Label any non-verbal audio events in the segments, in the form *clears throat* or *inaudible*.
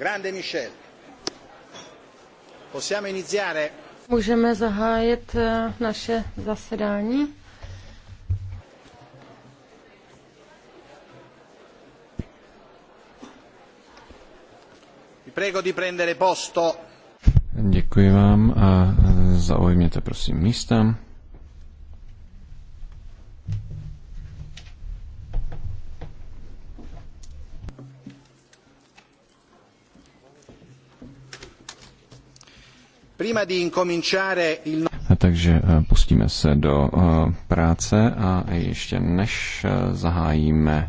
Grande Michel. Possiamo iniziare? Můžeme zahájit eh, naše zasedání. Prego di prendere posto. Děkuji vám a eh, zaujměte prosím místa. No- takže eh, pustíme se do eh, práce a ještě než eh, zahájíme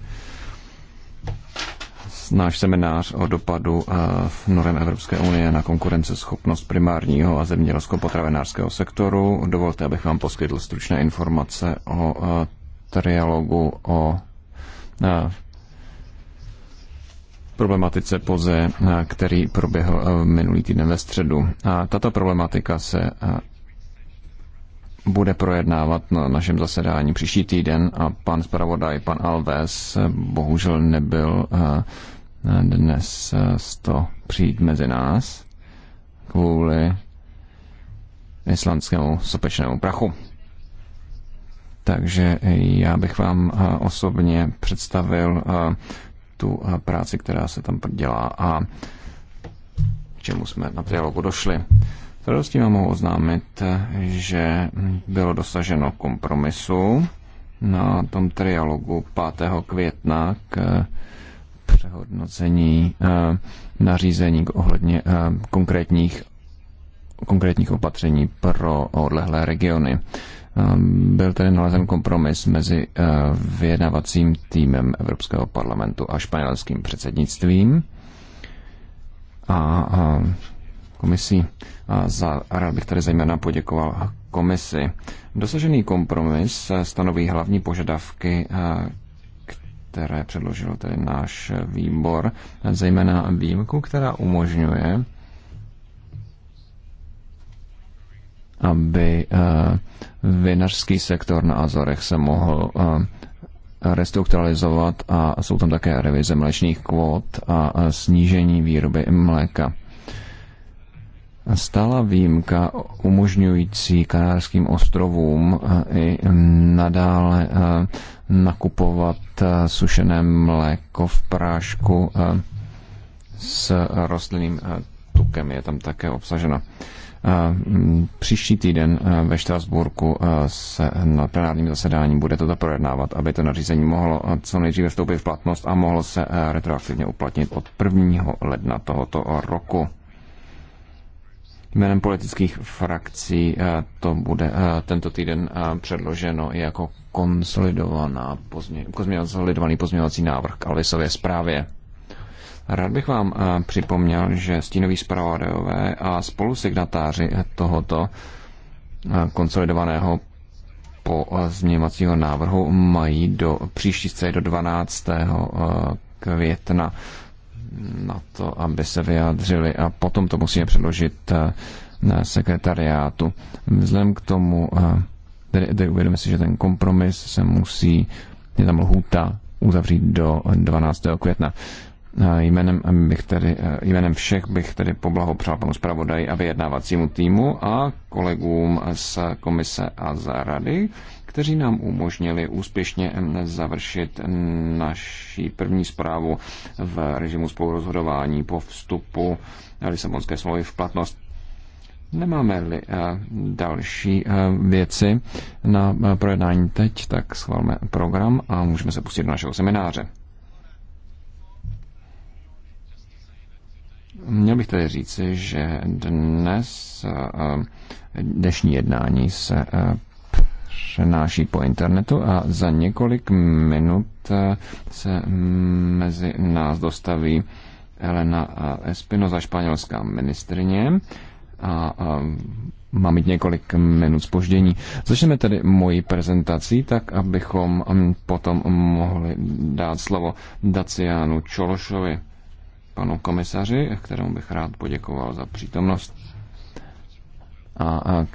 náš seminář o dopadu v norem Evropské unie na konkurenceschopnost primárního a zemědělsko-potravinářského sektoru. Dovolte, abych vám poskytl stručné informace o trialogu o problematice POZE, eh, který proběhl eh, minulý týden ve středu. A tato problematika se eh, bude projednávat na našem zasedání příští týden a pan zpravodaj, pan Alves, bohužel nebyl dnes z to přijít mezi nás kvůli islandskému sopečnému prachu. Takže já bych vám osobně představil tu eh, práci, která se tam dělá a k čemu jsme na trialogu došli. S radostí vám mohu oznámit, že bylo dosaženo kompromisu na tom trialogu 5. května k eh, přehodnocení eh, nařízení ohledně konkrétních, konkrétních opatření pro odlehlé regiony. Ehm, byl tedy nalezen kompromis mezi eh, vyjednavacím týmem Evropského parlamentu a španělským předsednictvím a komisí. A za, rád bych tady zejména poděkoval komisi. Dosažený kompromis eh, stanoví hlavní požadavky, eh, které předložil tedy náš výbor, zejména výjimku, která umožňuje aby vinařský sektor na Azorech se mohl eh, restrukturalizovat a jsou tam také revize mlečných kvót a eh, snížení výroby mléka. Stála výjimka umožňující Kanárským ostrovům eh, i nadále nakupovat sušené mléko v prášku s rostlinným tukem je tam také obsažena. Mm, příští týden ve Štrasburku se na plenárním zasedání bude toto projednávat, aby to nařízení mohlo co nejdříve vstoupit v platnost a mohlo se retroaktivně uplatnit od 1. ledna tohoto roku. Jménem politických frakcí to bude tento týden předloženo jako konsolidovaná, konsolidovaný pozměňovací návrh k Alvisově zprávě. Rád bych vám eh, připomněl, že stínoví zpravodajové a spolusignatáři tohoto eh, konsolidovaného po změňovacího návrhu mají do příští středy do 12. Eh, května na to, aby se vyjádřili a potom to musíme předložit na sekretariátu. Vzhledem k tomu, tedy, tedy uvědomí si, že ten kompromis se musí, je tam lhůta uzavřít do 12. května. Jménem, eh, bych tedy, eh, jménem všech bych tedy poblahopřál panu zpravodaji a vyjednávacímu týmu a kolegům z komise a z rady, kteří nám umožnili úspěšně eh, završit naší první zprávu v režimu spolurozhodování po vstupu Lisabonské smlouvy v platnost. Nemáme-li další věci na projednání teď, tak schválme program a můžeme se pustit do našeho semináře. Měl bych tedy říci, že dnes eh, dnešní jednání se eh, přenáší po internetu a za několik minut eh, se mezi nás dostaví Elena Espinoza, španělská ministrině a má mít několik minut spoždění. Začneme tedy moji prezentací, tak abychom mm, potom mohli dát slovo Dacianu Čološovi panu komisaři, kterému bych rád poděkoval za přítomnost. A, a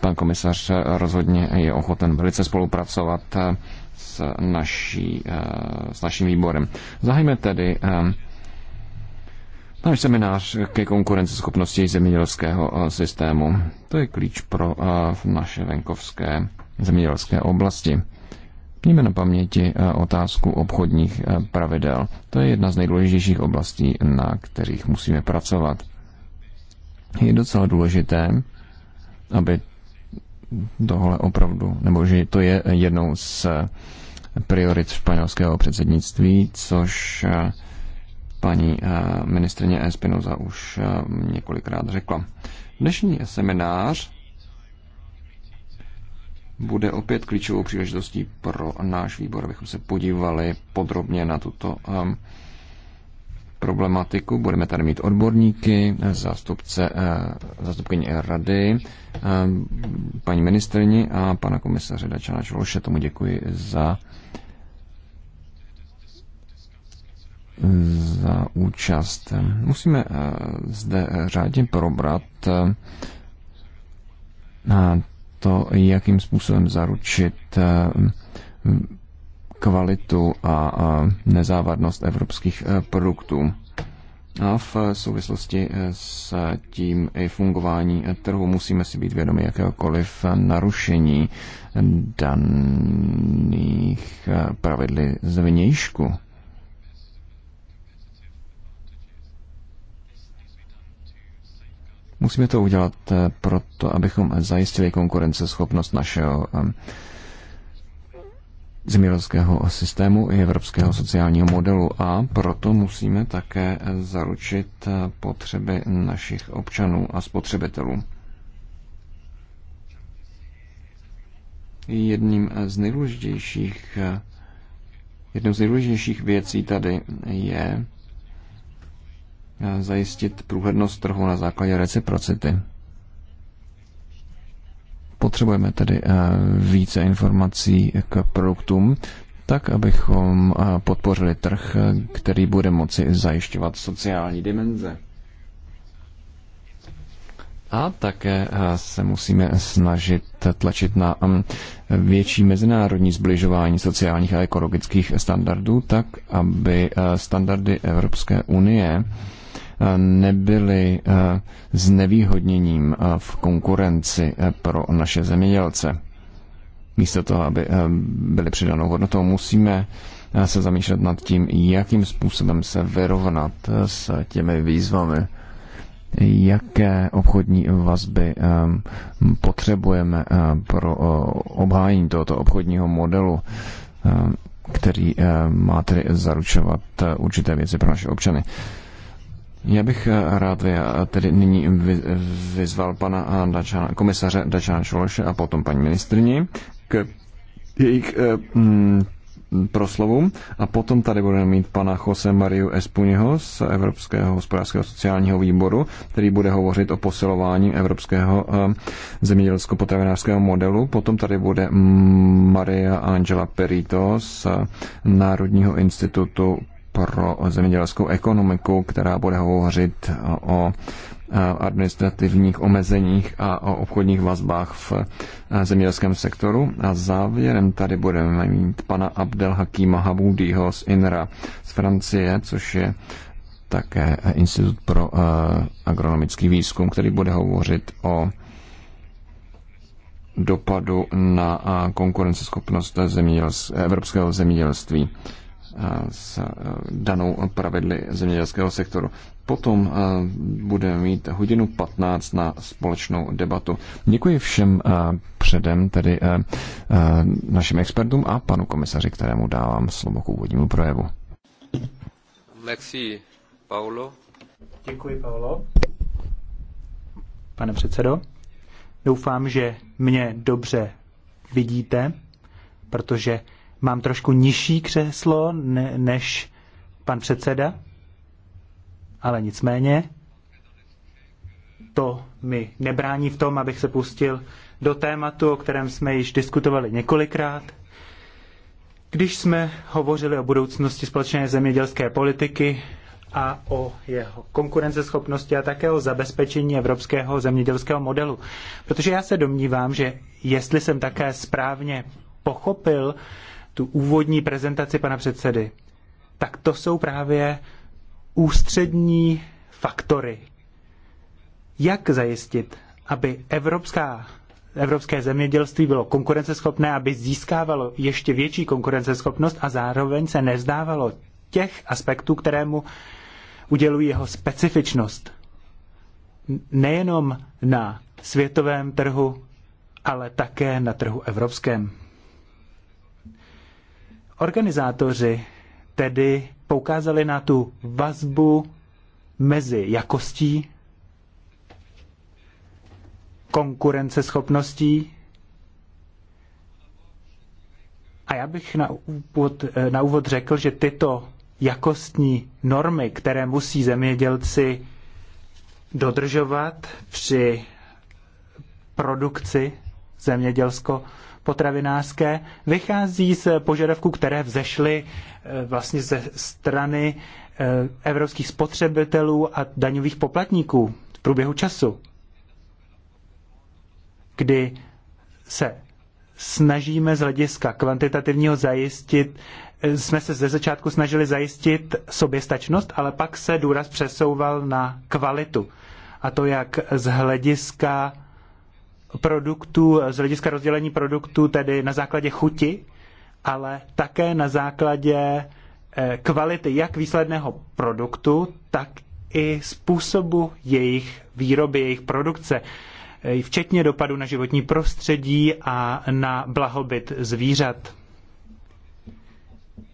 pan komisař rozhodně je ochoten velice spolupracovat s, naší, eh, s naším výborem. Zahajme tedy eh, náš seminář ke konkurenceschopnosti zemědělského eh, systému. To je klíč pro naše venkovské zemědělské oblasti. Mějme na paměti eh, otázku obchodních eh, pravidel. To je jedna z nejdůležitějších oblastí, na kterých musíme pracovat. Je docela důležité, aby tohle opravdu, nebo že to je jednou z eh, priorit španělského předsednictví, což paní ministrině Espinoza už několikrát řekla. Dnešní seminář bude opět klíčovou příležitostí pro náš výbor, abychom se podívali podrobně na tuto um, problematiku. Budeme tady mít odborníky, zástupce, uh, zástupkyně rady, um, paní ministrni a pana komisaře Dačana Čološe. Tomu děkuji za za účast. Musíme uh, zde uh, řádně probrat to, jakým způsobem zaručit eh, kvalitu a nezávadnost evropských eh, produktů. A v souvislosti eh, s tím i fungování trhu musíme si být vědomi jakéhokoliv narušení daných pravidly zvnějšku. Musíme to udělat eh, proto, abychom zajistili konkurenceschopnost našeho eh, zemědělského systému i evropského sociálního modelu a proto musíme také eh, zaručit potřeby našich občanů a spotřebitelů. Jedním z nejdůležitějších, jednou z nejdůležitějších věcí tady je Eh, zajistit průhlednost trhu na základě reciprocity. Potřebujeme tedy eh, více informací k produktům, tak abychom eh, podpořili trh, který bude moci zajišťovat sociální dimenze. A také se musíme snažit tlačit na mm, větší mezinárodní zbližování sociálních a ekologických standardů, tak aby standardy Evropské unie nebyly eh, znevýhodněním eh, v konkurenci eh, pro naše zemědělce. Místo toho, aby byly přidanou hodnotou, musíme se zamýšlet nad tím, jakým způsobem se vyrovnat s těmi výzvami, jaké obchodní vazby potřebujeme pro obhájení tohoto obchodního modelu, který má tedy zaručovat určité věci pro naše občany. Já bych eh, rád eh, tedy nyní vyzval pana eh, Dačana, komisaře Dačana Šološe a potom paní ministrni k jejich mm, proslovům. A potom tady budeme mít pana Jose Mariu Espuněho z Evropského hospodářského sociálního výboru, který bude hovořit o posilování evropského zemědělsko-potravinářského modelu. Potom tady bude Maria Angela Perito z Národního institutu pro zemědělskou ekonomiku, která bude hovořit o administrativních omezeních a o obchodních vazbách v eh, zemědělském sektoru. A závěrem tady budeme mít pana Abdelhakima Haboudiho z INRA z Francie, což je také Institut pro eh, agronomický výzkum, který bude hovořit o dopadu na eh, konkurenceschopnost zemědělství, evropského zemědělství s e, danou pravidly zemědělského sektoru. Potom e, budeme mít hodinu 15 na společnou debatu. Děkuji všem e, předem, tedy našim expertům a panu komisaři, kterému dávám slovo k úvodnímu projevu. Merci, Paolo. Děkuji, Paolo. Pane předsedo, doufám, že mě dobře vidíte, protože Mám trošku nižší křeslo ne, než pan předseda, ale nicméně to mi nebrání v tom, abych se pustil do tématu, o kterém jsme již diskutovali několikrát. Když jsme hovořili o budoucnosti společné zemědělské politiky a o jeho konkurenceschopnosti a také o zabezpečení evropského zemědělského modelu. Protože já se domnívám, že jestli jsem také správně pochopil tu úvodní prezentaci pana předsedy, tak to jsou právě ústřední faktory. Jak zajistit, aby evropská, evropské zemědělství bylo konkurenceschopné, aby získávalo ještě větší konkurenceschopnost a zároveň se nezdávalo těch aspektů, kterému udělují jeho specifičnost. Nejenom na světovém trhu, ale také na trhu evropském. Organizátoři tedy poukázali na tu vazbu mezi jakostí, konkurenceschopností a já bych na úvod, na úvod řekl, že tyto jakostní normy, které musí zemědělci dodržovat při produkci zemědělsko, potravinářské vychází z požadavků, které vzešly eh, vlastně ze strany eh, evropských spotřebitelů a daňových poplatníků v průběhu času, kdy se snažíme z hlediska kvantitativního zajistit, eh, jsme se ze začátku snažili zajistit soběstačnost, ale pak se důraz přesouval na kvalitu. A to jak z hlediska produktů, z hlediska rozdělení produktů, tedy na základě chuti, ale také na základě eh, kvality jak výsledného produktu, tak i způsobu jejich výroby, jejich produkce, eh, včetně dopadu na životní prostředí a na blahobyt zvířat.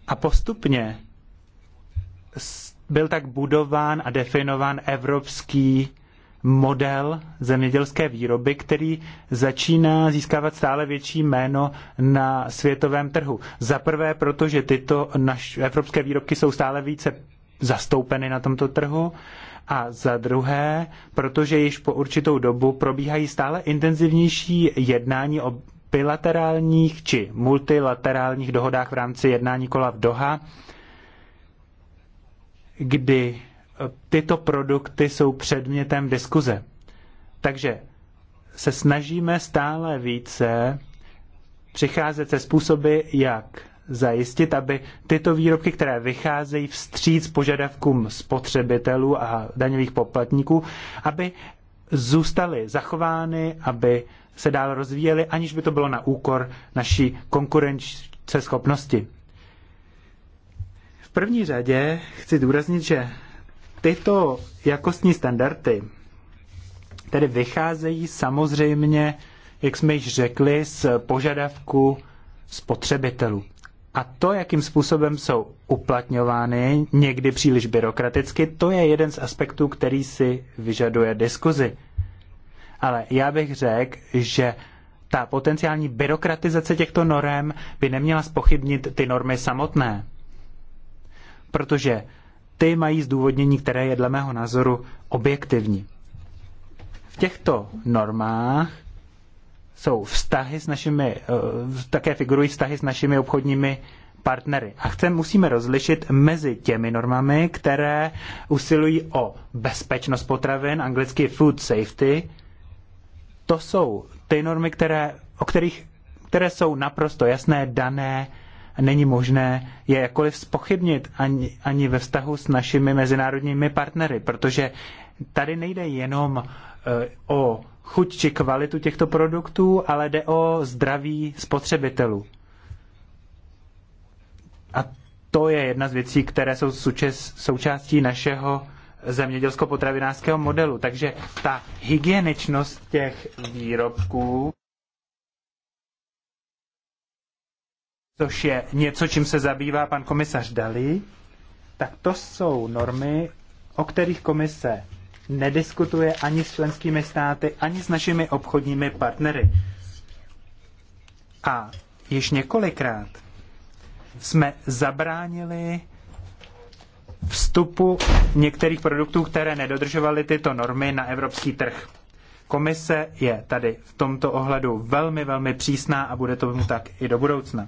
A postupně byl tak budován a definován evropský model zemědělské výroby, který začíná získávat stále větší jméno na světovém trhu. Za prvé, protože tyto naš, evropské výrobky jsou stále více zastoupeny na tomto trhu a za druhé, protože již po určitou dobu probíhají stále intenzivnější jednání o bilaterálních či multilaterálních dohodách v rámci jednání kola v Doha, kdy tyto produkty jsou předmětem diskuze. Takže se snažíme stále více přicházet se způsoby, jak zajistit, aby tyto výrobky, které vycházejí vstříc požadavkům spotřebitelů a daňových poplatníků, aby zůstaly zachovány, aby se dál rozvíjely, aniž by to bylo na úkor naší konkurence schopnosti. V první řadě chci důraznit, že tyto jakostní standardy tedy vycházejí samozřejmě, jak jsme již řekli, z požadavku spotřebitelů. A to, jakým způsobem jsou uplatňovány, někdy příliš byrokraticky, to je jeden z aspektů, který si vyžaduje diskuzi. Ale já bych řekl, že ta potenciální byrokratizace těchto norem by neměla spochybnit ty normy samotné. Protože ty mají zdůvodnění, které je dle mého názoru objektivní. V těchto normách jsou vztahy s našimi, eh, také figurují vztahy s našimi obchodními partnery. A chcem, musíme rozlišit mezi těmi normami, které usilují o bezpečnost potravin, anglicky food safety. To jsou ty normy, které, o kterých, které jsou naprosto jasné, dané není možné je jakkoliv spochybnit ani, ani ve vztahu s našimi mezinárodními partnery, protože tady nejde jenom eh, o chuť či kvalitu těchto produktů, ale jde o zdraví spotřebitelů. A to je jedna z věcí, které jsou součástí našeho zemědělsko-potravinářského modelu. Takže ta hygieničnost těch výrobků což je něco, čím se zabývá pan komisař Dalí, tak to jsou normy, o kterých komise nediskutuje ani s členskými státy, ani s našimi obchodními partnery. A již několikrát jsme zabránili vstupu některých produktů, které nedodržovaly tyto normy na evropský trh. Komise je tady v tomto ohledu velmi, velmi přísná a bude to tak i do budoucna.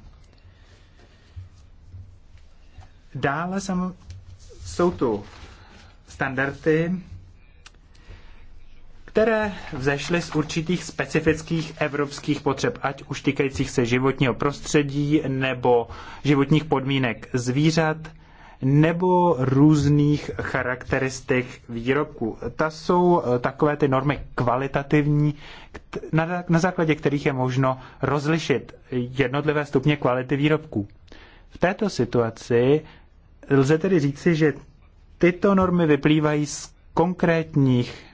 Dále sam, jsou tu standardy, které vzešly z určitých specifických evropských potřeb, ať už týkajících se životního prostředí nebo životních podmínek zvířat, nebo různých charakteristik výrobků. Ta jsou eh, takové ty normy kvalitativní, na, na základě kterých je možno rozlišit jednotlivé stupně kvality výrobků. V této situaci Lze tedy říci, že tyto normy vyplývají z konkrétních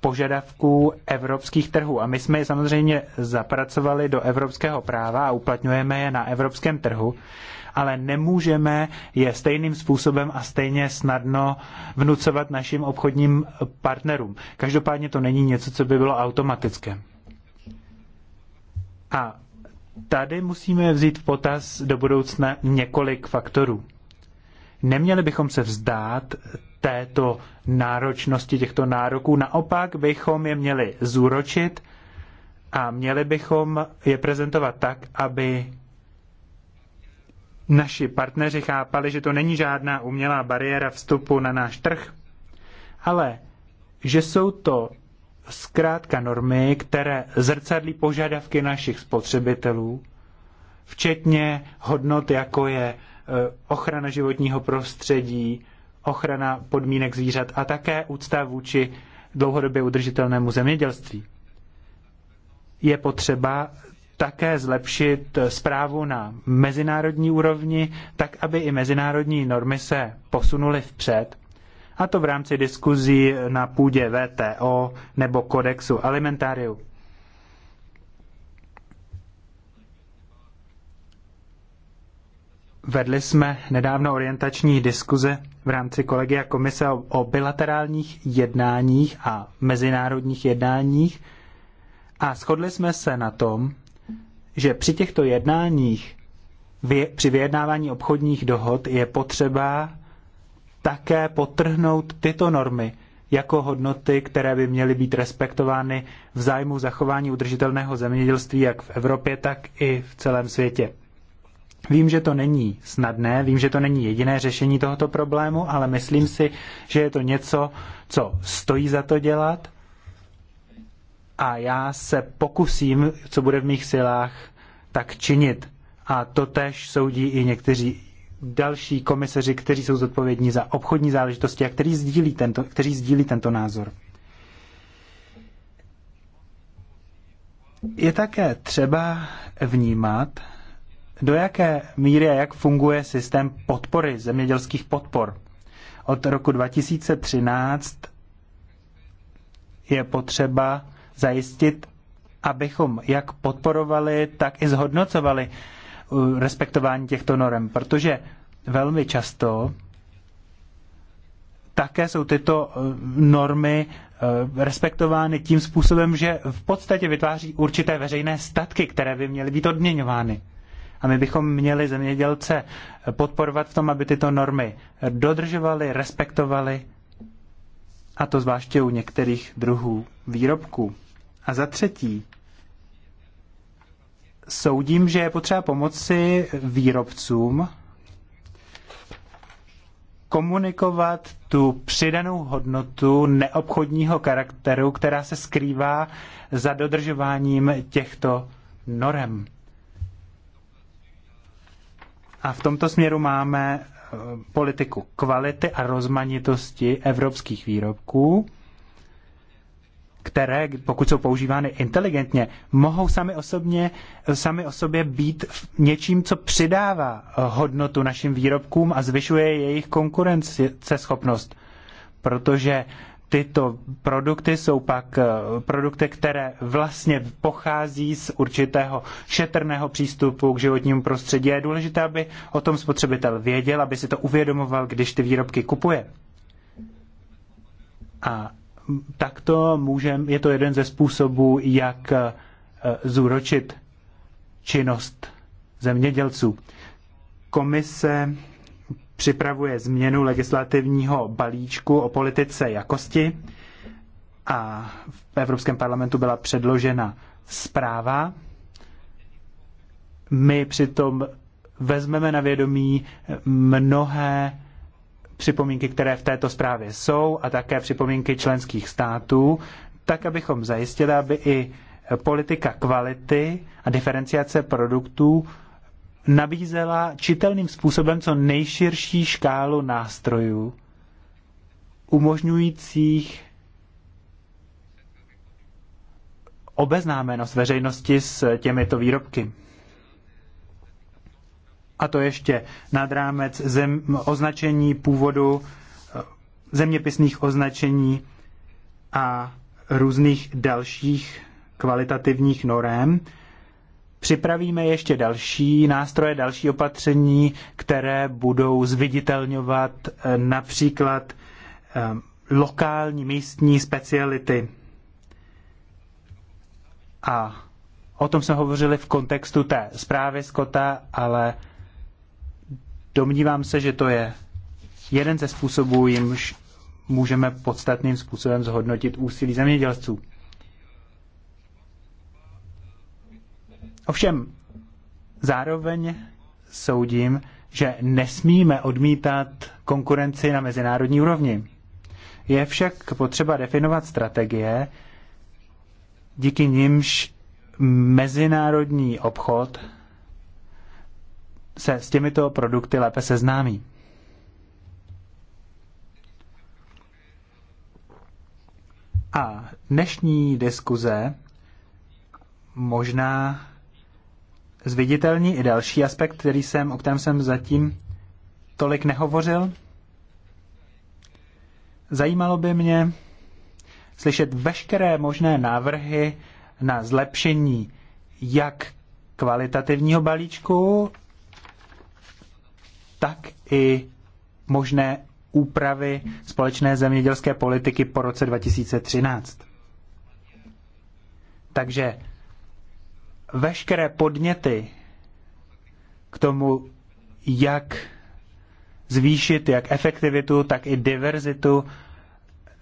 požadavků evropských trhů. A my jsme je samozřejmě zapracovali do evropského práva a uplatňujeme je na evropském trhu, ale nemůžeme je stejným způsobem a stejně snadno vnucovat našim obchodním partnerům. Každopádně to není něco, co by bylo automatické. A tady musíme vzít v potaz do budoucna několik faktorů. Neměli bychom se vzdát této náročnosti těchto nároků, naopak bychom je měli zúročit a měli bychom je prezentovat tak, aby naši partneři chápali, že to není žádná umělá bariéra vstupu na náš trh, ale že jsou to zkrátka normy, které zrcadlí požadavky našich spotřebitelů, včetně hodnot, jako je Eh, ochrana životního prostředí, ochrana podmínek zvířat a také úcta vůči dlouhodobě udržitelnému zemědělství. Je potřeba také zlepšit zprávu na mezinárodní úrovni, tak aby i mezinárodní normy se posunuly vpřed, a to v rámci diskuzí na půdě VTO nebo kodexu alimentáriu. Vedli jsme nedávno orientační diskuze v rámci kolegia komise o, o bilaterálních jednáních a mezinárodních jednáních a shodli jsme se na tom, že při těchto jednáních, vě, při vyjednávání obchodních dohod je potřeba také potrhnout tyto normy jako hodnoty, které by měly být respektovány v zájmu zachování udržitelného zemědělství jak v Evropě, tak i v celém světě. Vím, že to není snadné, vím, že to není jediné řešení tohoto problému, ale myslím si, že je to něco, co stojí za to dělat. A já se pokusím, co bude v mých silách, tak činit. A to tež soudí i někteří další komiseři, kteří jsou zodpovědní za obchodní záležitosti a kteří sdílí tento, kteří sdílí tento názor. Je také třeba vnímat, do jaké míry a jak funguje systém podpory, zemědělských podpor. Od roku 2013 je potřeba zajistit, abychom jak podporovali, tak i zhodnocovali uh, respektování těchto norem, protože velmi často také jsou tyto uh, normy uh, respektovány tím způsobem, že v podstatě vytváří určité veřejné statky, které by měly být odměňovány. A my bychom měli zemědělce podporovat v tom, aby tyto normy dodržovali, respektovali, a to zvláště u některých druhů výrobků. A za třetí, soudím, že je potřeba pomoci výrobcům komunikovat tu přidanou hodnotu neobchodního charakteru, která se skrývá za dodržováním těchto norem. A v tomto směru máme eh, politiku kvality a rozmanitosti evropských výrobků, které, pokud jsou používány inteligentně, mohou sami, osobně, sami o sobě být něčím, co přidává eh, hodnotu našim výrobkům a zvyšuje jejich konkurenceschopnost. Protože tyto produkty jsou pak eh, produkty, které vlastně pochází z určitého šetrného přístupu k životnímu prostředí. Je důležité, aby o tom spotřebitel věděl, aby si to uvědomoval, když ty výrobky kupuje. A takto můžem, je to jeden ze způsobů, jak eh, zúročit činnost zemědělců. Komise připravuje změnu legislativního balíčku o politice jakosti a v Evropském parlamentu byla předložena zpráva. My přitom vezmeme na vědomí mnohé připomínky, které v této zprávě jsou a také připomínky členských států, tak abychom zajistili, aby i politika kvality a diferenciace produktů nabízela čitelným způsobem co nejširší škálu nástrojů, umožňujících obeznámenost veřejnosti s těmito výrobky. A to ještě nad rámec zem, označení původu, zeměpisných označení a různých dalších kvalitativních norem, připravíme ještě další nástroje, další opatření, které budou zviditelňovat eh, například eh, lokální místní speciality. A o tom jsme hovořili v kontextu té zprávy Skota, ale domnívám se, že to je jeden ze způsobů, jimž můžeme podstatným způsobem zhodnotit úsilí zemědělců. Ovšem, zároveň soudím, že nesmíme odmítat konkurenci na mezinárodní úrovni. Je však potřeba definovat strategie, díky nimž mezinárodní obchod se s těmito produkty lépe seznámí. A dnešní diskuze možná zviditelní i další aspekt, který jsem, o kterém jsem zatím tolik nehovořil. Zajímalo by mě slyšet veškeré možné návrhy na zlepšení jak kvalitativního balíčku, tak i možné úpravy společné zemědělské politiky po roce 2013. Takže veškeré podněty k tomu, jak zvýšit jak efektivitu, tak i diverzitu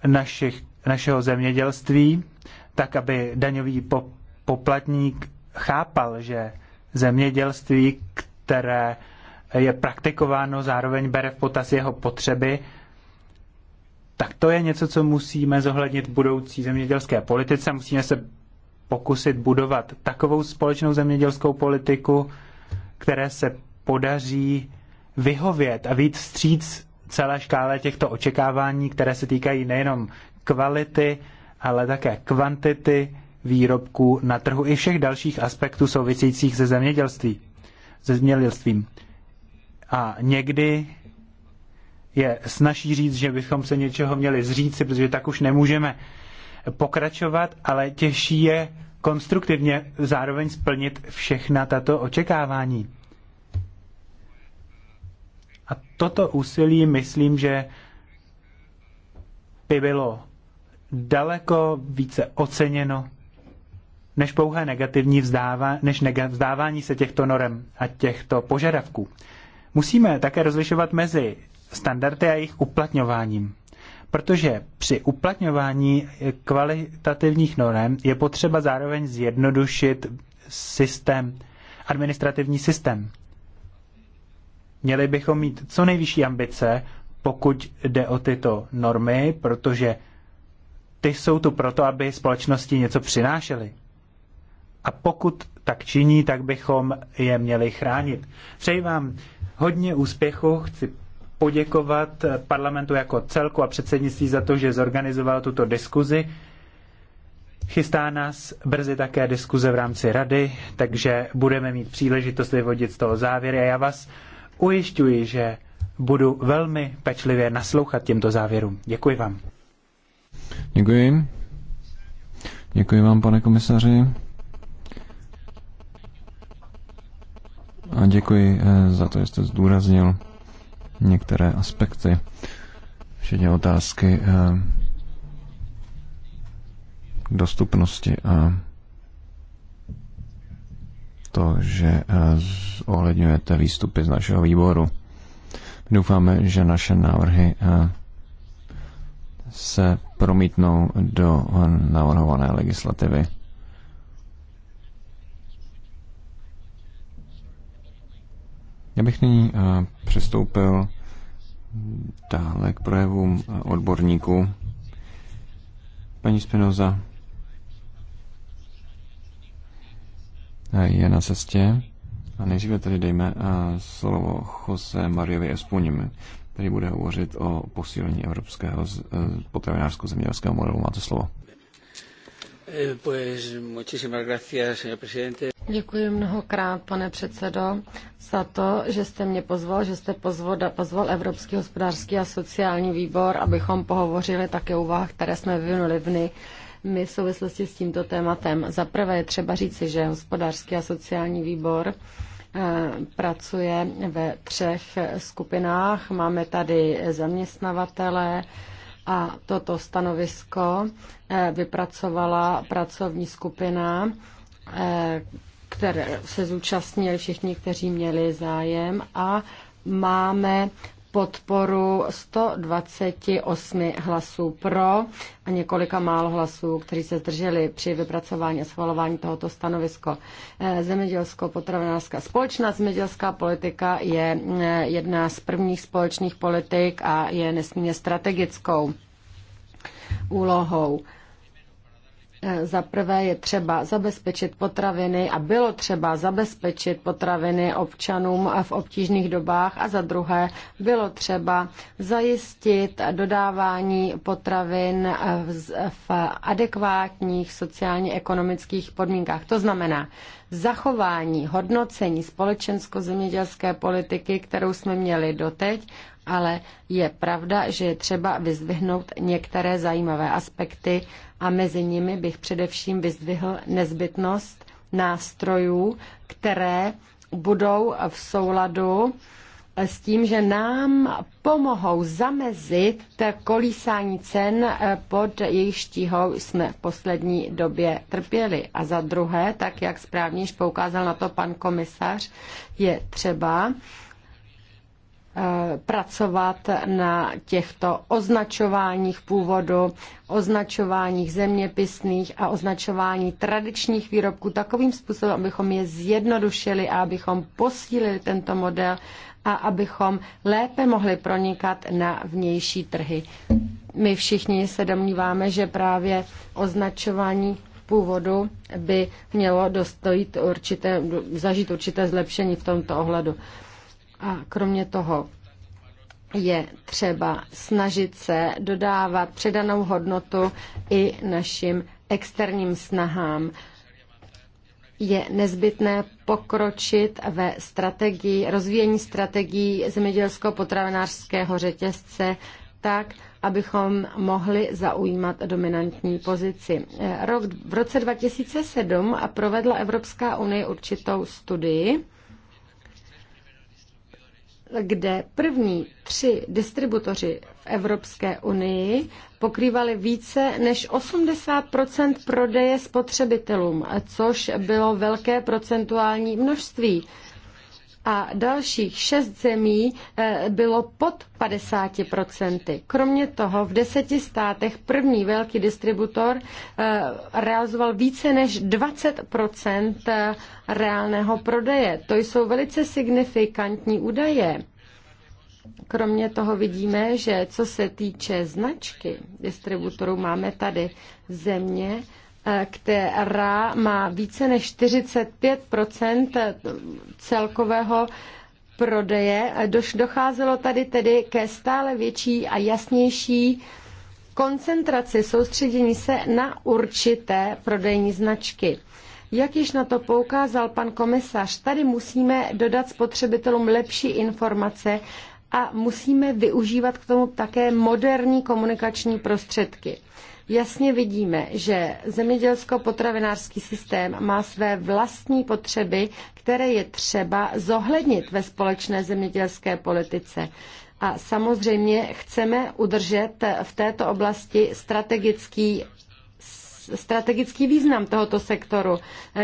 našich, našeho zemědělství, tak aby daňový poplatník chápal, že zemědělství, které je praktikováno, zároveň bere v potaz jeho potřeby, tak to je něco, co musíme zohlednit v budoucí zemědělské politice. Musíme se pokusit budovat takovou společnou zemědělskou politiku, které se podaří vyhovět a víc stříc celé škále těchto očekávání, které se týkají nejenom kvality, ale také kvantity výrobků na trhu i všech dalších aspektů souvisejících se zemědělství, se zemědělstvím. A někdy je snaží říct, že bychom se něčeho měli zříci, protože tak už nemůžeme pokračovat, ale těžší je konstruktivně zároveň splnit všechna tato očekávání. A toto úsilí myslím, že by bylo daleko více oceněno než pouhé negativní vzdává, než nega, vzdávání se těchto norem a těchto požadavků. Musíme také rozlišovat mezi standardy a jejich uplatňováním protože při uplatňování kvalitativních norm je potřeba zároveň zjednodušit systém, administrativní systém. Měli bychom mít co nejvyšší ambice, pokud jde o tyto normy, protože ty jsou tu proto, aby společnosti něco přinášely. A pokud tak činí, tak bychom je měli chránit. Přeji vám hodně úspěchu, chci poděkovat parlamentu jako celku a předsednictví za to, že zorganizoval tuto diskuzi. Chystá nás brzy také diskuze v rámci rady, takže budeme mít příležitost vyvodit z toho závěry a já vás ujišťuji, že budu velmi pečlivě naslouchat těmto závěrům. Děkuji vám. Děkuji. Děkuji vám, pane komisaři. A děkuji eh, za to, že jste zdůraznil některé aspekty, všechny otázky eh, dostupnosti a to, že eh, ohledňujete výstupy z našeho výboru. Doufáme, že naše návrhy eh, se promítnou do navrhované legislativy. Já bych nyní eh, přestoupil dále k projevům eh, odborníků. Paní Spinoza eh, je na cestě. A nejdříve tady dejme slovo Jose Mariovi Espuňmi, který bude hovořit o posílení evropského potravinářského zemědělského modelu. Máte slovo. Eh, Děkuji mnohokrát, pane předsedo, za to, že jste mě pozval, že jste pozval, pozval Evropský hospodářský a sociální výbor, abychom pohovořili také o úvahách, které jsme vyvinuli v my v souvislosti s tímto tématem. Za prvé je třeba říci, že hospodářský a sociální výbor eh, pracuje ve třech skupinách. Máme tady zaměstnavatele, a toto stanovisko eh, vypracovala pracovní skupina, eh, které se zúčastnili všichni, kteří měli zájem a máme podporu 128 hlasů pro a několika málo hlasů, kteří se zdrželi při vypracování a schvalování tohoto stanovisko. Eh, Zemědělsko-potravinářská společná zemědělská politika je eh, jedna z prvních společných politik a je nesmírně strategickou úlohou Eh, za prvé je třeba zabezpečit potraviny a bylo třeba zabezpečit potraviny občanům v obtížných dobách a za druhé bylo třeba zajistit dodávání potravin eh, v adekvátních sociálně-ekonomických podmínkách. To znamená zachování hodnocení společensko-zemědělské politiky, kterou jsme měli doteď, ale je pravda, že je třeba vyzvihnout některé zajímavé aspekty a mezi nimi bych především vyzdvihl nezbytnost nástrojů, které budou v souladu s tím, že nám pomohou zamezit kolísání cen, eh, pod jejich štíhou jsme v poslední době trpěli. A za druhé, tak jak správně již poukázal na to pan komisař, je třeba Eh, pracovat na těchto označováních původu, označováních zeměpisných a označování tradičních výrobků takovým způsobem, abychom je zjednodušili a abychom posílili tento model a abychom lépe mohli pronikat na vnější trhy. My všichni se domníváme, že právě označování původu by mělo dostojit určité, zažít určité zlepšení v tomto ohledu. A kromě toho je třeba snažit se dodávat předanou hodnotu i našim externím snahám. Je nezbytné pokročit ve strategii, rozvíjení strategií zemědělsko-potravinářského řetězce tak, abychom mohli zaujímat dominantní pozici. Rok, v roce 2007 provedla Evropská unie určitou studii, kde první tři distributoři v Evropské unii pokrývali více než 80 prodeje spotřebitelům, což bylo velké procentuální množství a dalších šest zemí eh, bylo pod 50%. Kromě toho v deseti státech první velký distributor eh, realizoval více než 20% eh, reálného prodeje. To jsou velice signifikantní údaje. Kromě toho vidíme, že co se týče značky distributorů, máme tady země, která má více než 45 celkového prodeje. Docházelo tady tedy ke stále větší a jasnější koncentraci, soustředění se na určité prodejní značky. Jak již na to poukázal pan komisař, tady musíme dodat spotřebitelům lepší informace a musíme využívat k tomu také moderní komunikační prostředky jasně vidíme, že zemědělsko-potravinářský systém má své vlastní potřeby, které je třeba zohlednit ve společné zemědělské politice. A samozřejmě chceme udržet v této oblasti strategický strategický význam tohoto sektoru,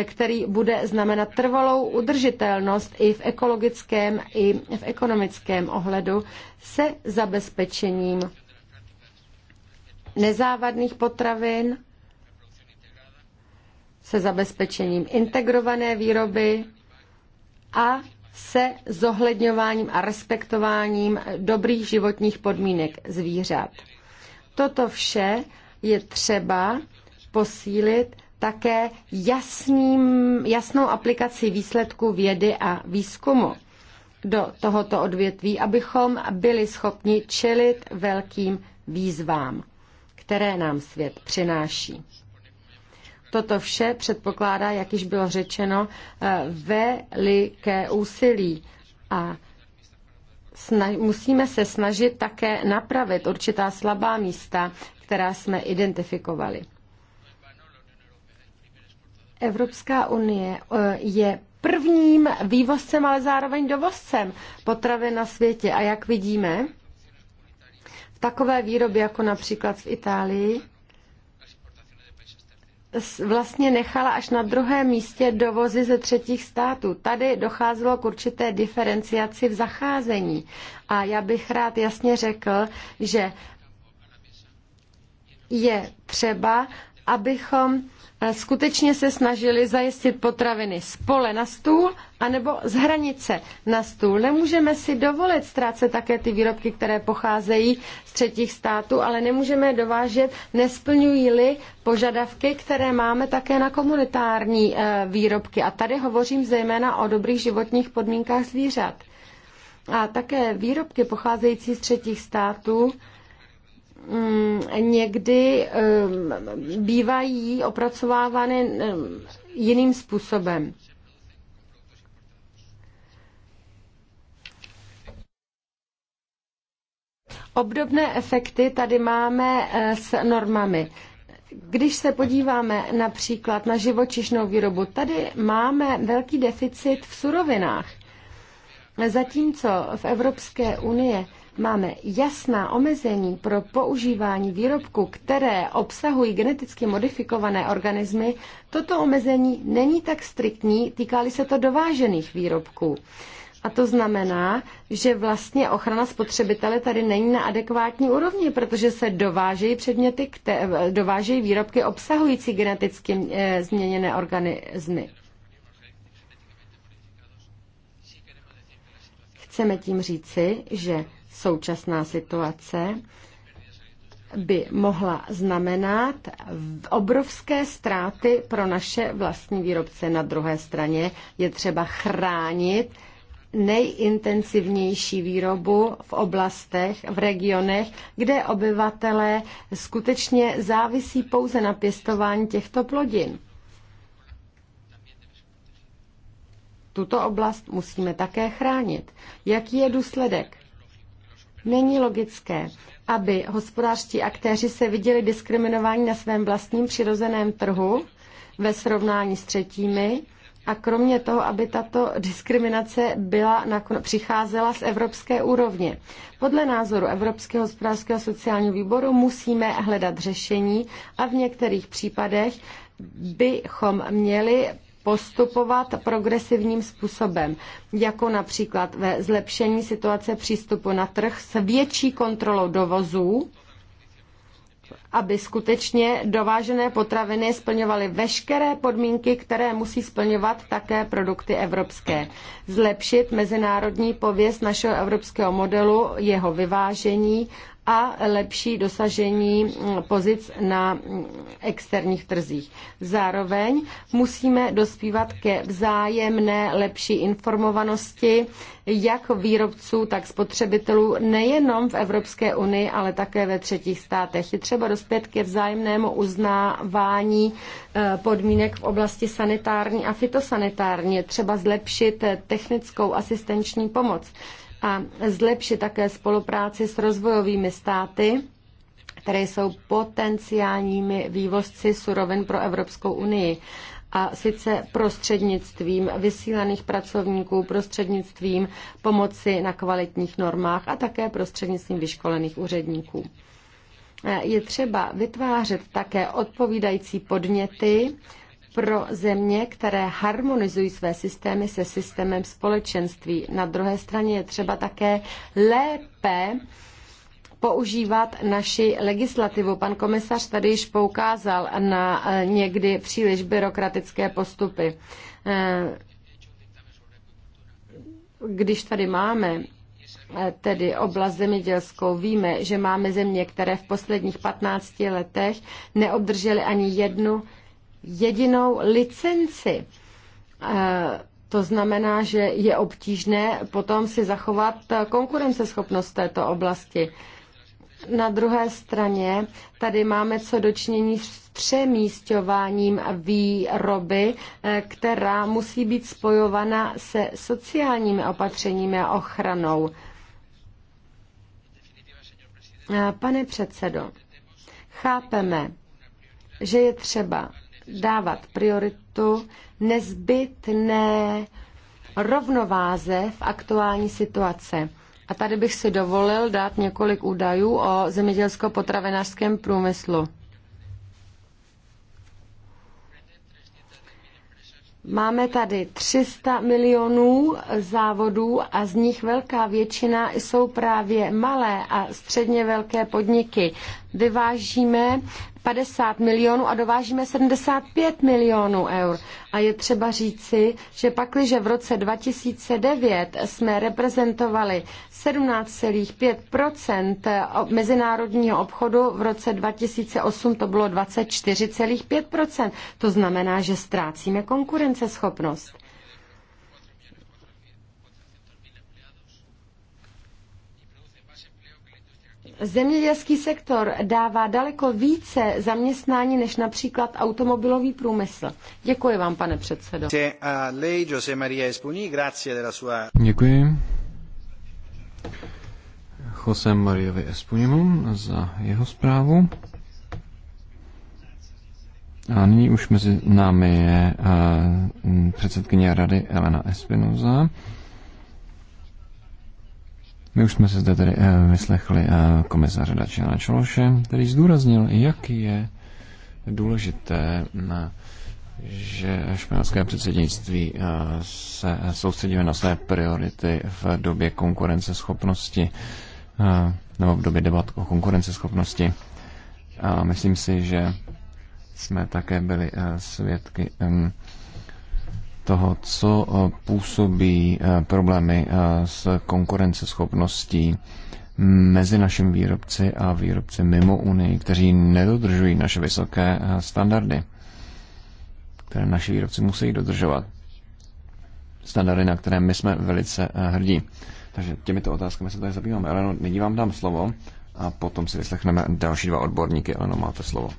který bude znamenat trvalou udržitelnost i v ekologickém, i v ekonomickém ohledu se zabezpečením nezávadných potravin se zabezpečením integrované výroby a se zohledňováním a respektováním dobrých životních podmínek zvířat. Toto vše je třeba posílit také jasným, jasnou aplikací výsledků vědy a výzkumu do tohoto odvětví, abychom byli schopni čelit velkým výzvám které nám svět přináší. Toto vše předpokládá, jak již bylo řečeno, eh, veliké úsilí a musíme se snažit také napravit určitá slabá místa, která jsme identifikovali. Evropská unie eh, je prvním vývozcem, ale zároveň dovozcem potravy na světě. A jak vidíme, takové výroby, jako například v Itálii, vlastně nechala až na druhém místě dovozy ze třetích států. Tady docházelo k určité diferenciaci v zacházení. A já bych rád jasně řekl, že je třeba abychom eh, skutečně se snažili zajistit potraviny z pole na stůl anebo z hranice na stůl. Nemůžeme si dovolit ztrácet také ty výrobky, které pocházejí z třetích států, ale nemůžeme je dovážet, nesplňují-li požadavky, které máme také na komunitární eh, výrobky. A tady hovořím zejména o dobrých životních podmínkách zvířat. A také výrobky pocházející z třetích států Mm, někdy mm, bývají opracovávány mm, jiným způsobem. Obdobné efekty tady máme eh, s normami. Když se podíváme například na živočišnou výrobu, tady máme velký deficit v surovinách. Zatímco v Evropské unii máme jasná omezení pro používání výrobků, které obsahují geneticky modifikované organismy, toto omezení není tak striktní, týká se to dovážených výrobků. A to znamená, že vlastně ochrana spotřebitele tady není na adekvátní úrovni, protože se dovážejí předměty, které, dovážejí výrobky obsahující geneticky eh, změněné organismy. Chceme tím říci, že Současná situace by mohla znamenat obrovské ztráty pro naše vlastní výrobce. Na druhé straně je třeba chránit nejintenzivnější výrobu v oblastech, v regionech, kde obyvatelé skutečně závisí pouze na pěstování těchto plodin. Tuto oblast musíme také chránit. Jaký je důsledek? Není logické, aby hospodářští aktéři se viděli diskriminováni na svém vlastním přirozeném trhu ve srovnání s třetími a kromě toho, aby tato diskriminace byla, přicházela z evropské úrovně. Podle názoru Evropského hospodářského sociálního výboru musíme hledat řešení a v některých případech bychom měli postupovat progresivním způsobem, jako například ve zlepšení situace přístupu na trh s větší kontrolou dovozů, aby skutečně dovážené potraviny splňovaly veškeré podmínky, které musí splňovat také produkty evropské. Zlepšit mezinárodní pověst našeho evropského modelu, jeho vyvážení a lepší dosažení mm, pozic na mm, externích trzích. Zároveň musíme dospívat ke vzájemné lepší informovanosti jak výrobců, tak spotřebitelů nejenom v Evropské unii, ale také ve třetích státech. Je třeba dospět ke vzájemnému uznávání e, podmínek v oblasti sanitární a fitosanitární. Je třeba zlepšit technickou asistenční pomoc a zlepšit také spolupráci s rozvojovými státy, které jsou potenciálními vývozci surovin pro Evropskou unii a sice prostřednictvím vysílaných pracovníků, prostřednictvím pomoci na kvalitních normách a také prostřednictvím vyškolených úředníků. Je třeba vytvářet také odpovídající podněty pro země, které harmonizují své systémy se systémem společenství. Na druhé straně je třeba také lépe používat naši legislativu. Pan komisař tady již poukázal na eh, někdy příliš byrokratické postupy. Eh, když tady máme eh, tedy oblast zemědělskou, víme, že máme země, které v posledních 15 letech neobdržely ani jednu jedinou licenci. Eh, to znamená, že je obtížné potom si zachovat eh, konkurenceschopnost této oblasti. Na druhé straně tady máme co dočinění s přemístováním výroby, eh, která musí být spojovaná se sociálními opatřeními a ochranou. Pane předsedo, chápeme, že je třeba dávat prioritu nezbytné rovnováze v aktuální situace. A tady bych si dovolil dát několik údajů o zemědělsko-potravinářském průmyslu. Máme tady 300 milionů závodů a z nich velká většina jsou právě malé a středně velké podniky vyvážíme 50 milionů a dovážíme 75 milionů eur. A je třeba říci, že pakliže v roce 2009 jsme reprezentovali 17,5 mezinárodního obchodu, v roce 2008 to bylo 24,5 To znamená, že ztrácíme konkurenceschopnost. Zemědělský sektor dává daleko více zaměstnání než například automobilový průmysl. Děkuji vám, pane předsedo. Děkuji. Jose Mariovi Espunimu za jeho zprávu. A nyní už mezi námi je předsedkyně rady Elena Espinoza. My už jsme se zde tedy eh, vyslechli eh, komisaře Dačina Čološe, který zdůraznil, jak je důležité, mm, že španělské předsednictví eh, se soustředíme na své priority v době konkurenceschopnosti nebo v době debat o konkurenceschopnosti. A myslím si, že jsme také byli svědky mm, toho, co eh, působí eh, problémy eh, s konkurenceschopností mezi našimi výrobci a výrobci mimo Unii, kteří nedodržují naše vysoké standardy, které naši výrobci musí dodržovat. Standardy, na které my jsme velice hrdí. Takže těmito otázkami se tady zabýváme. Eleno, nyní vám dám slovo a potom si vyslechneme další dva odborníky. Eleno, máte slovo.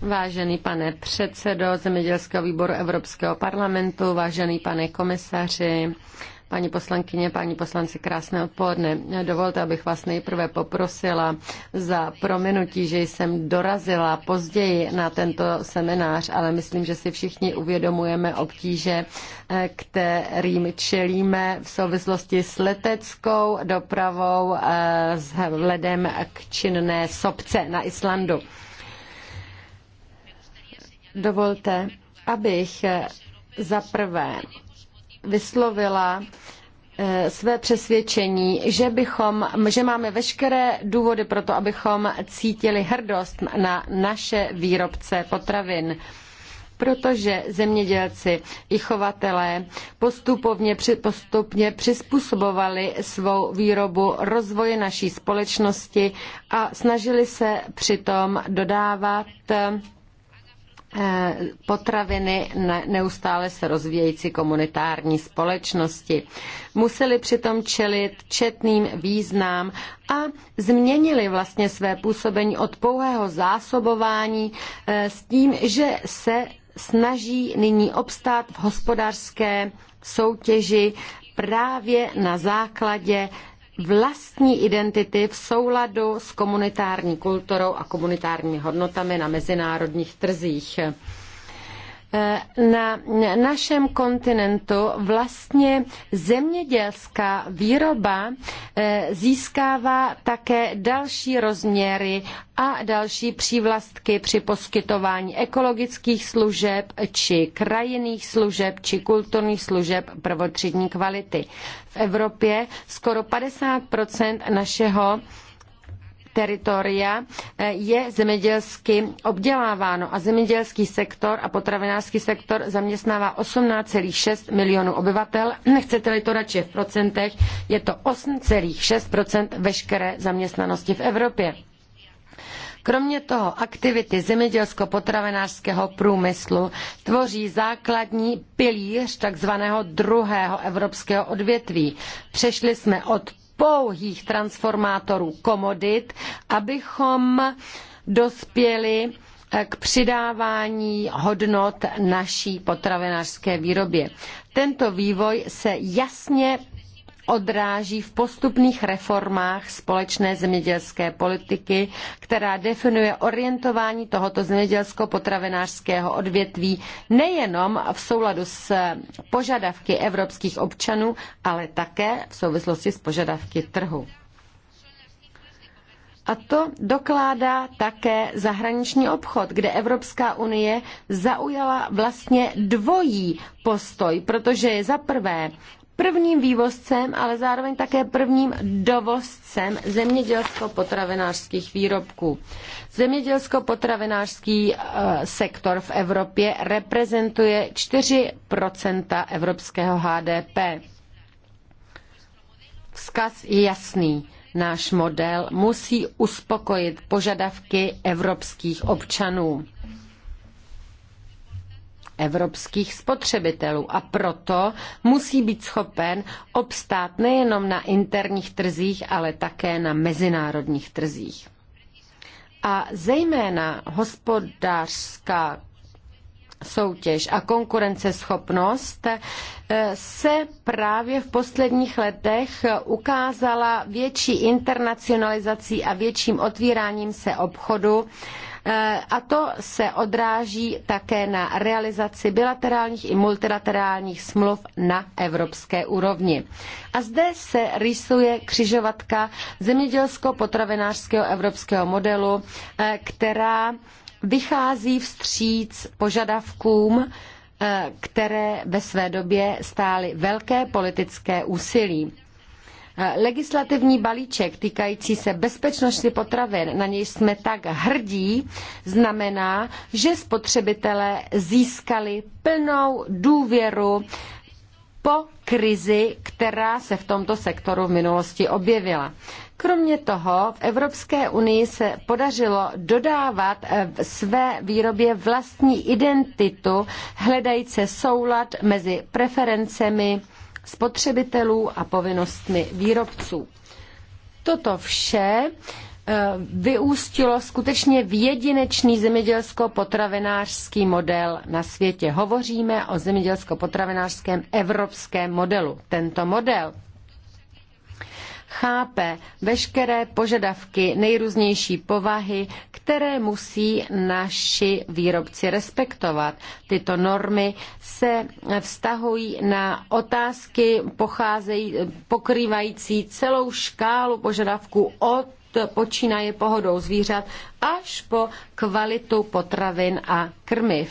Vážený pane předsedo Zemědělského výboru Evropského parlamentu, vážený pane komisaři, Paní poslankyně, paní poslanci, krásné odpoledne. Dovolte, abych vás nejprve poprosila za prominutí, že jsem dorazila později na tento seminář, ale myslím, že si všichni uvědomujeme obtíže, eh, kterým čelíme v souvislosti s leteckou dopravou eh, s hledem k činné sobce na Islandu. Dovolte, abych eh, za prvé vyslovila eh, své přesvědčení, že, bychom, že máme veškeré důvody pro to, abychom cítili hrdost na naše výrobce potravin protože zemědělci i chovatelé postupovně, postupně přizpůsobovali svou výrobu rozvoji naší společnosti a snažili se přitom dodávat Eh, potraviny neustále se rozvíjející komunitární společnosti. Museli přitom čelit četným význám a změnili vlastně své působení od pouhého zásobování eh, s tím, že se snaží nyní obstát v hospodářské soutěži právě na základě vlastní identity v souladu s komunitární kulturou a komunitárními hodnotami na mezinárodních trzích. Eh, na našem kontinentu vlastně zemědělská výroba eh, získává také další rozměry a další přívlastky při poskytování ekologických služeb či krajinných služeb či kulturních služeb prvotřídní kvality. V Evropě skoro 50 našeho teritoria eh, je zemědělsky obděláváno a zemědělský sektor a potravinářský sektor zaměstnává 18,6 milionů obyvatel. *clears throat* Chcete-li to radši v procentech, je to 8,6 veškeré zaměstnanosti v Evropě. Kromě toho aktivity zemědělsko-potravinářského průmyslu tvoří základní pilíř takzvaného druhého evropského odvětví. Přešli jsme od pouhých transformátorů komodit, abychom dospěli eh, k přidávání hodnot naší potravinářské výrobě. Tento vývoj se jasně odráží v postupných reformách společné zemědělské politiky, která definuje orientování tohoto zemědělsko-potravinářského odvětví nejenom v souladu s požadavky evropských občanů, ale také v souvislosti s požadavky trhu. A to dokládá také zahraniční obchod, kde Evropská unie zaujala vlastně dvojí postoj, protože je za prvé prvním vývozcem, ale zároveň také prvním dovozcem zemědělsko-potravinářských výrobků. Zemědělsko-potravinářský eh, sektor v Evropě reprezentuje 4 evropského HDP. Vzkaz je jasný. Náš model musí uspokojit požadavky evropských občanů evropských spotřebitelů a proto musí být schopen obstát nejenom na interních trzích, ale také na mezinárodních trzích. A zejména hospodářská soutěž a konkurenceschopnost eh, se právě v posledních letech ukázala větší internacionalizací a větším otvíráním se obchodu Eh, a to se odráží také na realizaci bilaterálních i multilaterálních smluv na evropské úrovni. A zde se rýsuje křižovatka zemědělsko-potravinářského evropského modelu, eh, která vychází vstříc požadavkům eh, které ve své době stály velké politické úsilí. Legislativní balíček týkající se bezpečnosti potravin, na něj jsme tak hrdí, znamená, že spotřebitelé získali plnou důvěru po krizi, která se v tomto sektoru v minulosti objevila. Kromě toho v Evropské unii se podařilo dodávat eh, v své výrobě vlastní identitu, hledající soulad mezi preferencemi spotřebitelů a povinnostmi výrobců. Toto vše eh, vyústilo skutečně v jedinečný zemědělsko-potravinářský model na světě. Hovoříme o zemědělsko-potravinářském evropském modelu. Tento model chápe veškeré požadavky nejrůznější povahy, které musí naši výrobci respektovat. Tyto normy se vztahují na otázky pocházejí, pokrývající celou škálu požadavků od počínaje pohodou zvířat až po kvalitu potravin a krmiv.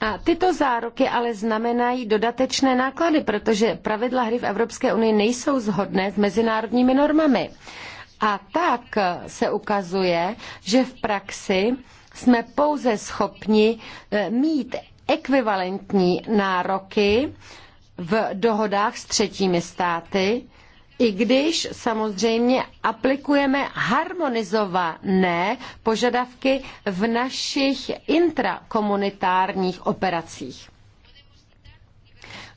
A tyto záruky ale znamenají dodatečné náklady, protože pravidla hry v Evropské unii nejsou zhodné s mezinárodními normami. A tak se ukazuje, že v praxi jsme pouze schopni eh, mít ekvivalentní nároky v dohodách s třetími státy, i když samozřejmě aplikujeme harmonizované požadavky v našich intrakomunitárních operacích.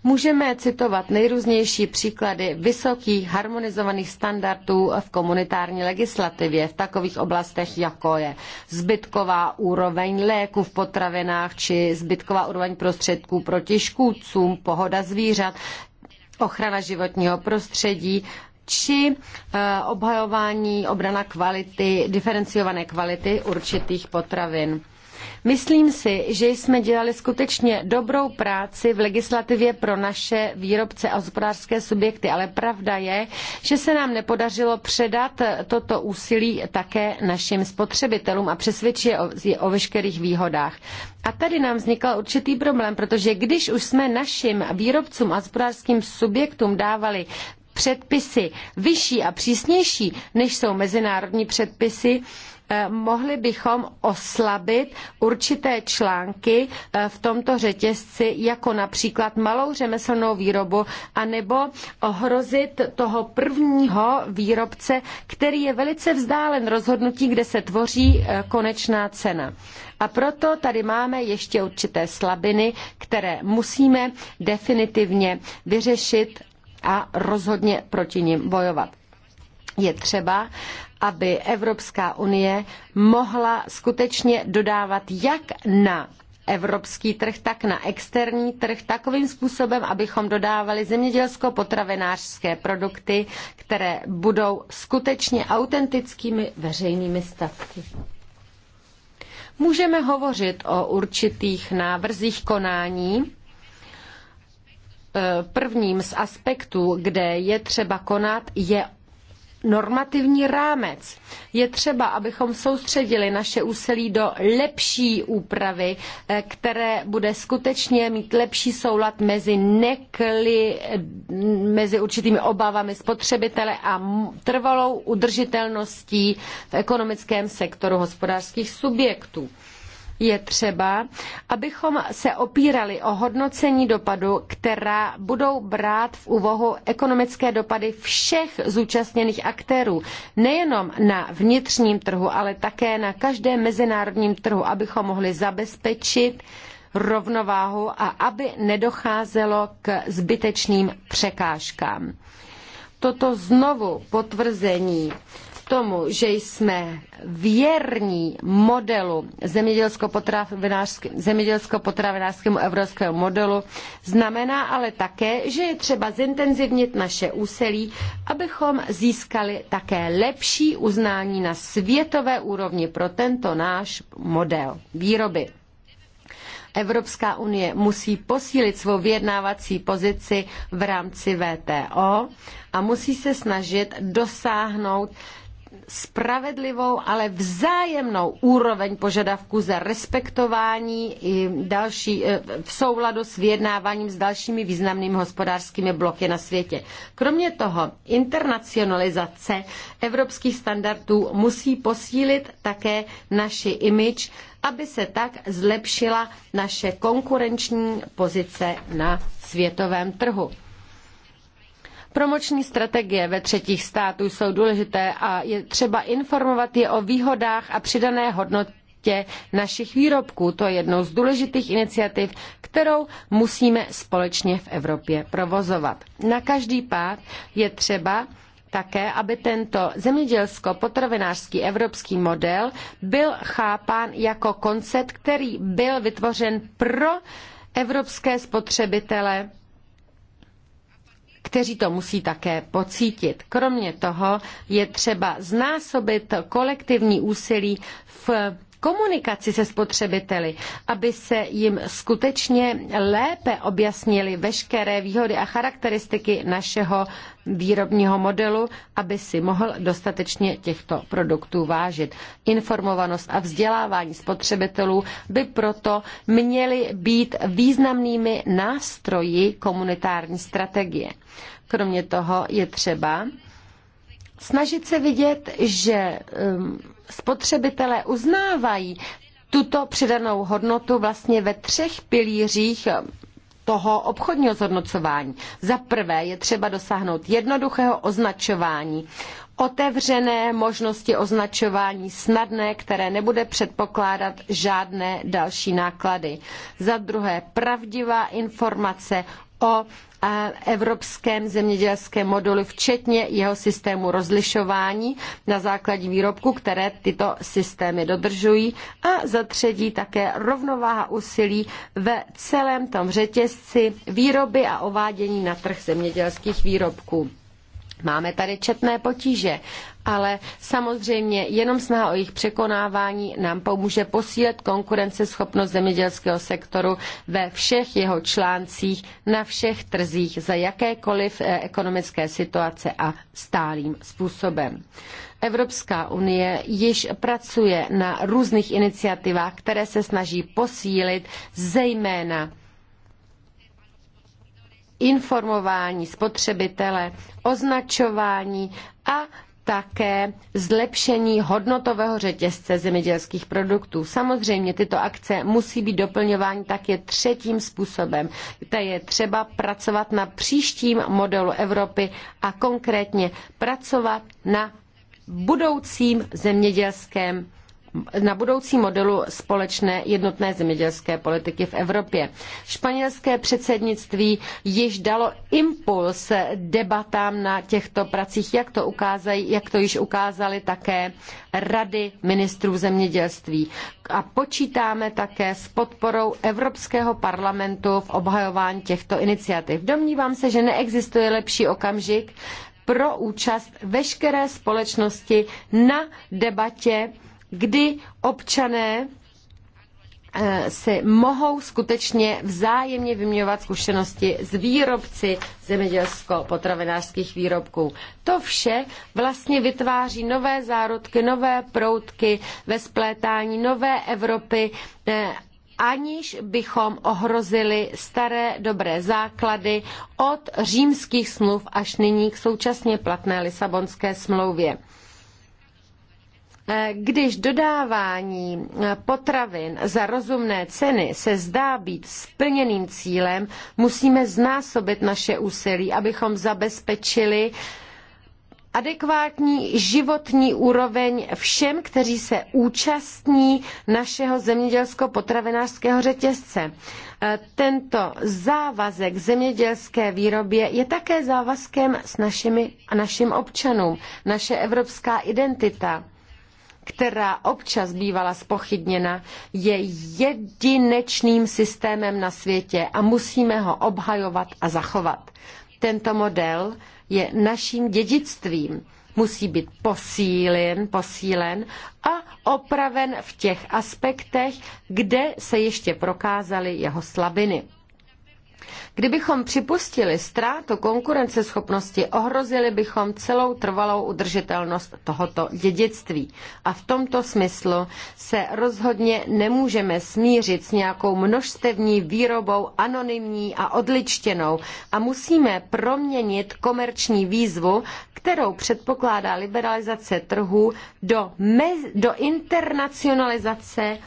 Můžeme citovat nejrůznější příklady vysokých harmonizovaných standardů v komunitární legislativě v takových oblastech, jako je zbytková úroveň léku v potravinách či zbytková úroveň prostředků proti škůdcům, pohoda zvířat, ochrana životního prostředí či eh, obhajování obrana kvality, diferenciované kvality určitých potravin. Myslím si, že jsme dělali skutečně dobrou práci v legislativě pro naše výrobce a hospodářské subjekty, ale pravda je, že se nám nepodařilo předat toto úsilí také našim spotřebitelům a přesvědčit je o veškerých výhodách. A tady nám vznikl určitý problém, protože když už jsme našim výrobcům a hospodářským subjektům dávali předpisy vyšší a přísnější, než jsou mezinárodní předpisy, Eh, mohli bychom oslabit určité články eh, v tomto řetězci, jako například malou řemeslnou výrobu, anebo ohrozit toho prvního výrobce, který je velice vzdálen rozhodnutí, kde se tvoří eh, konečná cena. A proto tady máme ještě určité slabiny, které musíme definitivně vyřešit a rozhodně proti nim bojovat. Je třeba aby Evropská unie mohla skutečně dodávat jak na evropský trh, tak na externí trh takovým způsobem, abychom dodávali zemědělsko-potravinářské produkty, které budou skutečně autentickými veřejnými statky. Můžeme hovořit o určitých návrzích konání. Prvním z aspektů, kde je třeba konat, je normativní rámec. Je třeba, abychom soustředili naše úsilí do lepší úpravy, eh, které bude skutečně mít lepší soulad mezi, nekli, mm, mezi určitými obavami spotřebitele a trvalou udržitelností v ekonomickém sektoru hospodářských subjektů je třeba, abychom se opírali o hodnocení dopadu, která budou brát v úvahu ekonomické dopady všech zúčastněných aktérů, nejenom na vnitřním trhu, ale také na každém mezinárodním trhu, abychom mohli zabezpečit rovnováhu a aby nedocházelo k zbytečným překážkám. Toto znovu potvrzení tomu, že jsme věrní modelu zemědělsko-potravinářskému zemědělsko evropskému modelu, znamená ale také, že je třeba zintenzivnit naše úsilí, abychom získali také lepší uznání na světové úrovni pro tento náš model výroby. Evropská unie musí posílit svou vyjednávací pozici v rámci VTO a musí se snažit dosáhnout spravedlivou, ale vzájemnou úroveň požadavků za respektování i další, eh, v souladu s vyjednáváním s dalšími významnými hospodářskými bloky na světě. Kromě toho, internacionalizace evropských standardů musí posílit také naši image, aby se tak zlepšila naše konkurenční pozice na světovém trhu. Promoční strategie ve třetích států jsou důležité a je třeba informovat je o výhodách a přidané hodnotě našich výrobků. To je jednou z důležitých iniciativ, kterou musíme společně v Evropě provozovat. Na každý pád je třeba také, aby tento zemědělsko-potravinářský evropský model byl chápán jako koncept, který byl vytvořen pro evropské spotřebitele kteří to musí také pocítit. Kromě toho je třeba znásobit kolektivní úsilí v komunikaci se spotřebiteli, aby se jim skutečně lépe objasnily veškeré výhody a charakteristiky našeho výrobního modelu, aby si mohl dostatečně těchto produktů vážit. Informovanost a vzdělávání spotřebitelů by proto měly být významnými nástroji komunitární strategie. Kromě toho je třeba snažit se vidět, že um, spotřebitelé uznávají tuto přidanou hodnotu vlastně ve třech pilířích toho obchodního zhodnocování. Za prvé je třeba dosáhnout jednoduchého označování, otevřené možnosti označování snadné, které nebude předpokládat žádné další náklady. Za druhé pravdivá informace o evropském zemědělském modulu, včetně jeho systému rozlišování na základě výrobku, které tyto systémy dodržují. A za třetí také rovnováha úsilí ve celém tom řetězci výroby a ovádění na trh zemědělských výrobků. Máme tady četné potíže ale samozřejmě jenom snaha o jejich překonávání nám pomůže posílit konkurenceschopnost zemědělského sektoru ve všech jeho článcích, na všech trzích, za jakékoliv eh, ekonomické situace a stálým způsobem. Evropská unie již pracuje na různých iniciativách, které se snaží posílit zejména informování spotřebitele, označování a také zlepšení hodnotového řetězce zemědělských produktů. Samozřejmě tyto akce musí být doplňovány také třetím způsobem. To je třeba pracovat na příštím modelu Evropy a konkrétně pracovat na budoucím zemědělském na budoucí modelu společné jednotné zemědělské politiky v Evropě. Španělské předsednictví již dalo impuls debatám na těchto pracích, jak to, ukázají, jak to již ukázali také rady ministrů zemědělství. A počítáme také s podporou Evropského parlamentu v obhajování těchto iniciativ. Domnívám se, že neexistuje lepší okamžik pro účast veškeré společnosti na debatě kdy občané eh, si mohou skutečně vzájemně vyměňovat zkušenosti s výrobci zemědělsko-potravinářských výrobků. To vše vlastně vytváří nové zárodky, nové proutky ve splétání nové Evropy, eh, aniž bychom ohrozili staré dobré základy od římských smluv až nyní k současně platné Lisabonské smlouvě. Eh, když dodávání eh, potravin za rozumné ceny se zdá být splněným cílem, musíme znásobit naše úsilí, abychom zabezpečili adekvátní životní úroveň všem, kteří se účastní našeho zemědělsko-potravinářského řetězce. Eh, tento závazek zemědělské výrobě je také závazkem s našimi a našim občanům. Naše evropská identita která občas bývala spochybněna, je jedinečným systémem na světě a musíme ho obhajovat a zachovat. Tento model je naším dědictvím musí být posílen, posílen a opraven v těch aspektech, kde se ještě prokázaly jeho slabiny. Kdybychom připustili ztrátu konkurenceschopnosti, ohrozili bychom celou trvalou udržitelnost tohoto dědictví. A v tomto smyslu se rozhodně nemůžeme smířit s nějakou množstevní výrobou anonymní a odličtěnou a musíme proměnit komerční výzvu, kterou předpokládá liberalizace trhu, do, do internacionalizace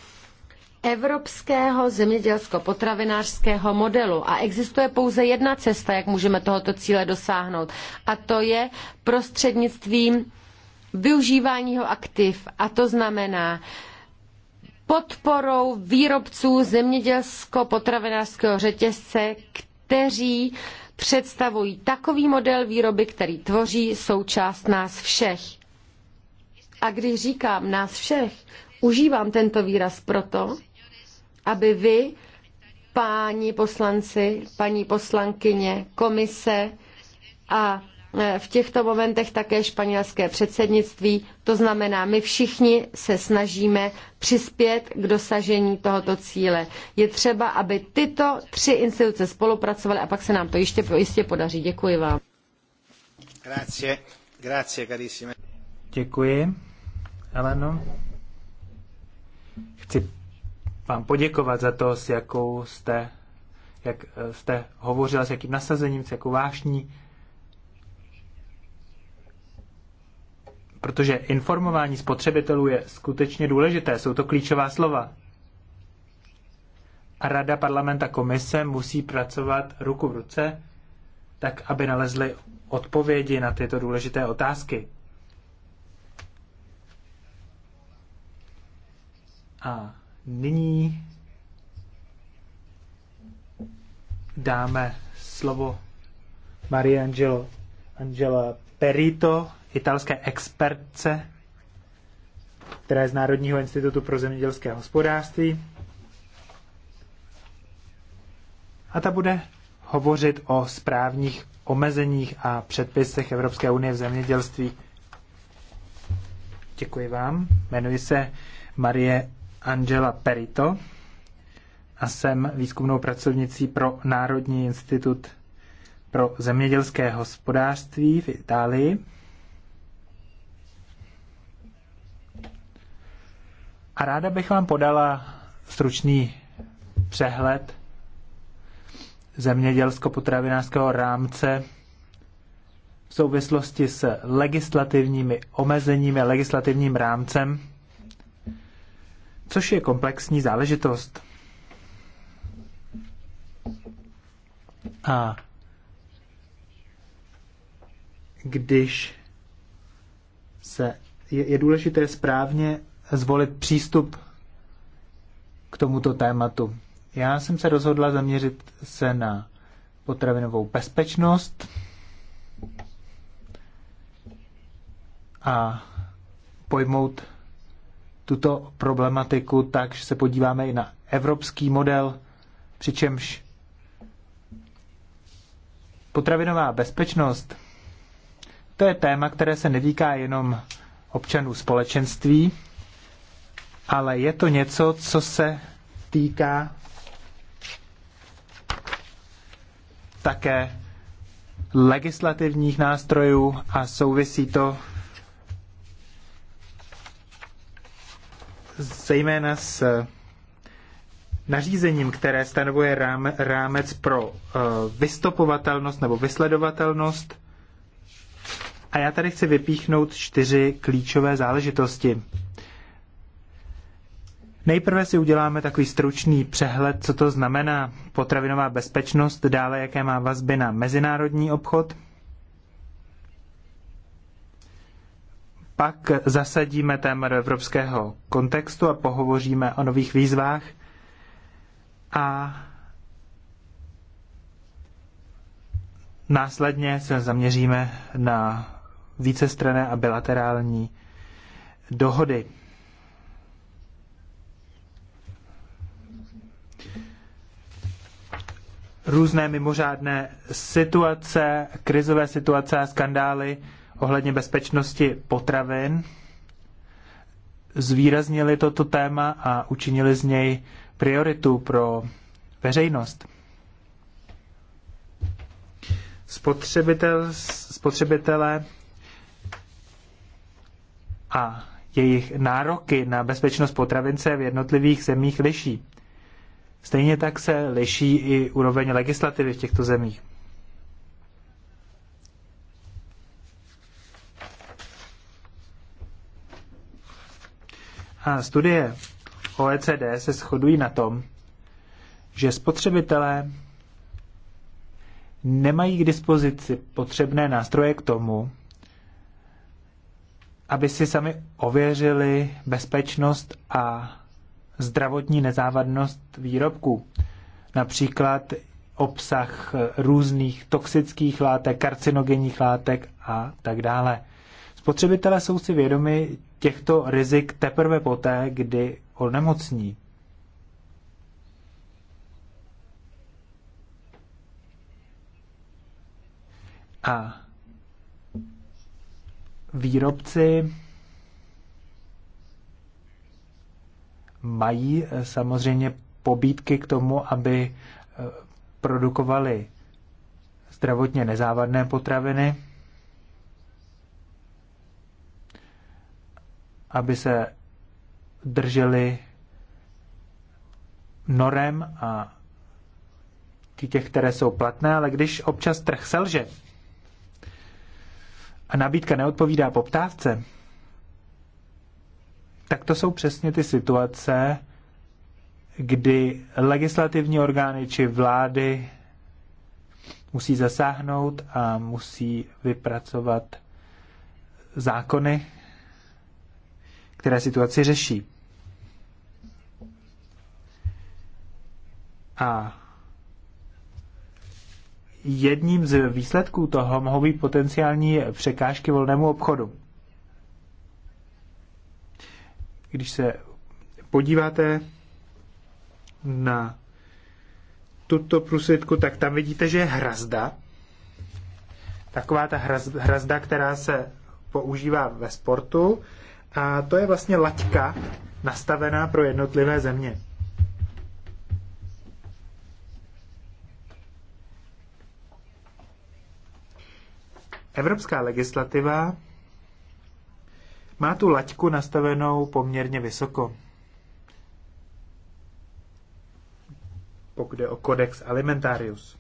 evropského zemědělsko-potravinářského modelu. A existuje pouze jedna cesta, jak můžeme tohoto cíle dosáhnout. A to je prostřednictvím využívání aktiv. A to znamená podporou výrobců zemědělsko-potravinářského řetězce, kteří představují takový model výroby, který tvoří součást nás všech. A když říkám nás všech, Užívám tento výraz proto, aby vy, páni poslanci, paní poslankyně, komise a e, v těchto momentech také španělské předsednictví. To znamená, my všichni se snažíme přispět k dosažení tohoto cíle. Je třeba, aby tyto tři instituce spolupracovaly a pak se nám to ještě, jistě podaří. Děkuji vám. Grazie. Grazie, carissime. Děkuji. Eleno. Chci vám poděkovat za to, s jakou jste, jak eh, jste hovořila, s jakým nasazením, s jakou vášní. Protože informování spotřebitelů je skutečně důležité, jsou to klíčová slova. A Rada, Parlamenta a komise musí pracovat ruku v ruce, tak aby nalezly odpovědi na tyto důležité otázky. A nyní dáme slovo Marie Angelo, Angelo Perito, italské expertce, která je z Národního institutu pro zemědělské hospodářství. A ta bude hovořit o správních omezeních a předpisech Evropské unie v zemědělství. Děkuji vám. Jmenuji se Marie Angela Perito a jsem výzkumnou pracovnicí pro Národní institut pro zemědělské hospodářství v Itálii. A ráda bych vám podala stručný přehled zemědělsko-potravinářského rámce v souvislosti s legislativními omezeními, legislativním rámcem což je komplexní záležitost. A když se je, je důležité správně zvolit přístup k tomuto tématu. Já jsem se rozhodla zaměřit se na potravinovou bezpečnost a pojmout tuto problematiku tak, že se podíváme i na evropský model, přičemž potravinová bezpečnost to je téma, které se netýká jenom občanů společenství, ale je to něco, co se týká také legislativních nástrojů a souvisí to zejména s eh, nařízením, které stanovuje rámec pro eh, vystopovatelnost nebo vysledovatelnost. A já tady chci vypíchnout čtyři klíčové záležitosti. Nejprve si uděláme takový stručný přehled, co to znamená potravinová bezpečnost, dále jaké má vazby na mezinárodní obchod – pak zasadíme téma do evropského kontextu a pohovoříme o nových výzvách a následně se zaměříme na vícestrané a bilaterální dohody. Různé mimořádné situace, krizové situace a skandály ohledně bezpečnosti potravin, zvýraznili toto téma a učinili z něj prioritu pro veřejnost. Spotřebitel, spotřebitele a jejich nároky na bezpečnost potravin se v jednotlivých zemích liší. Stejně tak se liší i úroveň legislativy v těchto zemích. A studie OECD se shodují na tom, že spotřebitelé nemají k dispozici potřebné nástroje k tomu, aby si sami ověřili bezpečnost a zdravotní nezávadnost výrobků. Například obsah různých toxických látek, karcinogenních látek a tak dále. Spotřebitelé jsou si vědomi těchto rizik teprve poté, kdy onemocní. A výrobci mají eh, samozřejmě pobídky k tomu, aby eh, produkovali zdravotně nezávadné potraviny, aby se drželi norem a těch, které jsou platné, ale když občas trh selže a nabídka neodpovídá poptávce, tak to jsou přesně ty situace, kdy legislativní orgány či vlády musí zasáhnout a musí vypracovat zákony, které situaci řeší. A jedním z výsledků toho mohou být potenciální překážky volnému obchodu. Když se podíváte na tuto průsvědku, tak tam vidíte, že je hrazda. Taková ta hrazda, která se používá ve sportu a to je vlastně laťka nastavená pro jednotlivé země. Evropská legislativa má tu laťku nastavenou poměrně vysoko. Pokud je o kodex alimentarius.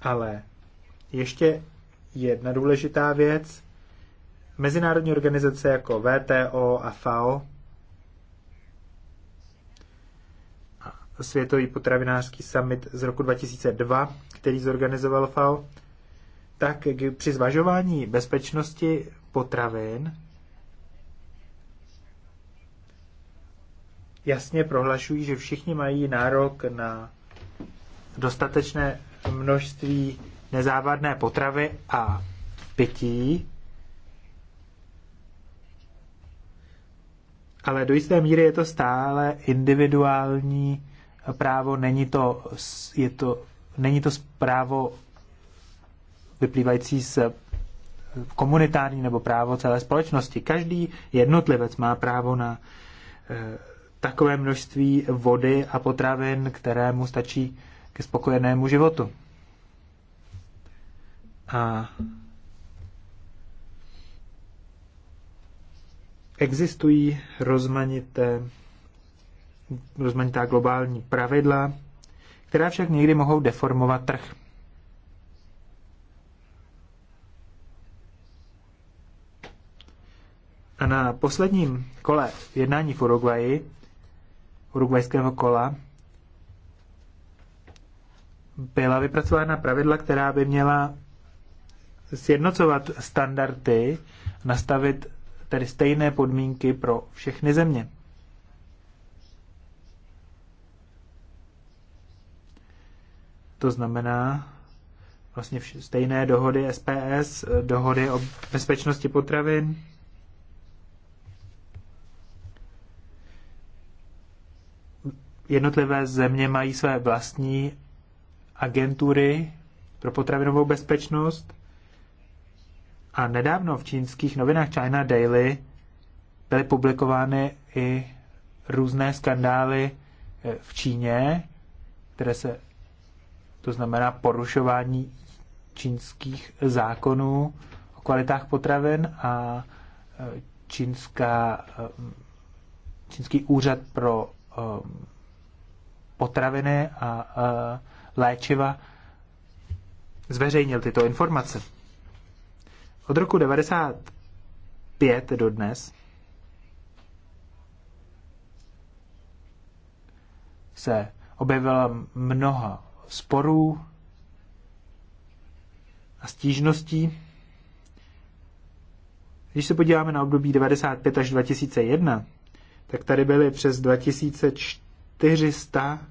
Ale ještě jedna důležitá věc. Mezinárodní organizace jako VTO a FAO a Světový potravinářský summit z roku 2002, který zorganizoval FAO, tak při zvažování bezpečnosti potravin jasně prohlašují, že všichni mají nárok na dostatečné množství nezávadné potravy a pití, ale do jisté míry je to stále individuální právo, není to, je to, není to právo vyplývající z komunitární nebo právo celé společnosti. Každý jednotlivec má právo na eh, takové množství vody a potravin, které mu stačí ke spokojenému životu. A existují rozmanité, rozmanitá globální pravidla, která však někdy mohou deformovat trh. A na posledním kole jednání v Uruguayi, uruguajského kola, byla vypracována pravidla, která by měla sjednocovat standardy, nastavit tedy stejné podmínky pro všechny země. To znamená vlastně stejné dohody SPS, dohody o bezpečnosti potravin. Jednotlivé země mají své vlastní agentury pro potravinovou bezpečnost a nedávno v čínských novinách China Daily byly publikovány i různé skandály eh, v Číně, které se, to znamená porušování čínských zákonů o kvalitách potravin a eh, čínská, eh, čínský úřad pro potraviny a léčiva zveřejnil tyto informace. Od roku 95 do dnes se objevilo mnoho sporů a stížností. Když se podíváme na období 95 až 2001, tak tady byly přes 2400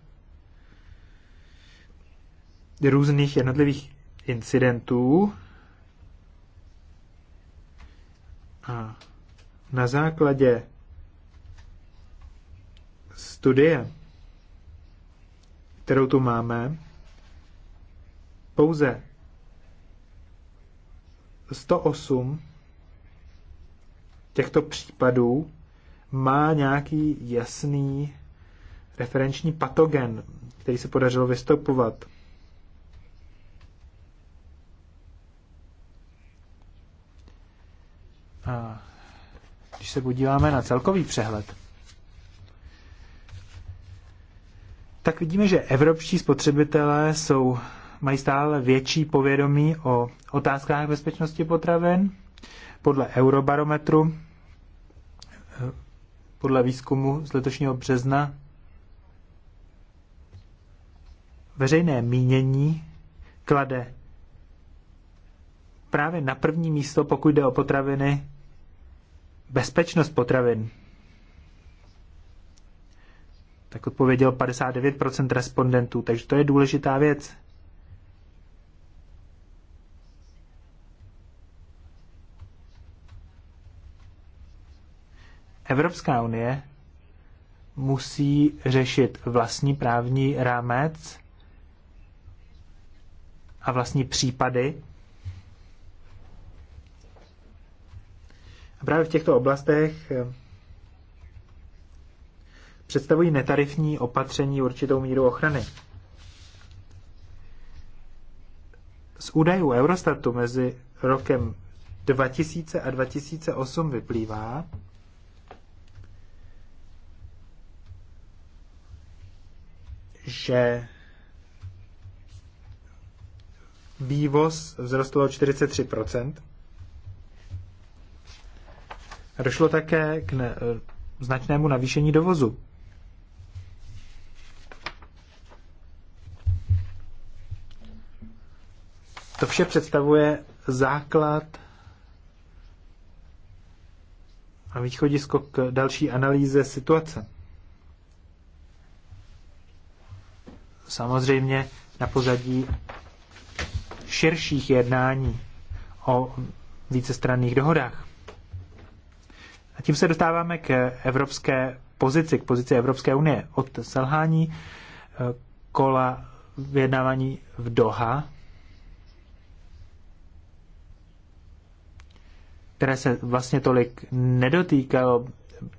různých jednotlivých incidentů A na základě studie, kterou tu máme, pouze 108 těchto případů má nějaký jasný referenční patogen, který se podařilo vystopovat. Když se podíváme na celkový přehled, tak vidíme, že evropští spotřebitelé jsou, mají stále větší povědomí o otázkách bezpečnosti potravin. Podle Eurobarometru, eh, podle výzkumu z letošního března, veřejné mínění klade právě na první místo, pokud jde o potraviny, bezpečnost potravin, tak odpověděl 59% respondentů, takže to je důležitá věc. Evropská unie musí řešit vlastní právní rámec a vlastní případy A právě v těchto oblastech eh, představují netarifní opatření určitou míru ochrany. Z údajů Eurostatu mezi rokem 2000 a 2008 vyplývá, že vývoz vzrostl o 43 Došlo také k ne, eh, značnému navýšení dovozu. To vše představuje základ a východisko k další analýze situace. Samozřejmě na pozadí širších jednání o vícestranných dohodách. A tím se dostáváme k evropské pozici, k pozici Evropské unie. Od selhání eh, kola vyjednávání v Doha, které se vlastně tolik nedotýkalo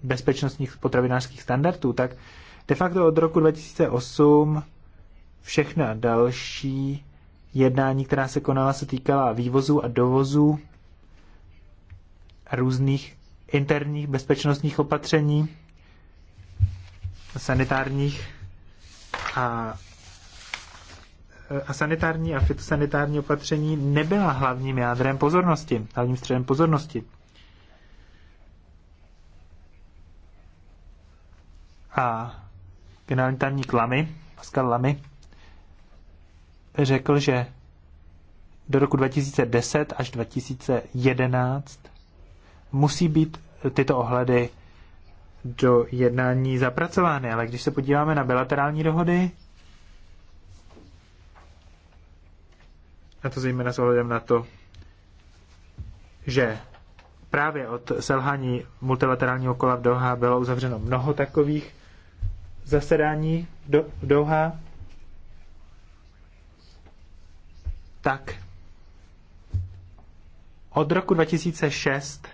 bezpečnostních potravinářských standardů, tak de facto od roku 2008 všechna další jednání, která se konala, se týkala vývozu a dovozu různých interních bezpečnostních opatření, sanitárních a a sanitární a fitosanitární opatření nebyla hlavním jádrem pozornosti, hlavním středem pozornosti. A generální tajemník Lamy, Pascal Lamy, řekl, že do roku 2010 až 2011 musí být tyto ohledy do jednání zapracovány, ale když se podíváme na bilaterální dohody, a to zejména s ohledem na to, že právě od selhání multilaterálního kola v Doha bylo uzavřeno mnoho takových zasedání do, v Doha, tak od roku 2006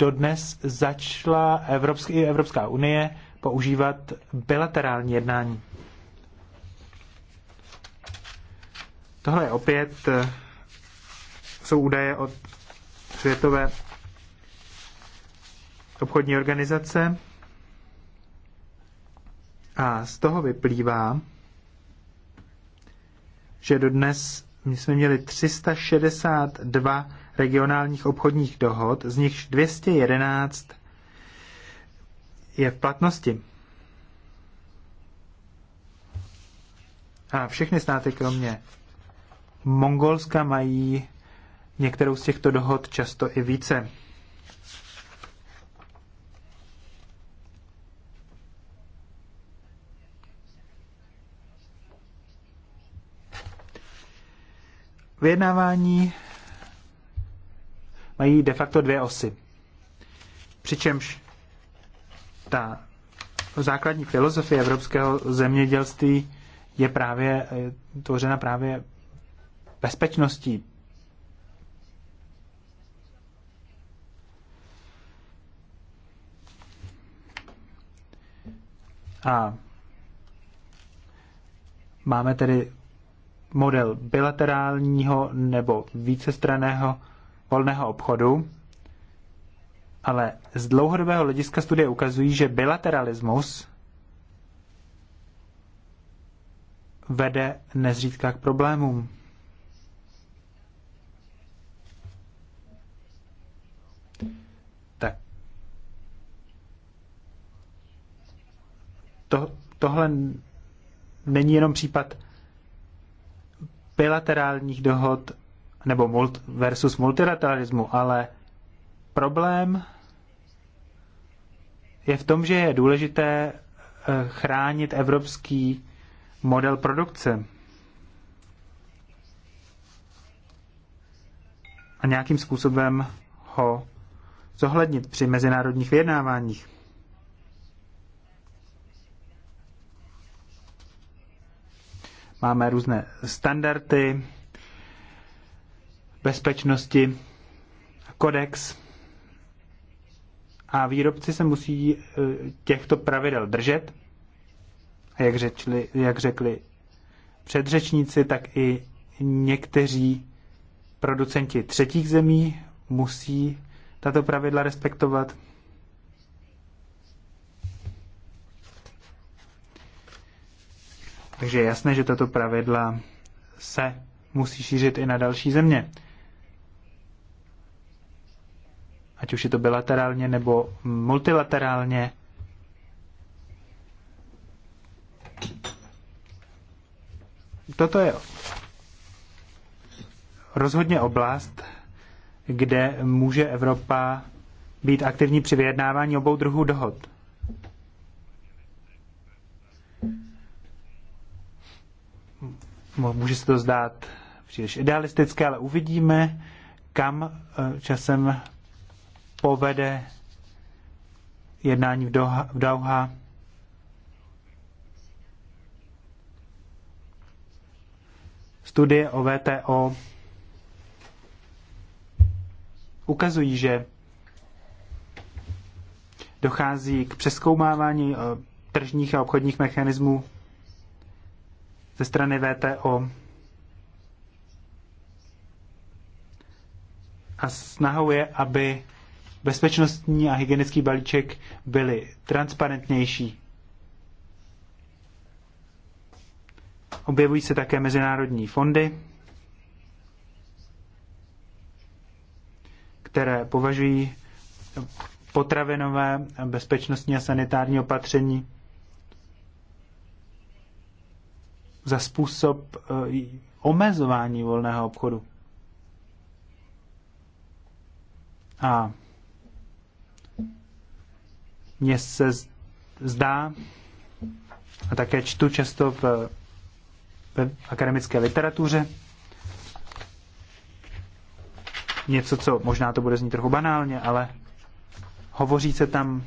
dodnes začala Evropský, Evropská unie používat bilaterální jednání. Tohle je opět, eh, jsou údaje od Světové obchodní organizace a z toho vyplývá, že dodnes my jsme měli 362 regionálních obchodních dohod, z nichž 211 je v platnosti. A všechny státy, kromě Mongolska, mají některou z těchto dohod často i více. Vyjednávání mají de facto dvě osy. Přičemž ta základní filozofie evropského zemědělství je právě tvořena právě bezpečností. A máme tedy model bilaterálního nebo vícestraného volného obchodu, ale z dlouhodobého hlediska studie ukazují, že bilateralismus vede nezřídka k problémům. Tak. To, tohle není jenom případ bilaterálních dohod nebo mult, versus multilateralismu, ale problém je v tom, že je důležité eh, chránit evropský model produkce. A nějakým způsobem ho zohlednit při mezinárodních vyjednáváních. Máme různé standardy, bezpečnosti, kodex a výrobci se musí e, těchto pravidel držet. A jak, řečli, jak řekli předřečníci, tak i někteří producenti třetích zemí musí tato pravidla respektovat. Takže je jasné, že tato pravidla se musí šířit i na další země. ať už je to bilaterálně nebo multilaterálně. Toto je rozhodně oblast, kde může Evropa být aktivní při vyjednávání obou druhů dohod. Může se to zdát příliš idealistické, ale uvidíme, kam eh, časem povede jednání v, Doha, v Dauha. Studie o VTO ukazují, že dochází k přeskoumávání eh, tržních a obchodních mechanismů ze strany VTO a snahou je, aby bezpečnostní a hygienický balíček byly transparentnější. Objevují se také mezinárodní fondy, které považují potravinové, bezpečnostní a sanitární opatření za způsob eh, omezování volného obchodu. A mně se zdá, a také čtu často v, v akademické literatuře, něco, co možná to bude znít trochu banálně, ale hovoří se tam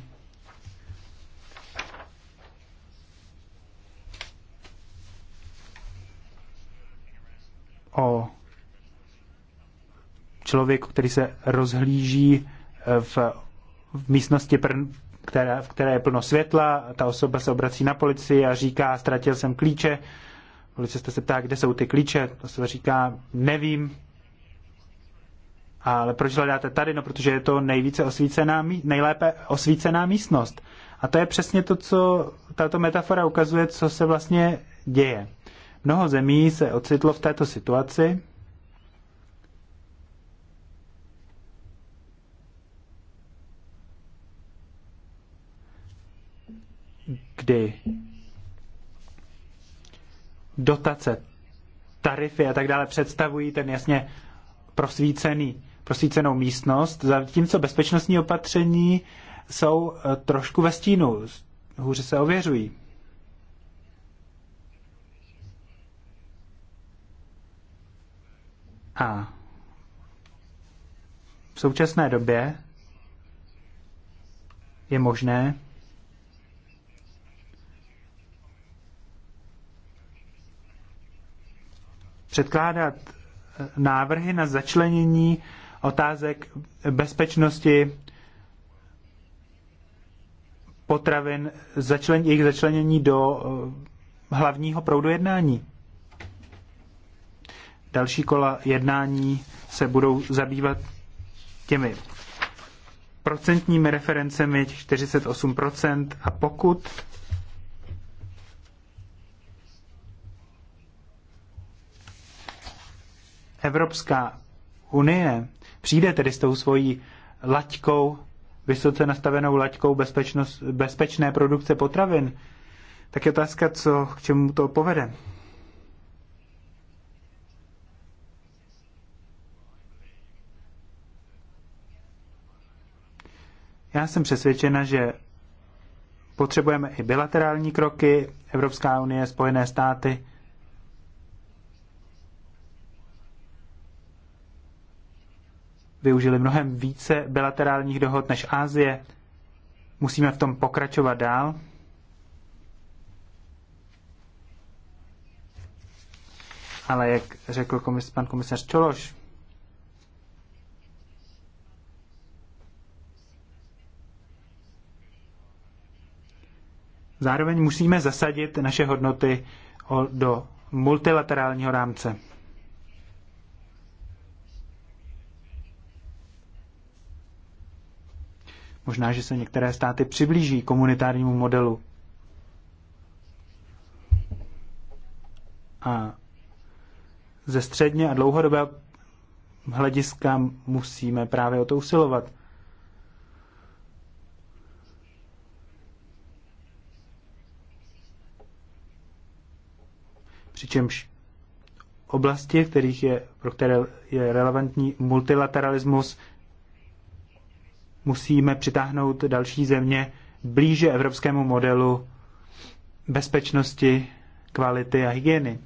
o člověku, který se rozhlíží eh, v, v místnosti která, v které je plno světla, ta osoba se obrací na policii a říká, ztratil jsem klíče. Policista se ptá, kde jsou ty klíče, ta osoba říká, nevím. Ale proč hledáte tady? No, protože je to nejvíce osvícená, nejlépe osvícená místnost. A to je přesně to, co tato metafora ukazuje, co se vlastně děje. Mnoho zemí se ocitlo v této situaci, kdy dotace, tarify a tak dále představují ten jasně prosvícený, prosvícenou místnost, zatímco bezpečnostní opatření jsou eh, trošku ve stínu, hůře se ověřují. A v současné době je možné, předkládat eh, návrhy na začlenění otázek bezpečnosti potravin, začlen, jejich začlenění do eh, hlavního proudu jednání. Další kola jednání se budou zabývat těmi procentními referencemi, těch 48%, a pokud Evropská unie přijde tedy s tou svojí laťkou, vysoce nastavenou laťkou bezpečnost, bezpečné produkce potravin, tak je otázka, co, k čemu to povede. Já jsem přesvědčena, že potřebujeme i bilaterální kroky, Evropská unie, Spojené státy, využili mnohem více bilaterálních dohod než Asie. Musíme v tom pokračovat dál. Ale jak řekl komis, pan komisař Čološ, zároveň musíme zasadit naše hodnoty do multilaterálního rámce. Možná, že se některé státy přiblíží komunitárnímu modelu. A ze středně a dlouhodobé hlediska musíme právě o to usilovat. Přičemž oblasti, v kterých je, pro které je relevantní multilateralismus, musíme přitáhnout další země blíže evropskému modelu bezpečnosti, kvality a hygieny.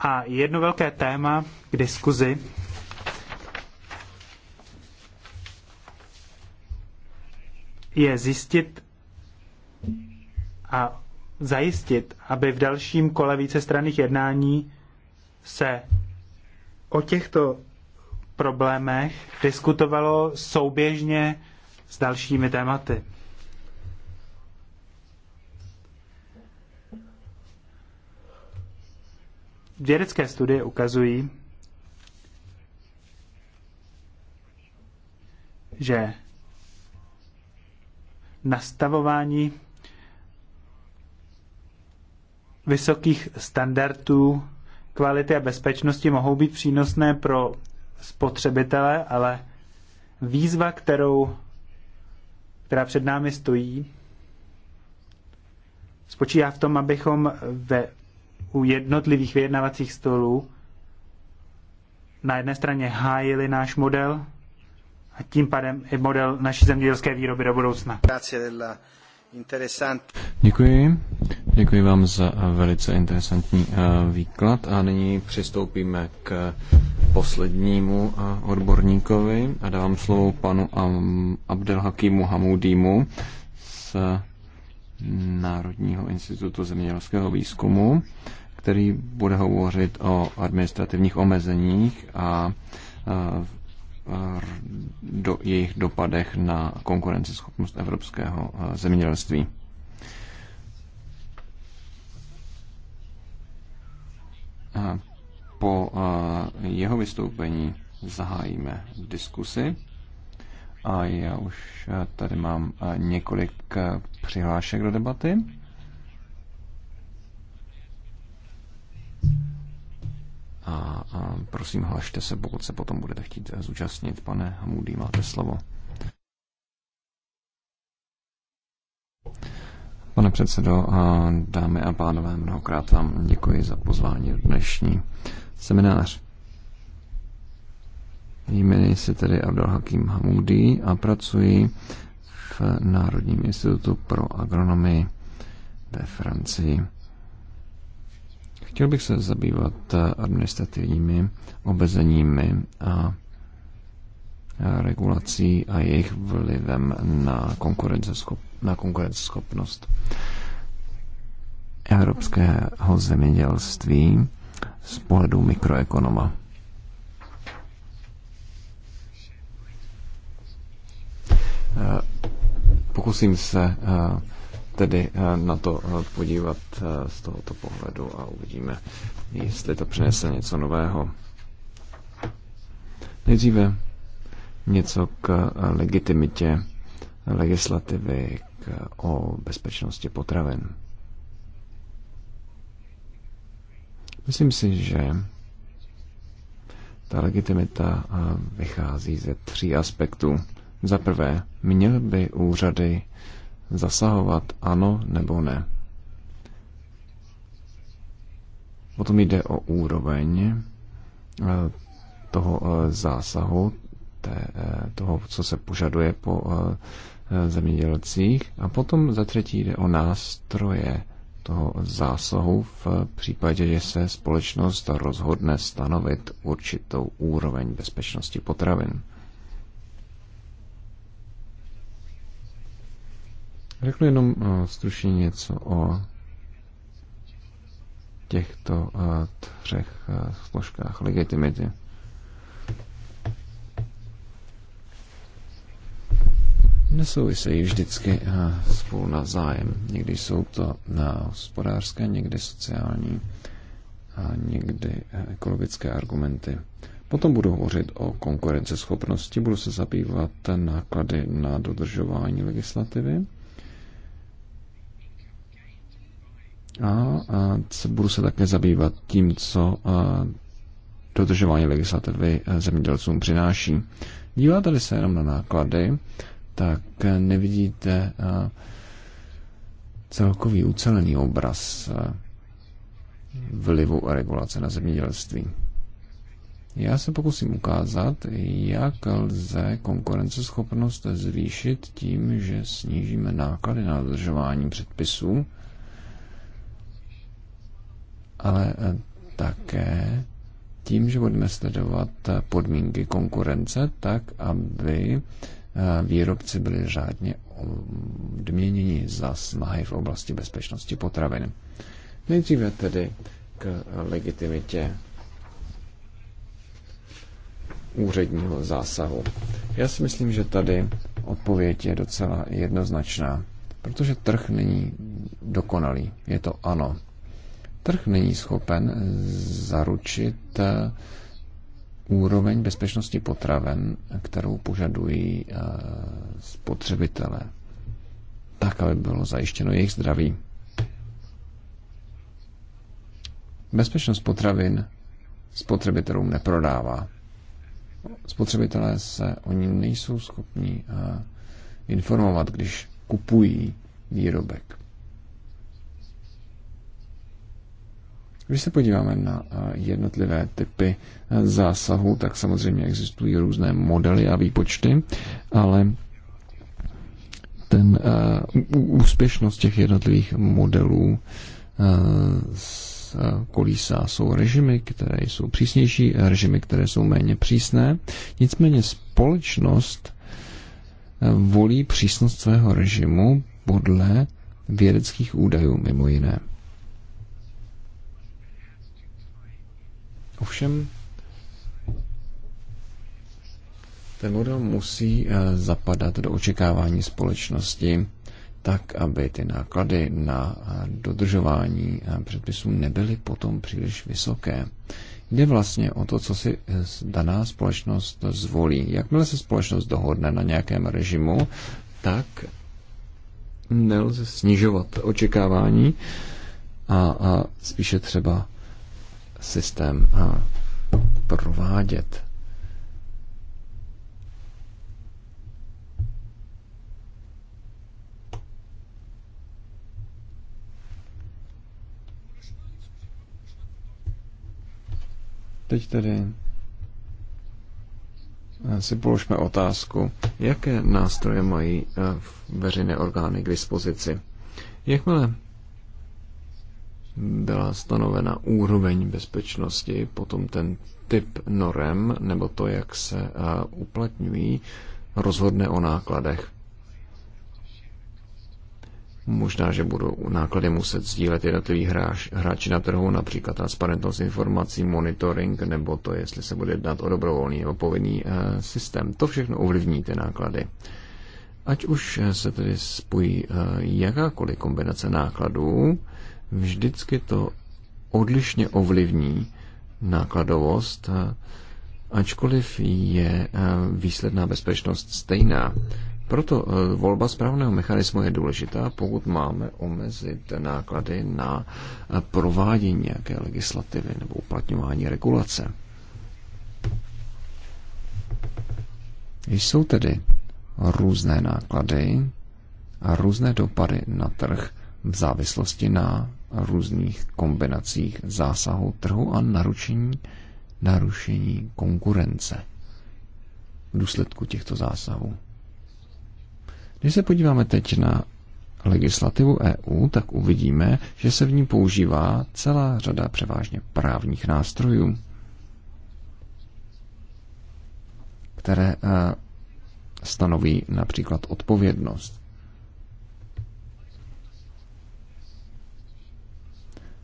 A jedno velké téma k diskuzi je zjistit a zajistit, aby v dalším kole vícestranných jednání se o těchto problémech diskutovalo souběžně s dalšími tématy. Vědecké studie ukazují, že nastavování vysokých standardů kvality a bezpečnosti mohou být přínosné pro spotřebitele, ale výzva, kterou, která před námi stojí, spočívá v tom, abychom ve, u jednotlivých vyjednavacích stolů na jedné straně hájili náš model a tím pádem i model naší zemědělské výroby do budoucna. Děkuji Děkuji vám za velice interesantní eh, výklad a nyní přistoupíme k poslednímu eh, odborníkovi a dávám slovo panu Abdelhakimu Hamudímu z Národního institutu zemědělského výzkumu, který bude hovořit o administrativních omezeních a eh, do jejich dopadech na konkurenceschopnost evropského zemědělství. Po eh, jeho vystoupení zahájíme diskusi. A já už eh, tady mám eh, několik přihlášek do debaty. A, a prosím, hlašte se, pokud se potom budete chtít zúčastnit. Pane Hamudý, máte slovo. Pane předsedo, dámy a pánové, mnohokrát vám děkuji za pozvání do dnešní seminář. Jmenuji se tedy Abdelhakim Hamoudi a pracuji v Národním institutu pro agronomii ve Francii. Chtěl bych se zabývat administrativními obezeními a Eh, regulací a jejich vlivem na, konkurenceschop, na konkurenceschopnost evropského zemědělství z pohledu mikroekonoma. Eh, pokusím se eh, tedy na to podívat z tohoto pohledu a uvidíme, jestli to přinese něco nového. Nejdříve něco k legitimitě legislativy k, o bezpečnosti potravin. Myslím si, že ta legitimita vychází ze tří aspektů. Za prvé, měl by úřady zasahovat ano nebo ne. Potom jde o úroveň toho e, zásahu, té, eh, toho, co se požaduje po eh, eh, zemědělcích. A potom za třetí jde o nástroje toho zásahu v případě, že se společnost rozhodne stanovit určitou úroveň bezpečnosti potravin. Řeknu jenom stručně něco o těchto třech složkách legitimity. nesouvisejí vždycky eh, spolu navzájem. Někdy jsou to na eh, hospodářské, někdy sociální a někdy eh, ekologické argumenty. Potom budu hovořit o konkurenceschopnosti, budu se zabývat náklady na dodržování legislativy a, a budu se také zabývat tím, co a, dodržování legislativy zemědělcům přináší. Díváte-li se jenom na náklady, tak nevidíte eh, celkový ucelený obraz eh, vlivu a regulace na zemědělství. Já se pokusím ukázat, jak lze konkurenceschopnost zvýšit tím, že snížíme náklady na dodržování předpisů, ale eh, také tím, že budeme sledovat podmínky konkurence tak, aby výrobci byli řádně odměněni za snahy v oblasti bezpečnosti potravin. Nejdříve tedy k legitimitě úředního zásahu. Já si myslím, že tady odpověď je docela jednoznačná, protože trh není dokonalý. Je to ano. Trh není schopen zaručit eh, úroveň bezpečnosti potraven, kterou požadují eh, spotřebitelé, tak, aby bylo zajištěno jejich zdraví. Bezpečnost potravin spotřebitelům neprodává. Spotřebitelé se o ní nejsou schopni eh, informovat, když kupují výrobek. Když se podíváme na eh, jednotlivé typy eh, zásahu, tak samozřejmě existují různé modely a výpočty, ale ten uh, úspěšnost těch jednotlivých modelů uh, kolísa jsou režimy, které jsou přísnější, režimy, které jsou méně přísné. Nicméně společnost volí přísnost svého režimu podle vědeckých údajů mimo jiné. Ovšem, ten model musí eh, zapadat do očekávání společnosti tak, aby ty náklady na eh, dodržování eh, předpisů nebyly potom příliš vysoké. Jde vlastně o to, co si daná společnost zvolí. Jakmile se společnost dohodne na nějakém režimu, tak nelze snižovat očekávání a, a spíše třeba systém a provádět. Teď tedy eh, si položme otázku, jaké nástroje mají eh, veřejné orgány k dispozici. Jakmile byla stanovena úroveň bezpečnosti, potom ten typ norem, nebo to, jak se eh, uplatňují, rozhodne o nákladech. Možná, že budou náklady muset sdílet jednotliví hráč, hráči na trhu, například transparentnost informací, monitoring, nebo to, jestli se bude jednat o dobrovolný nebo povinný e, systém. To všechno ovlivní ty náklady. Ať už eh, se tedy spojí e, jakákoliv kombinace nákladů, vždycky to odlišně ovlivní nákladovost, ačkoliv je eh, výsledná bezpečnost stejná. Proto eh, volba správného mechanismu je důležitá, pokud máme omezit náklady na eh, provádění nějaké legislativy nebo uplatňování regulace. Jsou tedy různé náklady a různé dopady na trh v závislosti na různých kombinacích zásahů trhu a narušení, narušení konkurence v důsledku těchto zásahů. Když se podíváme teď na legislativu EU, tak uvidíme, že se v ní používá celá řada převážně právních nástrojů, které eh, stanoví například odpovědnost.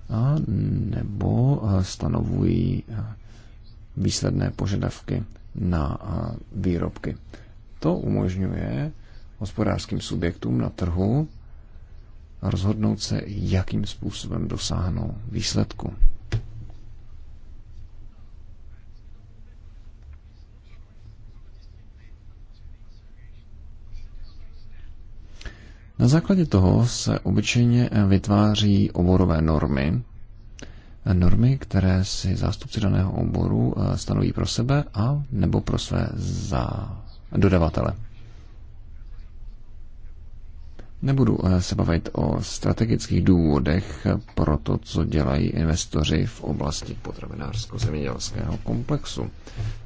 a nebo eh, stanovují eh, výsledné požadavky na eh, výrobky. To umožňuje hospodářským subjektům na trhu rozhodnout se, jakým způsobem dosáhnou výsledku. Na základě toho se obyčejně vytváří oborové normy, normy, které si zástupci daného oboru eh, stanoví pro sebe a nebo pro své za dodavatele. Nebudu eh, se bavit o strategických důvodech pro to, co dělají investoři v oblasti potravinářsko-zemědělského komplexu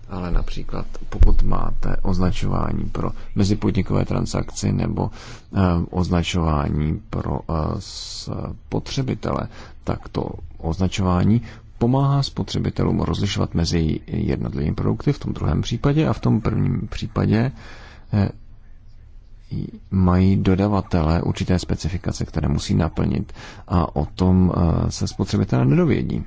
ale například pokud máte označování pro mezipodnikové transakci nebo eh, označování pro eh, spotřebitele, tak to označování pomáhá spotřebitelům rozlišovat mezi jednotlivými produkty v tom druhém případě a v tom prvním případě eh, mají dodavatele určité specifikace, které musí naplnit a o tom se spotřebitelé nedovědí.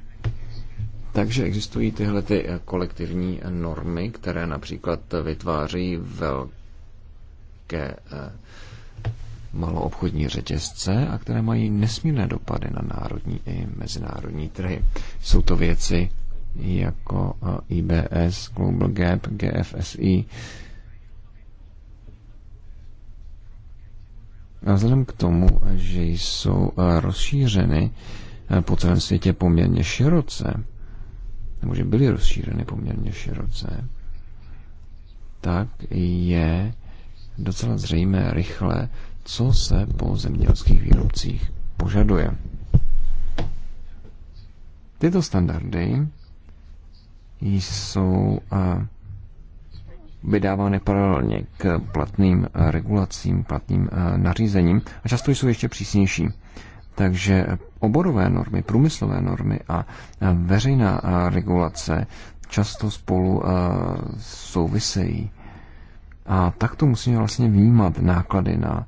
Takže existují tyhle ty eh, kolektivní eh, normy, které například vytváří velké eh, maloobchodní řetězce a které mají nesmírné dopady na národní i mezinárodní trhy. Jsou to věci jako IBS, Global Gap, GFSI. A vzhledem k tomu, že jsou rozšířeny po celém světě poměrně široce, nebo že byly rozšířeny poměrně široce, tak je docela zřejmé rychle, co se po zemědělských výrobcích požaduje. Tyto standardy jsou vydávány paralelně k platným regulacím, platným nařízením a často jsou ještě přísnější. Takže oborové normy, průmyslové normy a veřejná regulace často spolu souvisejí. A tak to musíme vlastně vnímat náklady na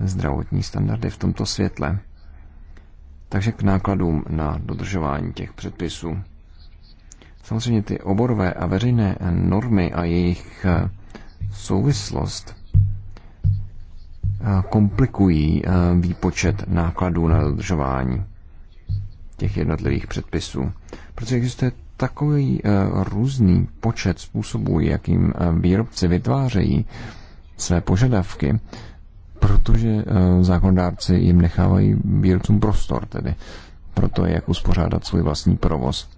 zdravotní standardy v tomto světle. Takže k nákladům na dodržování těch předpisů. Samozřejmě ty oborové a veřejné normy a jejich souvislost komplikují e, výpočet nákladů na dodržování těch jednotlivých předpisů. Protože existuje takový e, různý počet způsobů, jakým e, výrobci vytvářejí své požadavky, protože zákonodárci jim nechávají výrobcům prostor tedy pro to, jak uspořádat svůj vlastní provoz.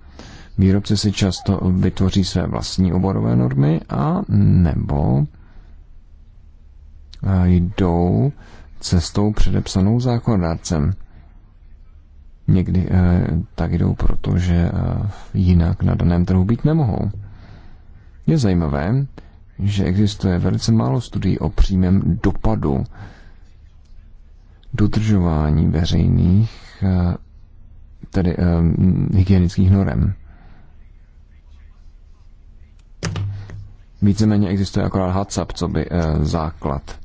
Výrobci si často vytvoří své vlastní oborové normy a nebo jdou cestou předepsanou zákonodárcem. Někdy eh, tak jdou, protože eh, jinak na daném trhu být nemohou. Je zajímavé, že existuje velice málo studií o přímém dopadu dodržování veřejných, eh, tedy hygienických norem. Víceméně existuje akorát HACCP, co by základ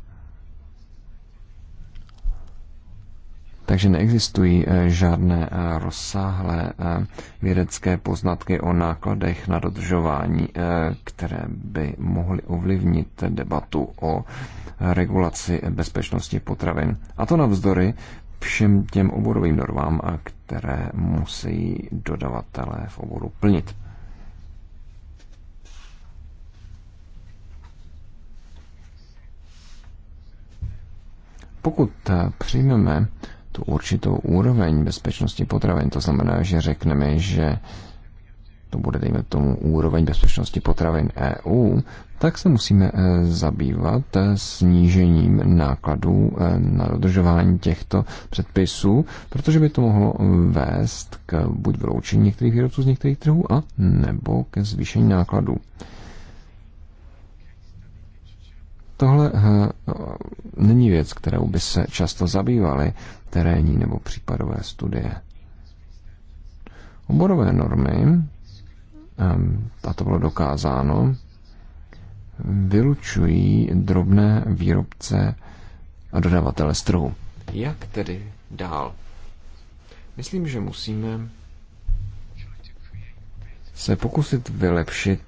Takže neexistují eh, žádné eh, rozsáhlé eh, vědecké poznatky o nákladech na dodržování, které by mohly ovlivnit debatu o regulaci bezpečnosti potravin. A to navzdory všem těm oborovým normám, které musí dodavatelé v oboru plnit. Pokud přijmeme tu určitou úroveň bezpečnosti potravin. To znamená, že řekneme, že to bude, dejme tomu, úroveň bezpečnosti potravin EU, tak se musíme e, zabývat e, snížením nákladů e, na dodržování těchto předpisů, protože by to mohlo vést k buď vyloučení některých výrobců z některých trhů a nebo ke zvýšení nákladů. Tohle eh, není věc, kterou by se často zabývaly terénní nebo případové studie. Oborové normy, a to bylo dokázáno, vylučují drobné výrobce a dodavatele z Jak tedy dál? Myslím, že musíme se pokusit vylepšit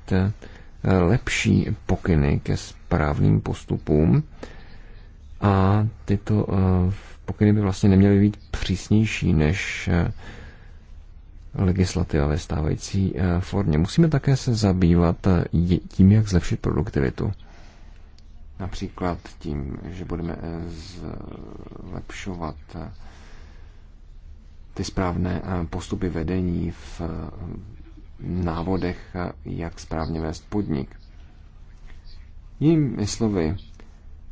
lepší pokyny ke správným postupům a tyto eh, pokyny by vlastně neměly být přísnější než eh, legislativa ve stávající eh, formě. Musíme také se zabývat tím, jak zlepšit produktivitu. Například tím, že budeme zlepšovat ty správné postupy vedení v návodech, jak správně vést podnik. Jinými slovy,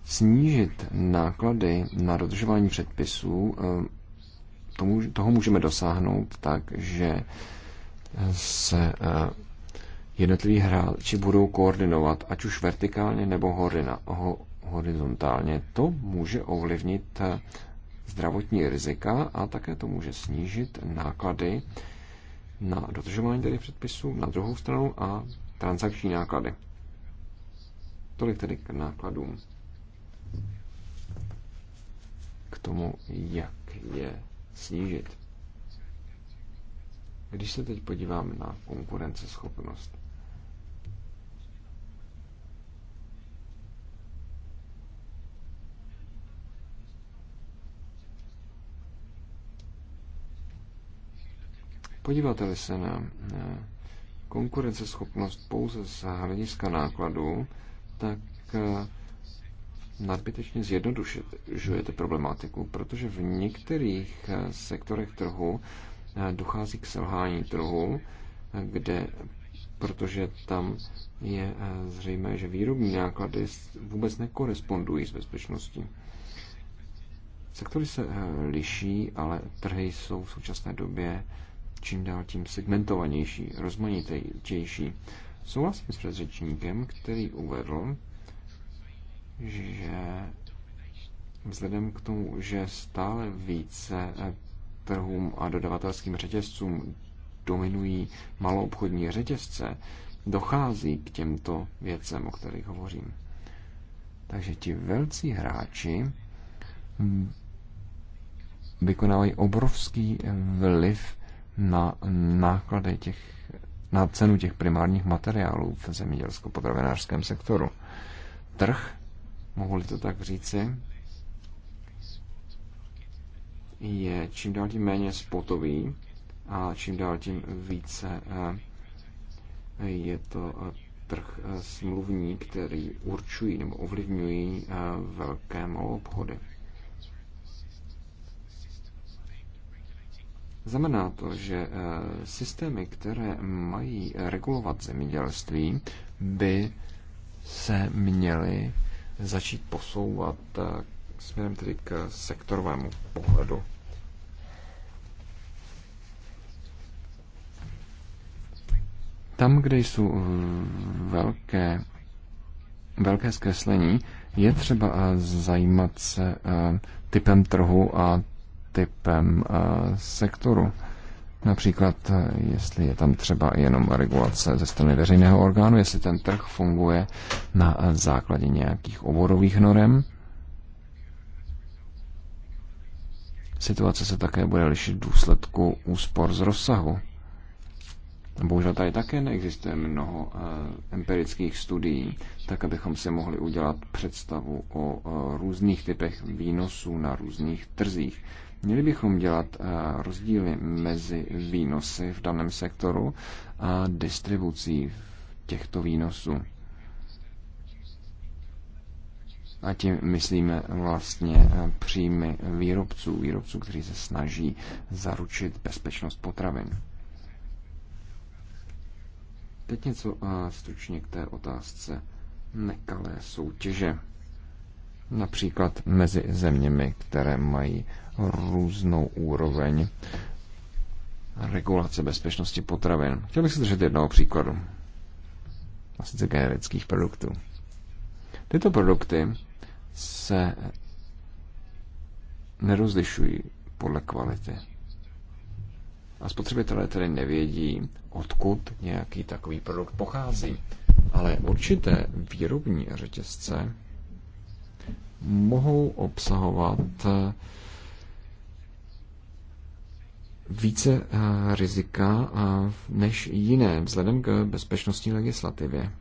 snížit náklady na dodržování předpisů, eh, toho můžeme dosáhnout tak, že se eh, jednotliví hráči budou koordinovat, ať už vertikálně nebo horizontálně. To může ovlivnit eh, zdravotní rizika a také to může snížit náklady na dodržování tedy předpisů na druhou stranu a transakční náklady. Tolik tedy k nákladům. K tomu, jak je snížit. Když se teď podívám na konkurenceschopnost, podíváte se na konkurenceschopnost pouze z hlediska nákladů, tak eh, nadbytečně zjednodušujete problematiku, protože v některých eh, sektorech trhu eh, dochází k selhání trhu, kde, protože tam je zřejmé, že výrobní náklady vůbec nekorespondují s bezpečností. Sektory se liší, ale trhy jsou v současné době čím dál tím segmentovanější, rozmanitější. Souhlasím s předřečníkem, který uvedl, že vzhledem k tomu, že stále více eh, trhům a dodavatelským řetězcům dominují maloobchodní řetězce, dochází k těmto věcem, o kterých hovořím. Takže ti velcí hráči hm, vykonávají obrovský eh, vliv na náklady těch, na cenu těch primárních materiálů v zemědělsko-potravinářském sektoru. Trh, mohu-li to tak říci, je čím dál tím méně spotový a čím dál tím více eh, je to eh, trh eh, smluvní, který určují nebo ovlivňují velké malou obchody. Znamená to, že eh, systémy, které mají eh, regulovat zemědělství, by se měly začít posouvat eh, směrem tedy k sektorovému pohledu. Tam, kde jsou velké, velké zkreslení, je třeba zajímat se typem trhu a typem eh, sektoru. Například, eh, jestli je tam třeba jenom regulace ze strany veřejného orgánu, jestli ten trh funguje na eh, základě nějakých oborových norem. Situace se také bude lišit důsledku úspor z rozsahu. Bohužel tady také neexistuje mnoho eh, empirických studií, tak abychom si mohli udělat představu o eh, různých typech výnosů na různých trzích. Měli bychom dělat eh, rozdíly mezi výnosy v daném sektoru a distribucí těchto výnosů. A tím myslíme vlastně příjmy výrobců, výrobců, kteří se snaží zaručit bezpečnost potravin. Teď něco eh, stručně k té otázce nekalé soutěže. Například mezi zeměmi, které mají různou úroveň regulace bezpečnosti potravin. Chtěl bych se držet jednoho příkladu. A sice generických produktů. Tyto produkty se nerozlišují podle kvality. A spotřebitelé tedy nevědí, odkud nějaký takový produkt pochází. Ale určité výrobní řetězce mohou obsahovat eh, více eh, rizika eh, než jiné vzhledem k bezpečnostní legislativě.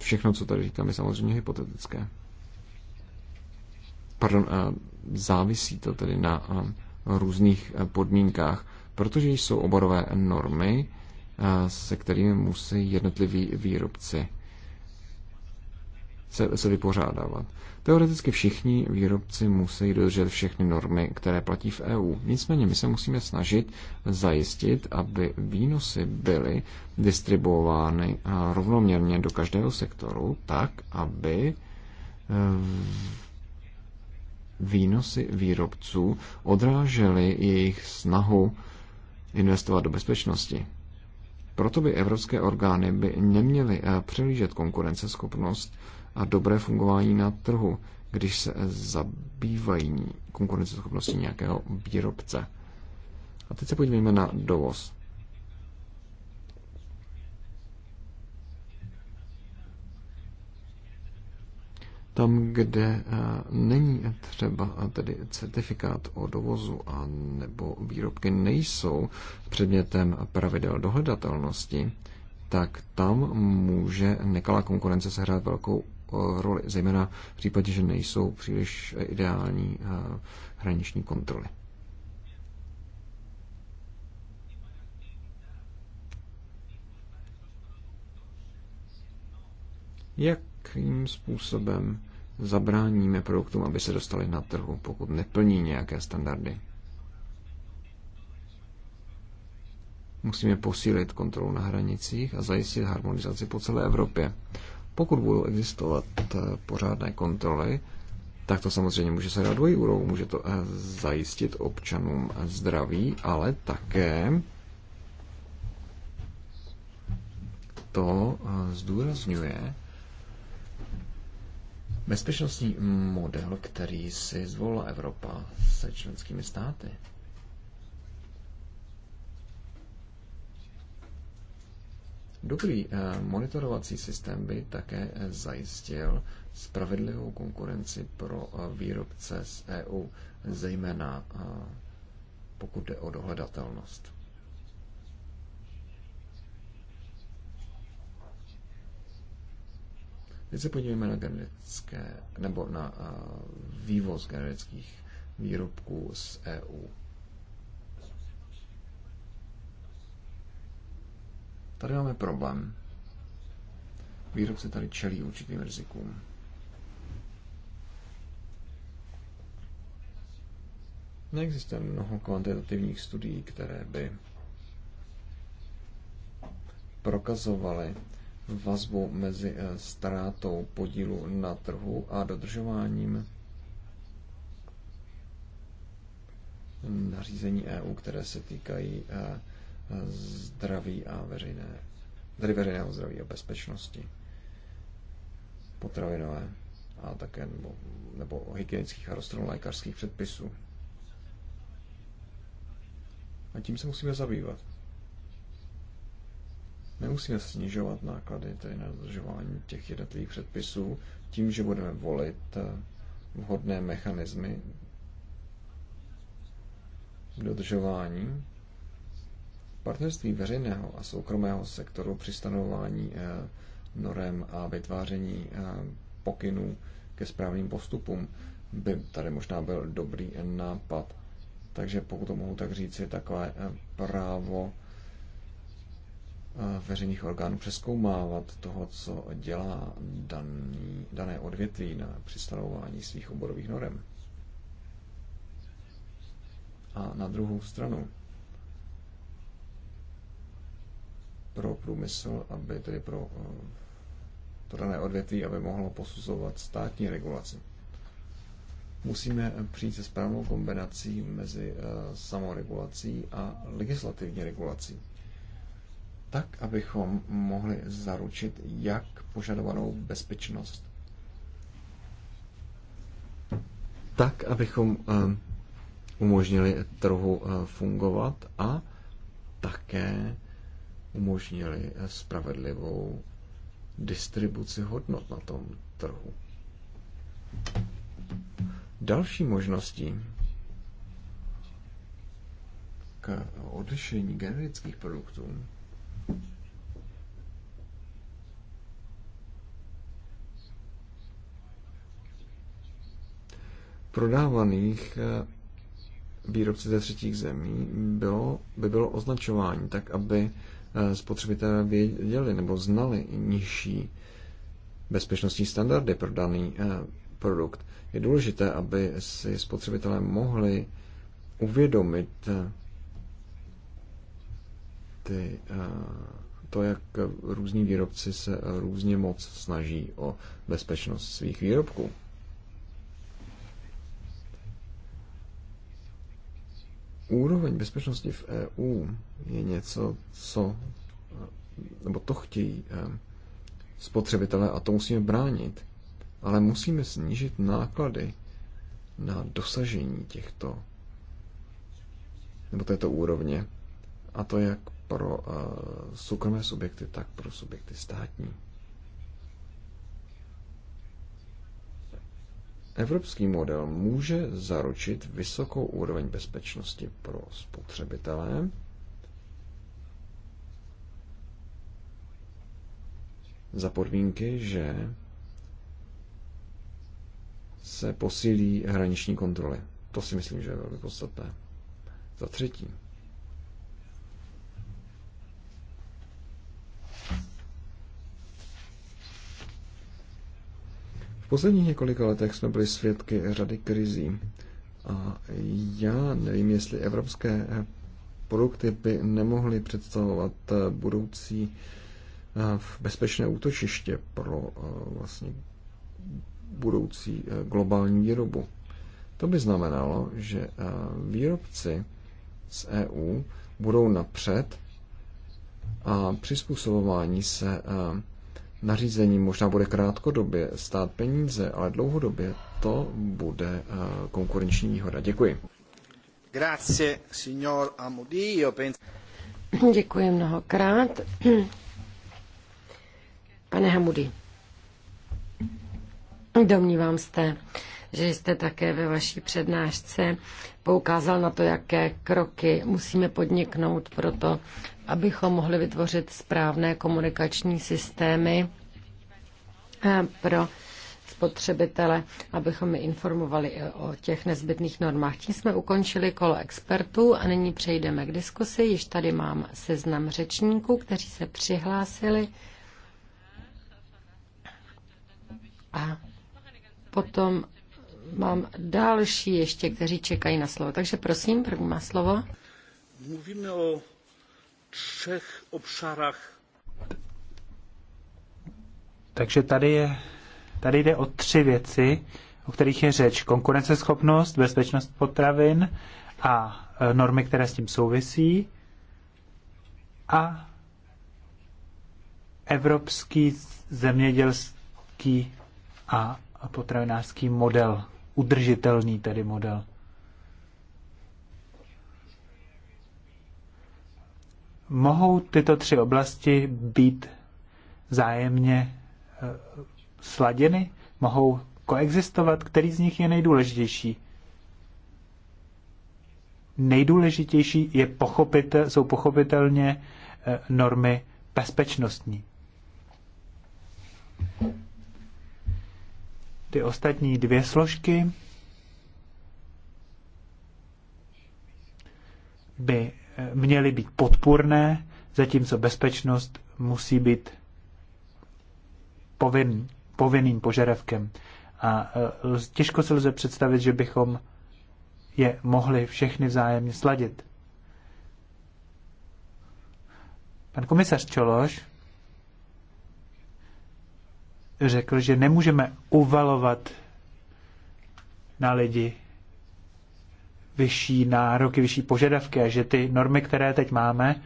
Všechno, co tady říkám, je samozřejmě hypotetické. Pardon, závisí to tedy na různých eh, podmínkách, protože jsou oborové normy, eh, se kterými musí jednotliví výrobci se, se vypořádávat. Teoreticky všichni výrobci musí dodržet všechny normy, které platí v EU. Nicméně my se musíme snažit zajistit, aby výnosy byly distribuovány eh, rovnoměrně do každého sektoru, tak, aby výnosy výrobců odrážely jejich snahu investovat do bezpečnosti. Proto by evropské orgány by neměly eh, přelížet konkurenceschopnost a dobré fungování na trhu, když se zabývají konkurenceschopností nějakého výrobce. A teď se podívejme na dovoz. tam, kde eh, není třeba eh, tedy certifikát o dovozu a nebo výrobky nejsou předmětem pravidel dohledatelnosti, tak tam může nekalá konkurence sehrát velkou eh, roli, zejména v případě, že nejsou příliš ideální hraniční kontroly. Jak jakým způsobem zabráníme produktům, aby se dostali na trhu, pokud neplní nějaké standardy. Musíme posílit kontrolu na hranicích a zajistit harmonizaci po celé Evropě. Pokud budou existovat eh, pořádné kontroly, tak to samozřejmě může se dát dvojí Může to eh, zajistit občanům zdraví, ale také to eh, zdůrazňuje bezpečnostní model, který si zvolila Evropa se členskými státy. Dobrý eh, monitorovací systém by také eh, zajistil spravedlivou konkurenci pro eh, výrobce z EU, zejména pokud jde o dohledatelnost. Teď se podívejme na generické, nebo na eh, vývoz generických výrobků z EU. Tady máme problém. Výrobce tady čelí určitým rizikům. Neexistuje mnoho kvantitativních studií, které by prokazovaly, vazbu mezi eh, ztrátou podílu na trhu a dodržováním nařízení EU, které se týkají eh, zdraví a veřejné, tedy veřejného zdraví a bezpečnosti potravinové a také nebo, nebo hygienických a rostlinně-lékařských předpisů. A tím se musíme zabývat. Nemusíme snižovat náklady tedy na dodržování těch jednotlivých předpisů tím, že budeme volit eh, vhodné mechanismy dodržování. Partnerství veřejného a soukromého sektoru při stanovování eh, norem a vytváření eh, pokynů ke správným postupům by tady možná byl dobrý nápad. Takže pokud to mohu tak říct, je takové právo veřejných orgánů přeskoumávat toho, co dělá daný, dané odvětví na přistanování svých oborových norem. A na druhou stranu, pro průmysl, aby tedy pro eh, to dané odvětví, aby mohlo posuzovat státní regulaci. Musíme přijít se správnou kombinací mezi eh, samoregulací a legislativní regulací tak, abychom mohli zaručit jak požadovanou bezpečnost, tak, abychom eh, umožnili trhu eh, fungovat a také umožnili spravedlivou distribuci hodnot na tom trhu. Další možností k odlišení generických produktů prodávaných eh, výrobci ze třetích zemí bylo, by bylo označování tak, aby eh, spotřebitelé věděli nebo znali nižší bezpečnostní standardy pro daný eh, produkt. Je důležité, aby si spotřebitelé mohli uvědomit ty, to, jak různí výrobci se různě moc snaží o bezpečnost svých výrobků. úroveň bezpečnosti v EU je něco, co, eh, nebo to chtějí eh, spotřebitelé a to musíme bránit, ale musíme snížit náklady na dosažení těchto, nebo této úrovně, a to jak pro eh, soukromé subjekty, tak pro subjekty státní. Evropský model může zaručit vysokou úroveň bezpečnosti pro spotřebitele, za podmínky, že se posílí hraniční kontroly. To si myslím, že je velmi podstatné. Za třetí, posledních několika letech jsme byli svědky řady krizí. A já nevím, jestli evropské produkty by nemohly představovat eh, budoucí eh, bezpečné útočiště pro eh, vlastně budoucí globální výrobu. To by znamenalo, že výrobci z EU budou napřed a přizpůsobování se nařízení možná bude krátkodobě stát peníze, ale dlouhodobě to bude eh, konkurenční výhoda. Děkuji. Grazie, signor Amudi. Děkuji mnohokrát. Pane Hamudi, domnívám jste, že jste také ve vaší přednášce poukázal na to, jaké kroky musíme podniknout pro to, abychom mohli vytvořit správné komunikační systémy eh, pro spotřebitele, abychom je informovali o těch nezbytných normách. Tím jsme ukončili kolo expertů a nyní přejdeme k diskusi. Již tady mám seznam řečníků, kteří se přihlásili. A potom mám další ještě, kteří čekají na slovo. Takže prosím, první má slovo. Mluvíme o třech obšarach. Takže tady, je, tady jde o tři věci, o kterých je řeč. Konkurenceschopnost, bezpečnost potravin a e, normy, které s tím souvisí. A evropský zemědělský a potravinářský model, udržitelný tedy model. mohou tyto tři oblasti být zájemně eh, sladěny? Mohou koexistovat? Který z nich je nejdůležitější? Nejdůležitější je pochopit, jsou pochopitelně eh, normy bezpečnostní. Ty ostatní dvě složky by měly být podpůrné, zatímco bezpečnost musí být povin, povinným požadavkem. A e, těžko se lze představit, že bychom je mohli všechny vzájemně sladit. Pan komisař Čološ řekl, že nemůžeme uvalovat na lidi vyšší nároky, vyšší požadavky a že ty normy, které teď máme,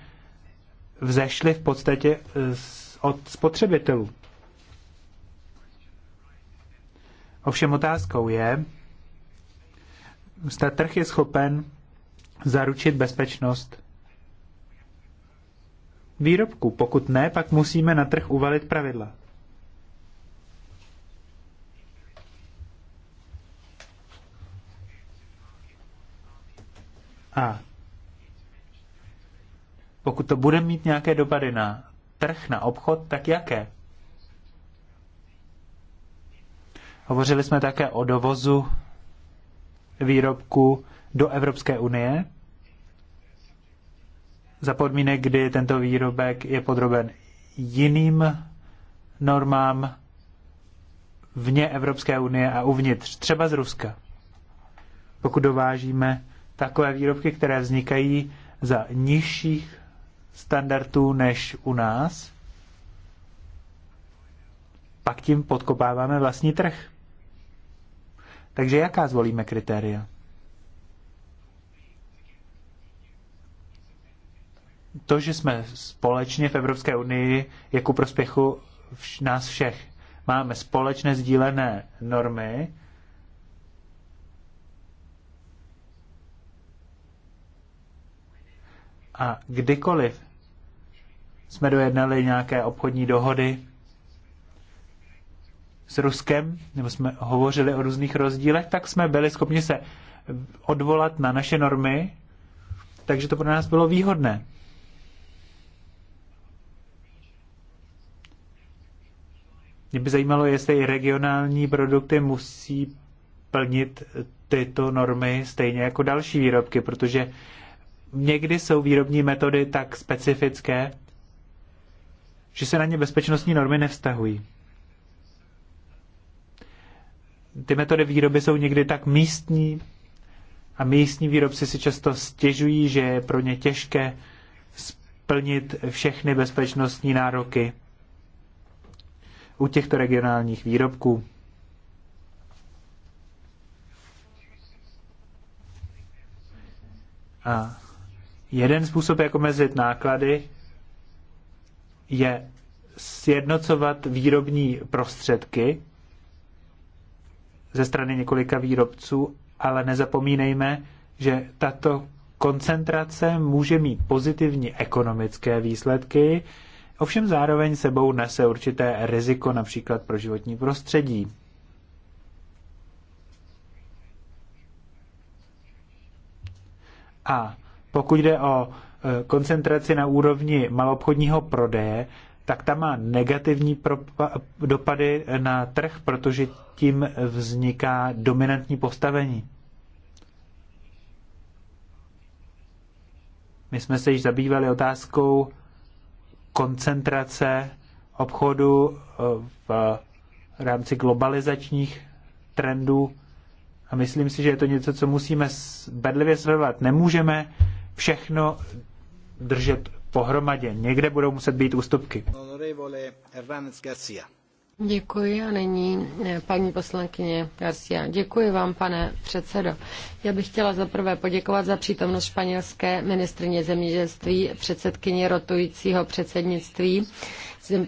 vzešly v podstatě od spotřebitelů. Ovšem otázkou je, zda trh je schopen zaručit bezpečnost výrobku. Pokud ne, pak musíme na trh uvalit pravidla. A pokud to bude mít nějaké dopady na trh, na obchod, tak jaké? Hovořili jsme také o dovozu výrobku do Evropské unie za podmínek, kdy tento výrobek je podroben jiným normám vně Evropské unie a uvnitř, třeba z Ruska. Pokud dovážíme takové výrobky, které vznikají za nižších standardů než u nás, pak tím podkopáváme vlastní trh. Takže jaká zvolíme kritéria? To, že jsme společně v Evropské unii, je ku prospěchu nás všech. Máme společné sdílené normy, a kdykoliv jsme dojednali nějaké obchodní dohody s Ruskem, nebo jsme hovořili o různých rozdílech, tak jsme byli schopni se odvolat na naše normy, takže to pro nás bylo výhodné. Mě by zajímalo, jestli i regionální produkty musí plnit tyto normy stejně jako další výrobky, protože někdy jsou výrobní metody tak specifické, že se na ně bezpečnostní normy nevztahují. Ty metody výroby jsou někdy tak místní a místní výrobci si často stěžují, že je pro ně těžké splnit všechny bezpečnostní nároky u těchto regionálních výrobků. A Jeden způsob, jak omezit náklady, je sjednocovat výrobní prostředky ze strany několika výrobců, ale nezapomínejme, že tato koncentrace může mít pozitivní ekonomické výsledky, ovšem zároveň sebou nese určité riziko například pro životní prostředí. A pokud jde o e, koncentraci na úrovni malobchodního prodeje, tak ta má negativní dopady na trh, protože tím vzniká dominantní postavení. My jsme se již zabývali otázkou koncentrace obchodu e, v rámci globalizačních trendů a myslím si, že je to něco, co musíme bedlivě sledovat. Nemůžeme všechno držet pohromadě. Někde budou muset být ústupky. Děkuji a nyní eh, paní poslankyně Garcia. Děkuji vám, pane předsedo. Já bych chtěla zaprvé poděkovat za přítomnost španělské ministrině zemědělství, předsedkyně rotujícího předsednictví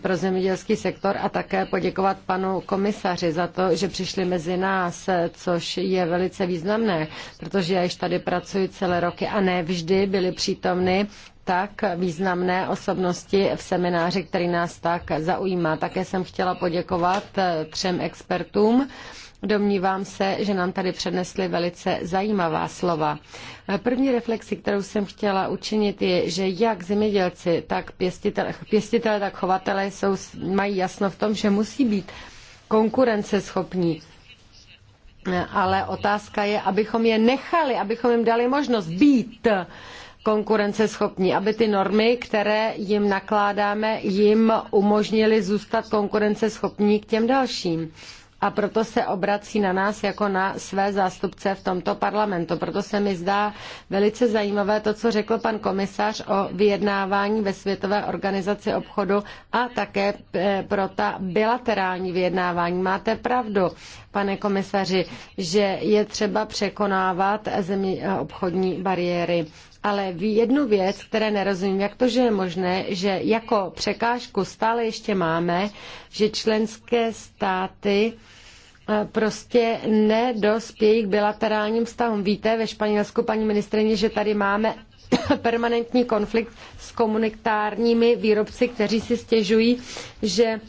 pro zemědělský sektor a také poděkovat panu komisaři za to, že přišli mezi nás, eh, což je velice významné, protože já již tady pracuji celé roky a ne vždy byli přítomny tak významné osobnosti v semináři, který nás tak zaujímá. Také jsem chtěla poděkovat eh, třem expertům. Domnívám se, že nám tady přednesli velice zajímavá slova. Eh, první reflexi, kterou jsem chtěla učinit, je, že jak zemědělci, tak pěstitele, pěstitele tak chovatele jsou, mají jasno v tom, že musí být konkurenceschopní. Eh, ale otázka je, abychom je nechali, abychom jim dali možnost být konkurenceschopní, aby ty normy, které jim nakládáme, jim umožnily zůstat konkurenceschopní k těm dalším. A proto se obrací na nás jako na své zástupce v tomto parlamentu. Proto se mi zdá velice zajímavé to, co řekl pan komisař o vyjednávání ve Světové organizaci obchodu a také eh, pro ta bilaterální vyjednávání. Máte pravdu, pane komisaři, že je třeba překonávat obchodní bariéry ale ví jednu věc, které nerozumím, jak to, že je možné, že jako překážku stále ještě máme, že členské státy eh, prostě nedospějí k bilaterálním vztahům. Víte, ve Španělsku, paní ministrině, že tady máme *coughs* permanentní konflikt s komunitárními výrobci, kteří si stěžují, že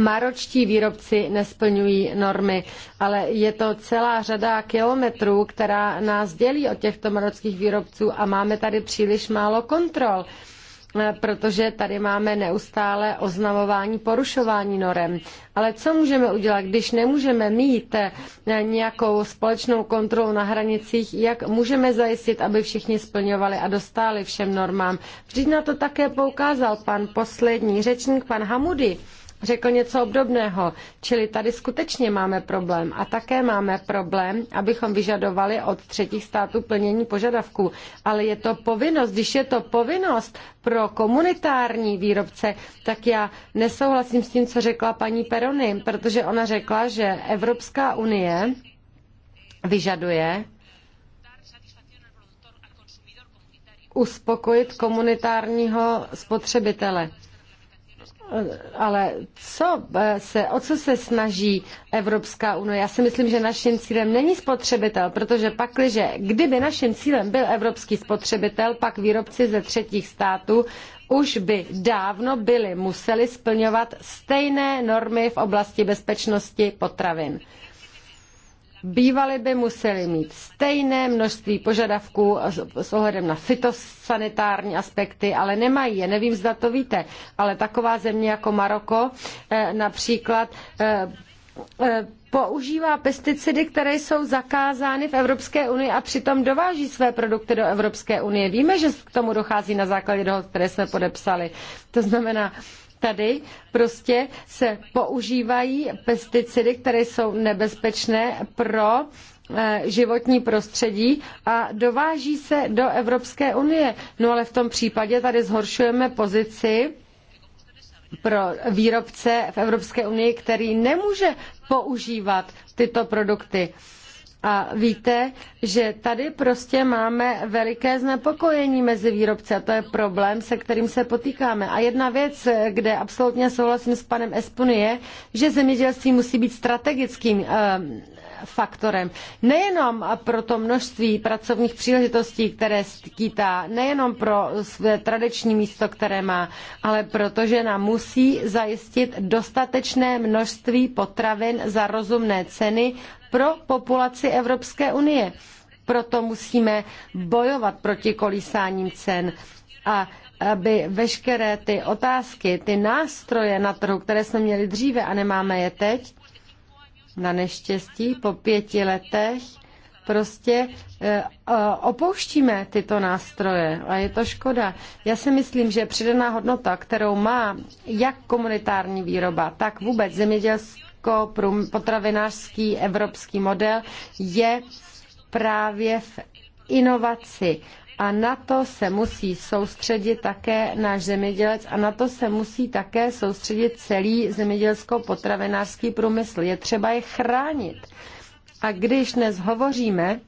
Maročtí výrobci nesplňují normy, ale je to celá řada kilometrů, která nás dělí od těchto marockých výrobců a máme tady příliš málo kontrol eh, protože tady máme neustále oznamování porušování norem. Ale co můžeme udělat, když nemůžeme mít eh, nějakou společnou kontrolu na hranicích, jak můžeme zajistit, aby všichni splňovali a dostáli všem normám? Vždyť na to také poukázal pan poslední řečník, pan Hamudi řekl něco obdobného. Čili tady skutečně máme problém a také máme problém, abychom vyžadovali od třetích států plnění požadavků. Ale je to povinnost, když je to povinnost pro komunitární výrobce, tak já nesouhlasím s tím, co řekla paní Perony, protože ona řekla, že Evropská unie vyžaduje uspokojit komunitárního spotřebitele. Ale co eh, se, o co se snaží Evropská unie? Já si myslím, že naším cílem není spotřebitel, protože pakliže, kdyby naším cílem byl evropský spotřebitel, pak výrobci ze třetích států už by dávno byli museli splňovat stejné normy v oblasti bezpečnosti potravin. Bývali by museli mít stejné množství požadavků s ohledem na fitosanitární aspekty, ale nemají je. Nevím, zda to víte, ale taková země jako Maroko eh, například eh, eh, používá pesticidy, které jsou zakázány v Evropské unii a přitom dováží své produkty do Evropské unie. Víme, že k tomu dochází na základě dohod, které jsme podepsali. To znamená, Tady prostě se používají pesticidy, které jsou nebezpečné pro eh, životní prostředí a dováží se do Evropské unie. No ale v tom případě tady zhoršujeme pozici pro výrobce v Evropské unii, který nemůže používat tyto produkty. A víte, že tady prostě máme veliké znepokojení mezi výrobci a to je problém, se kterým se potýkáme. A jedna věc, kde absolutně souhlasím s panem Espony, je, že zemědělství musí být strategickým faktorem. Nejenom pro to množství pracovních příležitostí, které skýtá, nejenom pro své tradiční místo, které má, ale protože nám musí zajistit dostatečné množství potravin za rozumné ceny pro populaci Evropské unie. Proto musíme bojovat proti kolísáním cen. A aby veškeré ty otázky, ty nástroje na trhu, které jsme měli dříve a nemáme je teď, na neštěstí po pěti letech prostě eh, opouštíme tyto nástroje a je to škoda. Já si myslím, že přidaná hodnota, kterou má jak komunitární výroba, tak vůbec zemědělsko potravinářský evropský model je právě v inovaci a na to se musí soustředit také náš zemědělec a na to se musí také soustředit celý zemědělsko-potravinářský průmysl. Je třeba je chránit. A když dnes hovoříme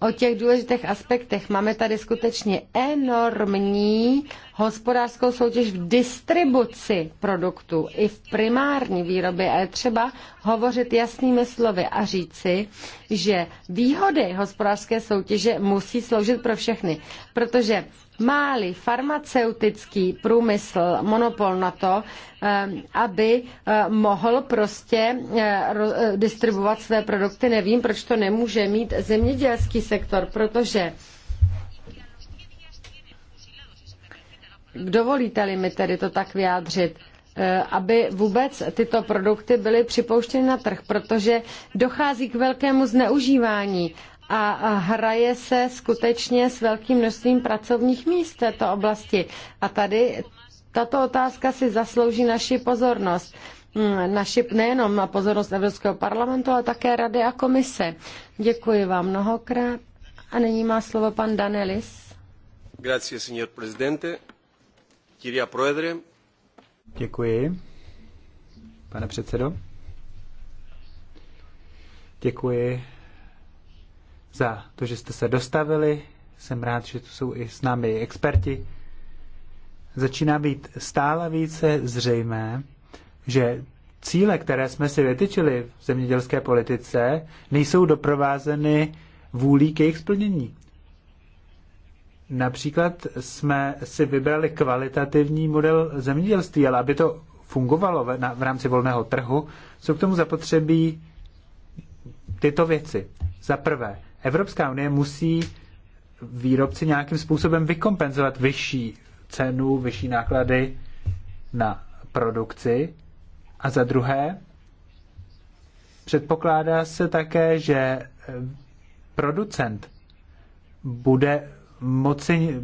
o těch důležitých aspektech. Máme tady skutečně enormní hospodářskou soutěž v distribuci produktů i v primární výrobě a je třeba hovořit jasnými slovy a říci, že výhody hospodářské soutěže musí sloužit pro všechny, protože Máli farmaceutický průmysl monopol na to, ehm, aby eh, mohl prostě eh, eh, distribuovat své produkty, nevím, proč to nemůže mít zemědělský sektor, protože dovolíte-li mi tedy to tak vyjádřit, aby vůbec tyto produkty byly připouštěny na trh, protože dochází k velkému zneužívání a hraje se skutečně s velkým množstvím pracovních míst v této oblasti. A tady tato otázka si zaslouží naši pozornost. Hm, naši, nejenom na pozornost Evropského parlamentu, ale také Rady a komise. Děkuji vám mnohokrát. A nyní má slovo pan Danelis. Grazie, signor presidente. Kyria proedre. Děkuji, pane předsedo. Děkuji za to, že jste se dostavili. Jsem rád, že tu jsou i s námi experti. Začíná být stále více zřejmé, že cíle, které jsme si vytyčili v zemědělské politice, nejsou doprovázeny vůlí k jejich splnění. Například jsme si vybrali kvalitativní model zemědělství, ale aby to fungovalo v, na, v rámci volného trhu, jsou k tomu zapotřebí tyto věci. Za prvé, Evropská unie musí výrobci nějakým způsobem vykompenzovat vyšší cenu, vyšší náklady na produkci. A za druhé, předpokládá se také, že eh, producent bude moci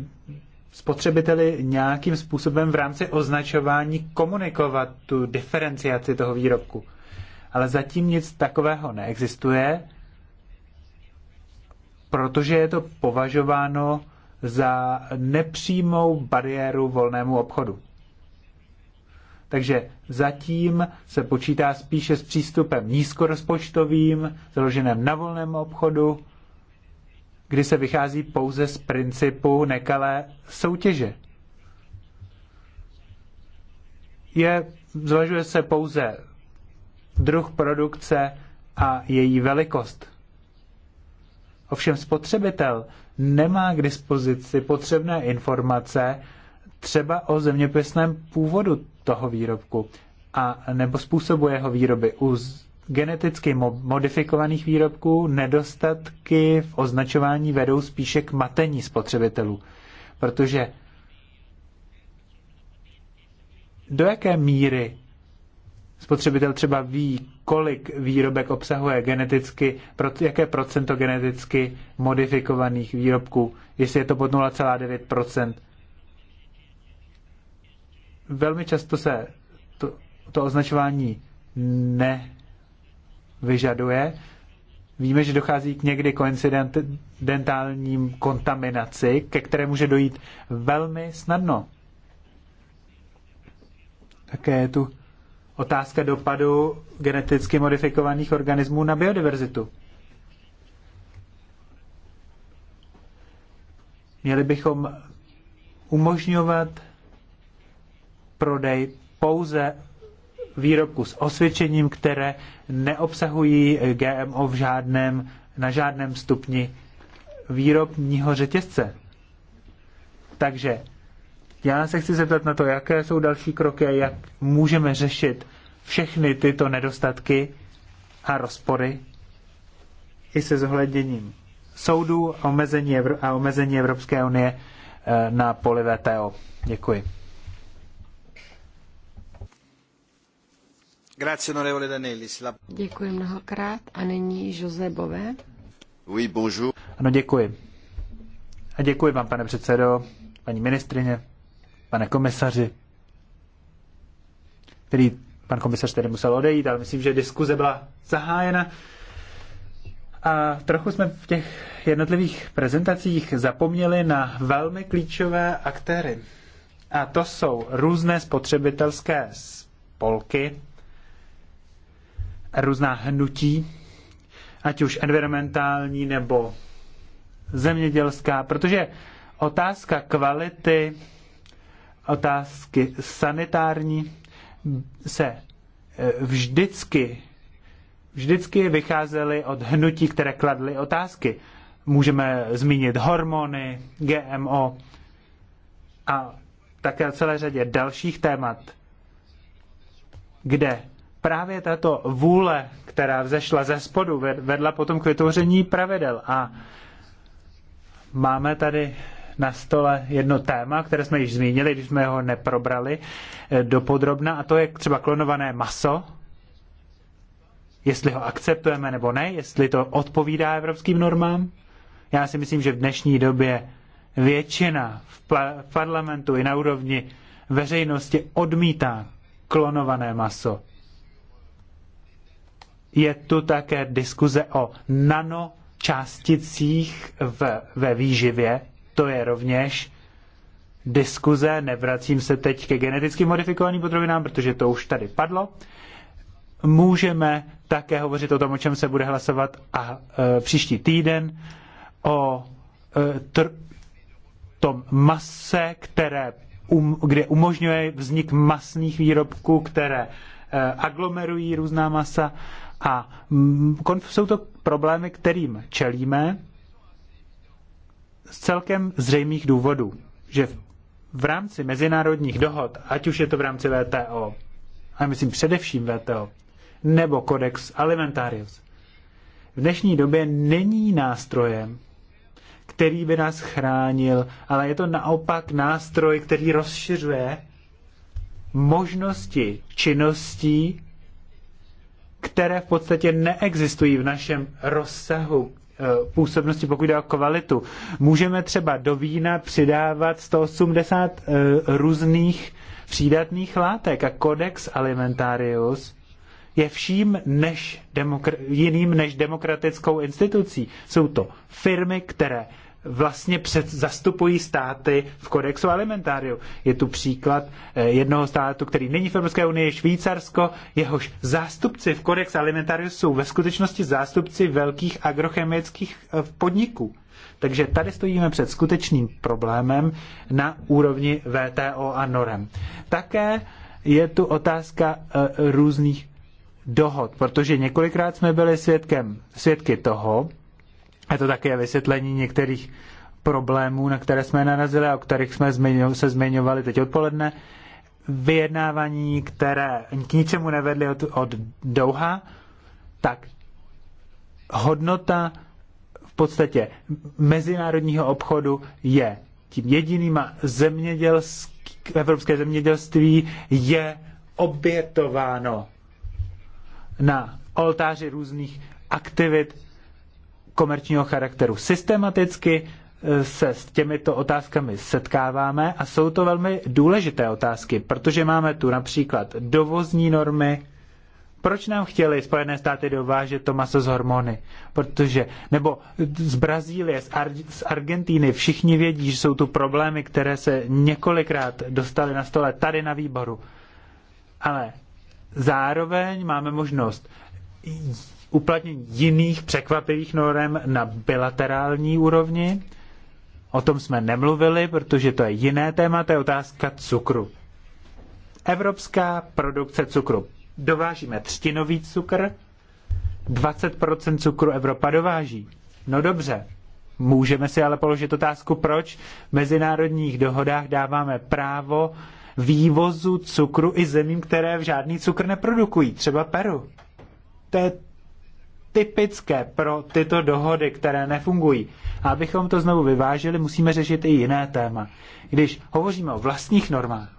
spotřebiteli nějakým způsobem v rámci označování komunikovat tu diferenciaci toho výrobku. Ale zatím nic takového neexistuje protože je to považováno za nepřímou bariéru volnému obchodu. Takže zatím se počítá spíše s přístupem nízkorozpočtovým, založeném na volném obchodu, kdy se vychází pouze z principu nekalé soutěže. Je, zvažuje se pouze druh produkce a její velikost. Ovšem spotřebitel nemá k dispozici potřebné informace třeba o zeměpisném původu toho výrobku a nebo způsobu jeho výroby. U geneticky modifikovaných výrobků nedostatky v označování vedou spíše k matení spotřebitelů, protože do jaké míry spotřebitel třeba ví, kolik výrobek obsahuje geneticky, jaké procento geneticky modifikovaných výrobků, jestli je to pod 0,9%. Velmi často se to, to označování nevyžaduje. Víme, že dochází k někdy koincidentálním kontaminaci, ke které může dojít velmi snadno. Také je tu otázka dopadu geneticky modifikovaných organismů na biodiverzitu. Měli bychom umožňovat prodej pouze výrobku s osvědčením, které neobsahují GMO v žádném, na žádném stupni výrobního řetězce. Takže já se chci zeptat na to, jaké jsou další kroky, jak můžeme řešit všechny tyto nedostatky a rozpory i se zohledněním soudů a omezení, Evro- a omezení Evropské unie eh, na poli VTO. Děkuji. Děkuji mnohokrát a nyní Jose Bové. Oui, bonjour. Ano, děkuji. A děkuji vám, pane předsedo, paní ministrině, pane komisaři, který Pan komisař tedy musel odejít, ale myslím, že diskuze byla zahájena. A trochu jsme v těch jednotlivých prezentacích zapomněli na velmi klíčové aktéry. A to jsou různé spotřebitelské spolky, různá hnutí, ať už environmentální nebo zemědělská, protože otázka kvality, otázky sanitární, se eh, vždycky, vždycky vycházely od hnutí, které kladly otázky. Můžeme zmínit hormony, GMO a také o celé řadě dalších témat, kde právě tato vůle, která vzešla ze spodu, vedla potom k vytvoření pravidel. A máme tady na stole jedno téma, které jsme již zmínili, když jsme ho neprobrali eh, dopodrobna, a to je třeba klonované maso, jestli ho akceptujeme nebo ne, jestli to odpovídá evropským normám. Já si myslím, že v dnešní době většina v, parlamentu i na úrovni veřejnosti odmítá klonované maso. Je tu také diskuze o nanočásticích v, ve výživě, to je rovněž diskuze, nevracím se teď ke geneticky modifikovaným potravinám, protože to už tady padlo. Můžeme také hovořit o tom, o čem se bude hlasovat a e, příští týden, o e, tr- tom mase, které um, kde umožňuje vznik masných výrobků, které e, aglomerují různá masa. A m, jsou to problémy, kterým čelíme z celkem zřejmých důvodů, že v rámci mezinárodních dohod, ať už je to v rámci VTO, a myslím především VTO, nebo Codex Alimentarius, v dnešní době není nástrojem, který by nás chránil, ale je to naopak nástroj, který rozšiřuje možnosti činností, které v podstatě neexistují v našem rozsahu Eh, působnosti, pokud jde o kvalitu. Můžeme třeba do vína přidávat 180 eh, různých přídatných látek a kodex alimentarius je vším než jiným než demokratickou institucí. Jsou to firmy, které vlastně před, zastupují státy v kodexu alimentáriu. Je tu příklad eh, jednoho státu, který není v Evropské unii, Švýcarsko, jehož zástupci v kodex alimentáriu jsou ve skutečnosti zástupci velkých agrochemických eh, podniků. Takže tady stojíme před skutečným problémem na úrovni VTO a NOREM. Také je tu otázka eh, různých dohod, protože několikrát jsme byli svědkem, svědky toho, je to také vysvětlení některých problémů, na které jsme narazili a o kterých jsme se zmiňovali teď odpoledne. Vyjednávání, které k ničemu nevedly od, od Douha, tak hodnota v podstatě mezinárodního obchodu je tím jediným a zemědělský, evropské zemědělství je obětováno na oltáři různých aktivit komerčního charakteru. Systematicky e, se s těmito otázkami setkáváme a jsou to velmi důležité otázky, protože máme tu například dovozní normy, proč nám chtěli Spojené státy dovážet to maso z hormony? Protože, nebo z Brazílie, z, Ar- z Argentíny, všichni vědí, že jsou tu problémy, které se několikrát dostaly na stole tady na výboru. Ale zároveň máme možnost uplatnění jiných překvapivých norem na bilaterální úrovni. O tom jsme nemluvili, protože to je jiné téma, to je otázka cukru. Evropská produkce cukru. Dovážíme třtinový cukr, 20% cukru Evropa dováží. No dobře, můžeme si ale položit otázku, proč v mezinárodních dohodách dáváme právo vývozu cukru i zemím, které žádný cukr neprodukují, třeba Peru. To je typické pro tyto dohody, které nefungují. A abychom to znovu vyvážili, musíme řešit i jiné téma. Když hovoříme o vlastních normách,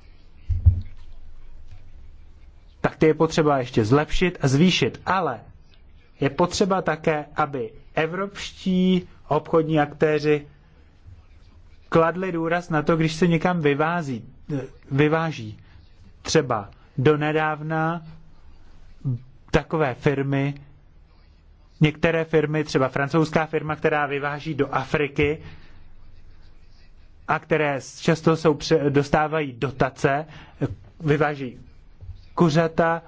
tak ty je potřeba ještě zlepšit a zvýšit. Ale je potřeba také, aby evropští obchodní aktéři kladli důraz na to, když se někam vyvází, vyváží. Třeba do nedávna takové firmy Některé firmy, třeba francouzská firma, která vyváží do Afriky a které často jsou, dostávají dotace, vyváží kuřata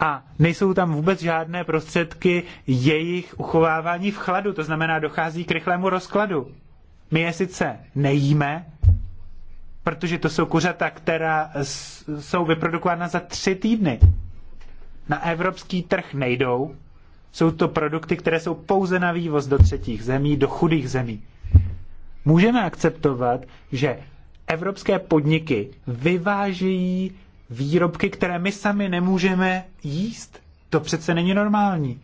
a nejsou tam vůbec žádné prostředky jejich uchovávání v chladu, to znamená, dochází k rychlému rozkladu. My je sice nejíme, protože to jsou kuřata, která jsou vyprodukována za tři týdny. Na evropský trh nejdou, jsou to produkty, které jsou pouze na vývoz do třetích zemí, do chudých zemí. Můžeme akceptovat, že evropské podniky vyvážejí výrobky, které my sami nemůžeme jíst. To přece není normální.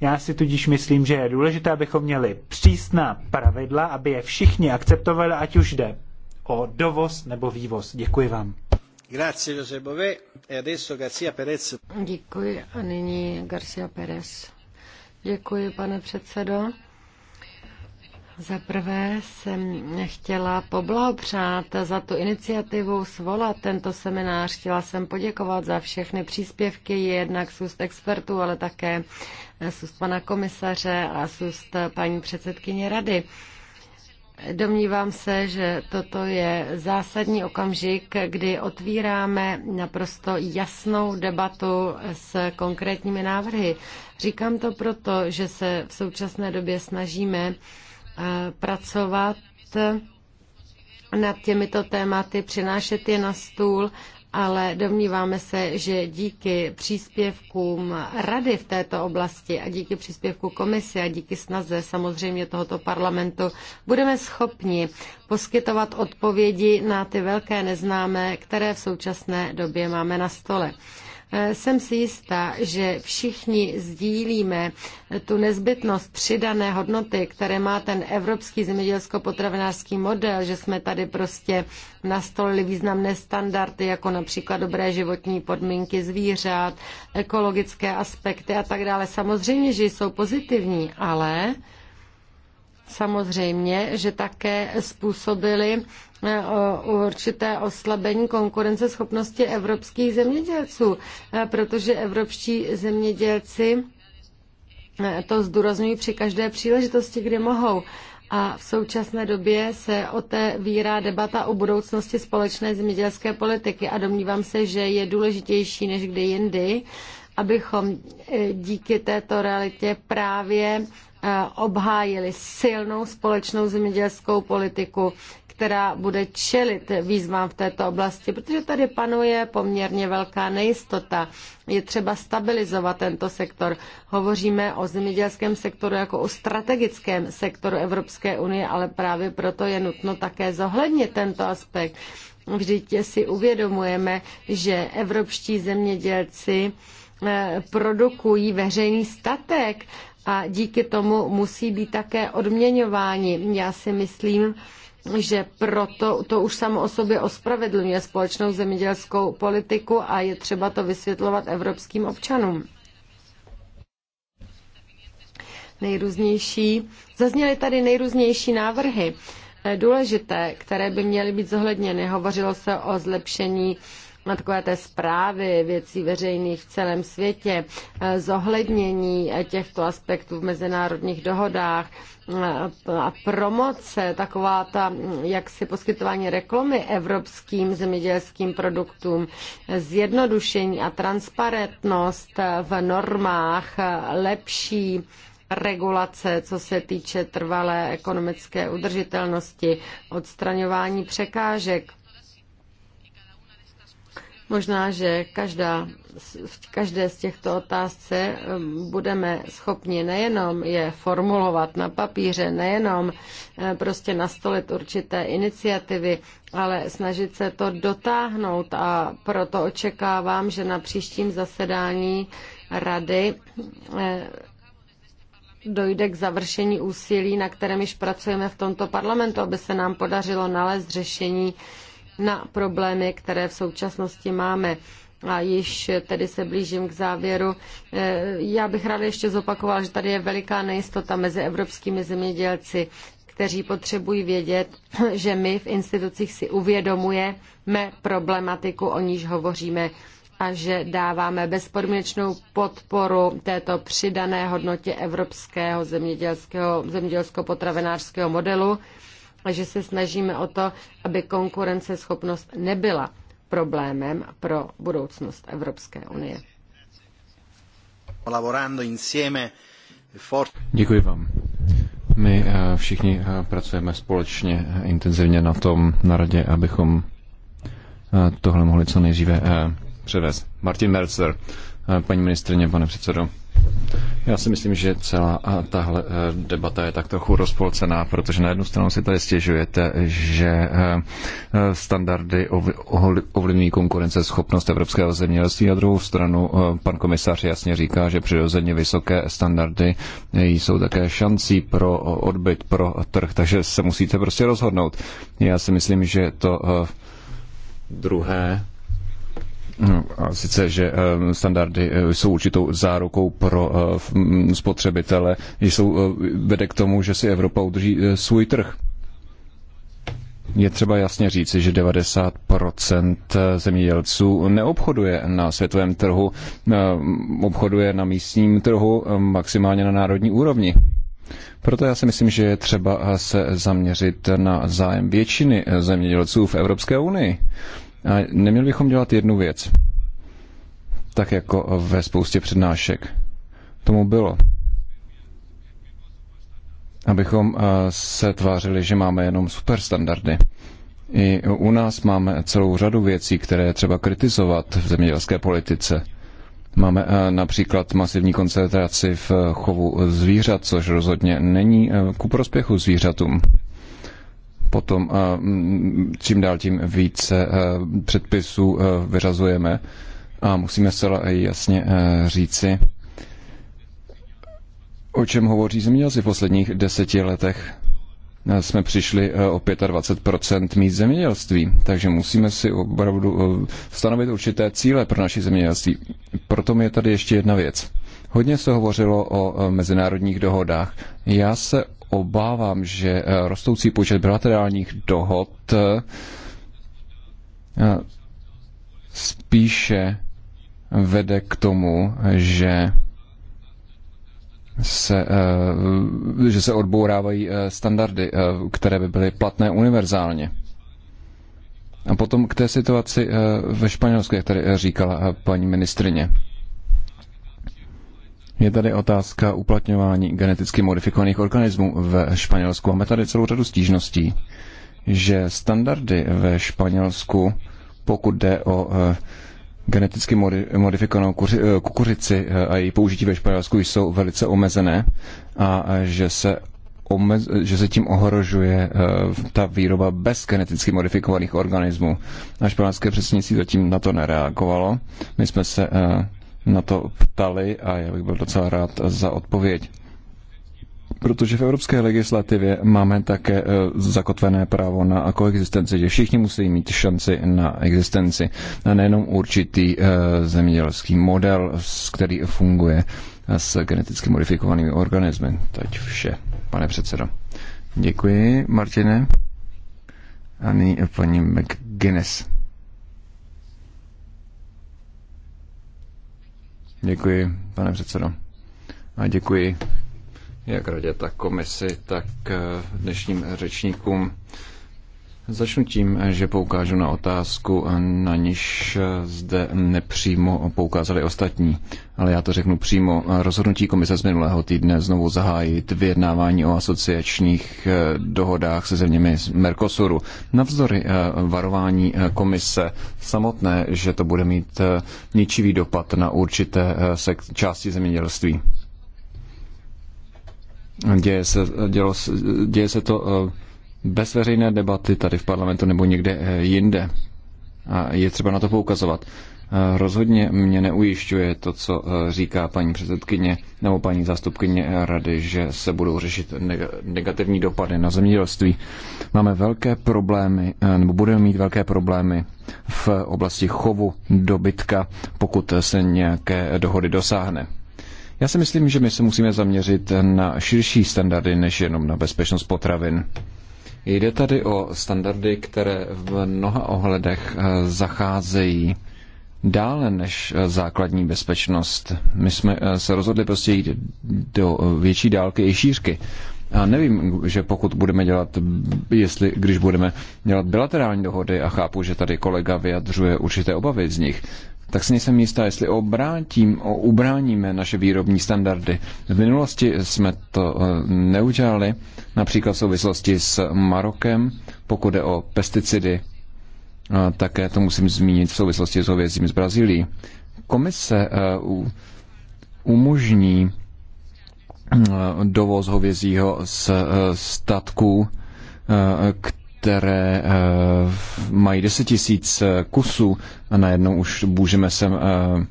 Já si tudíž myslím, že je důležité, abychom měli přísná pravidla, aby je všichni akceptovali, ať už jde o dovoz nebo vývoz. Děkuji vám. Grazie, Josebové. E adesso Garcia Perez. Děkuji a nyní Garcia Perez. Děkuji, pane předsedo. Za prvé jsem chtěla poblahopřát za tu iniciativu svolat tento seminář. Chtěla jsem poděkovat za všechny příspěvky, jednak z úst expertů, ale také z úst pana komisaře a z úst paní předsedkyně rady. Domnívám se, že toto je zásadní okamžik, kdy otvíráme naprosto jasnou debatu s konkrétními návrhy. Říkám to proto, že se v současné době snažíme eh, pracovat nad těmito tématy, přinášet je na stůl ale domníváme se, že díky příspěvkům rady v této oblasti a díky příspěvku komise a díky snaze samozřejmě tohoto parlamentu budeme schopni poskytovat odpovědi na ty velké neznámé, které v současné době máme na stole. Jsem si jistá, že všichni sdílíme tu nezbytnost přidané hodnoty, které má ten evropský zemědělsko-potravinářský model, že jsme tady prostě nastolili významné standardy, jako například dobré životní podmínky zvířat, ekologické aspekty a tak dále. Samozřejmě, že jsou pozitivní, ale Samozřejmě, že také způsobily eh, určité oslabení konkurenceschopnosti evropských zemědělců, eh, protože evropští zemědělci eh, to zdůrazňují při každé příležitosti, kdy mohou. A v současné době se otevírá debata o budoucnosti společné zemědělské politiky a domnívám se, že je důležitější než kdy jindy, abychom díky této realitě právě Eh, obhájili silnou společnou zemědělskou politiku, která bude čelit výzvám v této oblasti, protože tady panuje poměrně velká nejistota. Je třeba stabilizovat tento sektor. Hovoříme o zemědělském sektoru jako o strategickém sektoru Evropské unie, ale právě proto je nutno také zohlednit tento aspekt. Vždyť si uvědomujeme, že evropští zemědělci eh, produkují veřejný statek a díky tomu musí být také odměňováni. Já si myslím, že proto to už samo o sobě ospravedlňuje společnou zemědělskou politiku a je třeba to vysvětlovat evropským občanům. Nejrůznější. Zazněly tady nejrůznější návrhy eh, důležité, které by měly být zohledněny. Hovořilo se o zlepšení na takové té zprávy věcí veřejných v celém světě, eh, zohlednění eh, těchto aspektů v mezinárodních dohodách eh, a promoce, taková ta, hm, jak si poskytování reklamy evropským zemědělským produktům, zjednodušení a transparentnost v normách, lepší regulace, co se týče trvalé ekonomické udržitelnosti, odstraňování překážek Možná, že každá, v každé z těchto otázce um, budeme schopni nejenom je formulovat na papíře, nejenom uh, prostě nastolit určité iniciativy, ale snažit se to dotáhnout a proto očekávám, že na příštím zasedání rady uh, dojde k završení úsilí, na kterém již pracujeme v tomto parlamentu, aby se nám podařilo nalézt řešení na problémy, které v současnosti máme. A již tedy se blížím k závěru. Eh, já bych ráda ještě zopakovala, že tady je veliká nejistota mezi evropskými zemědělci, kteří potřebují vědět, *clears throat* že my v institucích si uvědomujeme problematiku, o níž hovoříme a že dáváme bezpodmínečnou podporu této přidané hodnotě evropského zemědělského, zemědělsko-potravinářského modelu a že se snažíme o to, aby konkurenceschopnost nebyla problémem pro budoucnost Evropské unie. Děkuji vám. My eh, všichni eh, pracujeme společně eh, intenzivně na tom na radě, abychom tohle mohli co nejdříve převést. Martin Mercer, paní ministrině, pane předsedo. Já si myslím, že celá tahle eh, debata je tak trochu rozpolcená, protože na jednu stranu si tady stěžujete, že eh, standardy ovlivňují konkurenceschopnost evropského zemědělství a druhou stranu eh, pan komisař jasně říká, že přirozeně vysoké standardy jsou také šancí pro odbyt, pro trh, takže se musíte prostě rozhodnout. Já si myslím, že to druhé No, a sice, že eh, standardy eh, jsou určitou zárukou pro eh, mm, spotřebitele, jsou, vede k tomu, že si Evropa udrží svůj trh. Je třeba jasně říci, že 90% zemědělců neobchoduje na světovém trhu, obchoduje na místním trhu, maximálně na národní úrovni. Proto já si myslím, že je třeba se zaměřit na zájem většiny zemědělců v Evropské unii. A neměli bychom dělat jednu věc, tak jako ve spoustě přednášek. Tomu bylo. Abychom se tvářili, že máme jenom superstandardy. I u nás máme celou řadu věcí, které je třeba kritizovat v zemědělské politice. Máme například masivní koncentraci v chovu zvířat, což rozhodně není ku prospěchu zvířatům potom mm, čím dál tím více e, předpisů e, vyřazujeme a musíme zcela jasně e, říci, o čem hovoří zemědělci v posledních deseti letech. Jsme přišli o 25 míst zemědělství, takže musíme si opravdu stanovit určité cíle pro naše zemědělství. Proto mi je tady ještě jedna věc. Hodně se hovořilo o mezinárodních dohodách. Já se obávám, že eh, rostoucí počet bilaterálních dohod eh, spíše vede k tomu, že se, eh, že se odbourávají standardy, které by byly platné univerzálně. A potom k té situaci ve Španělsku, jak tady říkala paní ministrině. Je tady otázka uplatňování geneticky modifikovaných organismů ve Španělsku. Máme tady celou řadu stížností, že standardy ve Španělsku, pokud jde o eh, geneticky modifikovanou eh, kukuřici eh, a její použití ve Španělsku jsou velice omezené a že se omez, že se tím ohrožuje ta výroba bez geneticky modifikovaných organismů. A španělské předsednictví zatím na to nereagovalo. My jsme se na to ptali a já bych byl docela rád za odpověď. Protože v evropské legislativě máme také e, zakotvené právo na koexistenci, že všichni musí mít šanci na existenci a nejenom určitý e, zemědělský model, který funguje s geneticky modifikovanými organismy. Teď vše, pane předsedo. Děkuji, Martine. A nyní paní McGuinness. Děkuji, pane předsedo. A děkuji jak radě, tak komisi, tak eh, dnešním řečníkům. Začnu tím, že poukážu na otázku, na niž zde nepřímo poukázali ostatní, ale já to řeknu přímo. Rozhodnutí komise z minulého týdne znovu zahájit vyjednávání o asociačních eh, dohodách se zeměmi z Mercosuru. Navzdory eh, varování eh, komise samotné, že to bude mít ničivý dopad na určité části zemědělství. Děje se, dělo, děje se to bez veřejné debaty tady v parlamentu nebo někde eh, jinde. A je třeba na to poukazovat. Eh, rozhodně mě neujišťuje to, co eh, říká paní předsedkyně nebo paní zástupkyně rady, že se budou řešit negativní dopady na zemědělství. Máme velké problémy, nebo budeme mít velké problémy v oblasti chovu dobytka, pokud se nějaké dohody dosáhne. Já si myslím, že my se musíme zaměřit na širší standardy než jenom na bezpečnost potravin. Jde tady o standardy, které v mnoha ohledech eh, zacházejí dále než eh, základní bezpečnost. My jsme eh, se rozhodli prostě jít do větší dálky i šířky. A nevím, že pokud budeme dělat, jestli, když budeme dělat bilaterální dohody, a chápu, že tady kolega vyjadřuje určité obavy z nich, tak si nejsem jistá, jestli obrátím, ubráníme naše výrobní standardy. V minulosti jsme to eh, neudělali, například v souvislosti s Marokem, pokud jde o pesticidy, také to musím zmínit v souvislosti s hovězím z Brazílií. Komise eh, umožní eh, dovoz hovězího z statků, které eh, mají 10 tisíc eh, kusů a najednou už můžeme sem eh,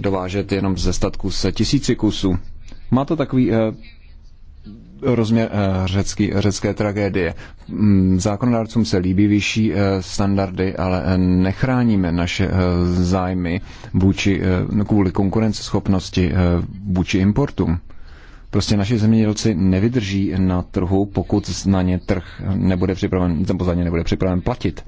dovážet jenom ze statku se tisíci kusů. Má to takový rozměr řecký, řecké tragédie. Mm, zákonodárcům se líbí vyšší standardy, ale nechráníme naše zájmy vůči, kvůli konkurenceschopnosti vůči importům. Prostě naši zemědělci nevydrží na trhu, pokud na ně trh nebude připraven, nebo za ně nebude připraven platit.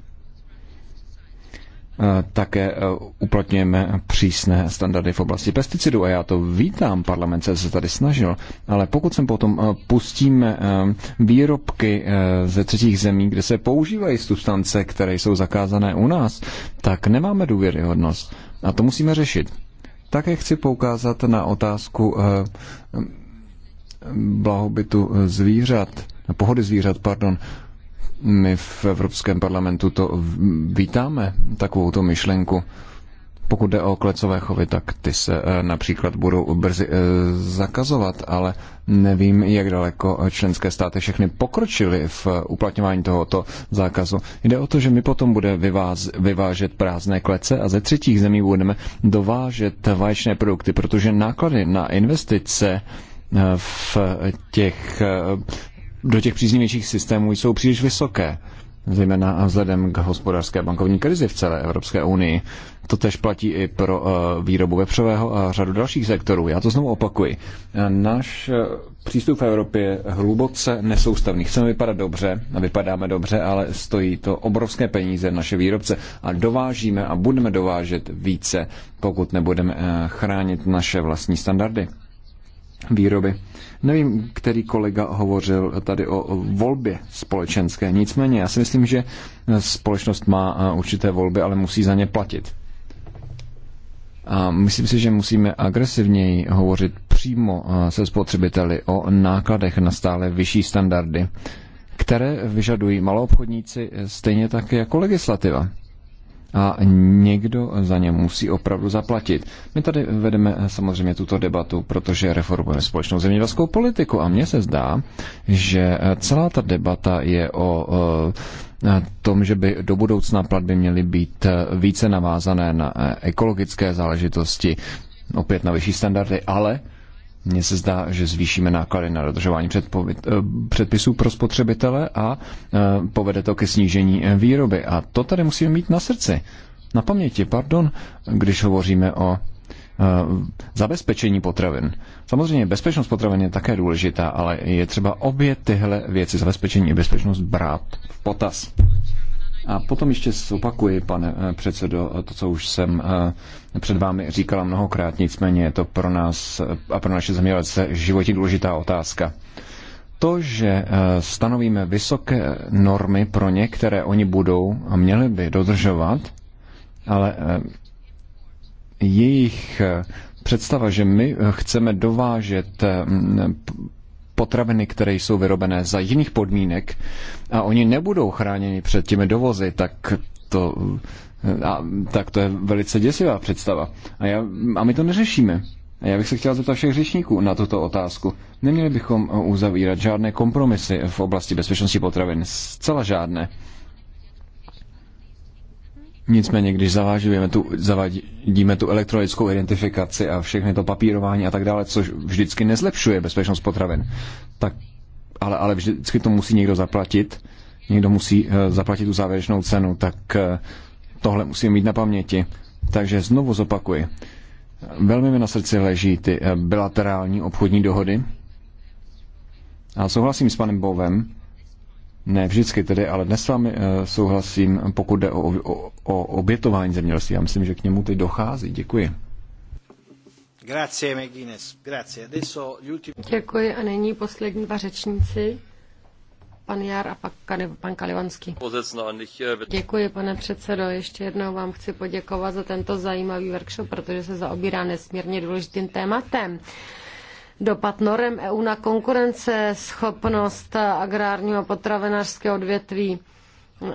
Eh, také eh, uplatňujeme přísné standardy v oblasti pesticidů a já to vítám, parlament se tady snažil, ale pokud sem potom eh, pustíme výrobky ze třetích zemí, kde se používají substance, které jsou zakázané u nás, tak nemáme důvěryhodnost a to musíme řešit. Také chci poukázat na otázku blahobytu zvířat, pohody zvířat, pardon, my v Evropském parlamentu to vítáme, takovou tu myšlenku. Pokud jde o klecové chovy, tak ty se eh, například budou brzy eh, zakazovat, ale nevím, jak daleko členské státy všechny pokročily v eh, uplatňování tohoto zákazu. Jde o to, že my potom budeme vyvážet prázdné klece a ze třetích zemí budeme dovážet vaječné produkty, protože náklady na investice v těch, do těch příznivějších systémů jsou příliš vysoké zejména vzhledem k hospodářské bankovní krizi v celé Evropské unii. To tež platí i pro eh, výrobu vepřového a řadu dalších sektorů. Já to znovu opakuji. Náš eh, přístup v Evropě je hluboce nesoustavný. Chceme vypadat dobře a vypadáme dobře, ale stojí to obrovské peníze naše výrobce a dovážíme a budeme dovážet více, pokud nebudeme eh, chránit naše vlastní standardy výroby. Nevím, který kolega hovořil tady o volbě společenské. Nicméně já si myslím, že společnost má eh, určité volby, ale musí za ně platit. A myslím si, že musíme agresivněji hovořit přímo eh, se spotřebiteli o nákladech na stále vyšší standardy, které vyžadují maloobchodníci eh, stejně tak jako legislativa a někdo za ně musí opravdu zaplatit. My tady vedeme eh, samozřejmě tuto debatu, protože reformujeme společnou zemědělskou politiku a mně se zdá, že eh, celá ta debata je o eh, tom, že by do budoucna platby měly být více navázané na ekologické záležitosti, opět na vyšší standardy, ale mně se zdá, že zvýšíme náklady na dodržování eh, předpisů pro spotřebitele a eh, povede to ke snížení eh, výroby. A to tady musíme mít na srdci, na paměti, pardon, když hovoříme o zabezpečení potravin. Samozřejmě bezpečnost potravin je také důležitá, ale je třeba obě tyhle věci, zabezpečení i bezpečnost, brát v potaz. A potom ještě zopakuji, pane eh, předsedo, to, co už jsem eh, před vámi říkala mnohokrát, nicméně je to pro nás eh, a pro naše zemědělce životě důležitá otázka. To, že stanovíme vysoké normy pro ně, které oni budou a měli by dodržovat, ale jejich představa, že my chceme dovážet potraviny, které jsou vyrobené za jiných podmínek a oni nebudou chráněni před těmi dovozy, tak to, a, tak to je velice děsivá představa. A, já, a my to neřešíme. A já bych se chtěl zeptat všech řečníků na tuto otázku. Neměli bychom uzavírat žádné kompromisy v oblasti bezpečnosti potravin. Zcela žádné. Nicméně, když zavážujeme tu, zavádíme tu elektronickou identifikaci a všechny to papírování a tak dále, což vždycky nezlepšuje bezpečnost potravin, tak, ale, ale vždycky to musí někdo zaplatit, někdo musí eh, zaplatit tu závěrečnou cenu, tak eh, tohle musíme mít na paměti. Takže znovu zopakuji. Velmi mi na srdci leží ty eh, bilaterální obchodní dohody. A souhlasím s panem Bovem, ne vždycky tedy, ale dnes s vámi eh, souhlasím, pokud jde o, o, o obětování zemědělství. Já myslím, že k němu teď dochází. Děkuji. Děkuji a nyní poslední dva řečníci. Pan Jar a pak pan Kalivanský. Děkuji, pane předsedo. Ještě jednou vám chci poděkovat za tento zajímavý workshop, protože se zaobírá nesmírně důležitým tématem dopad norem EU na konkurence, schopnost agrárního a potravinářského odvětví.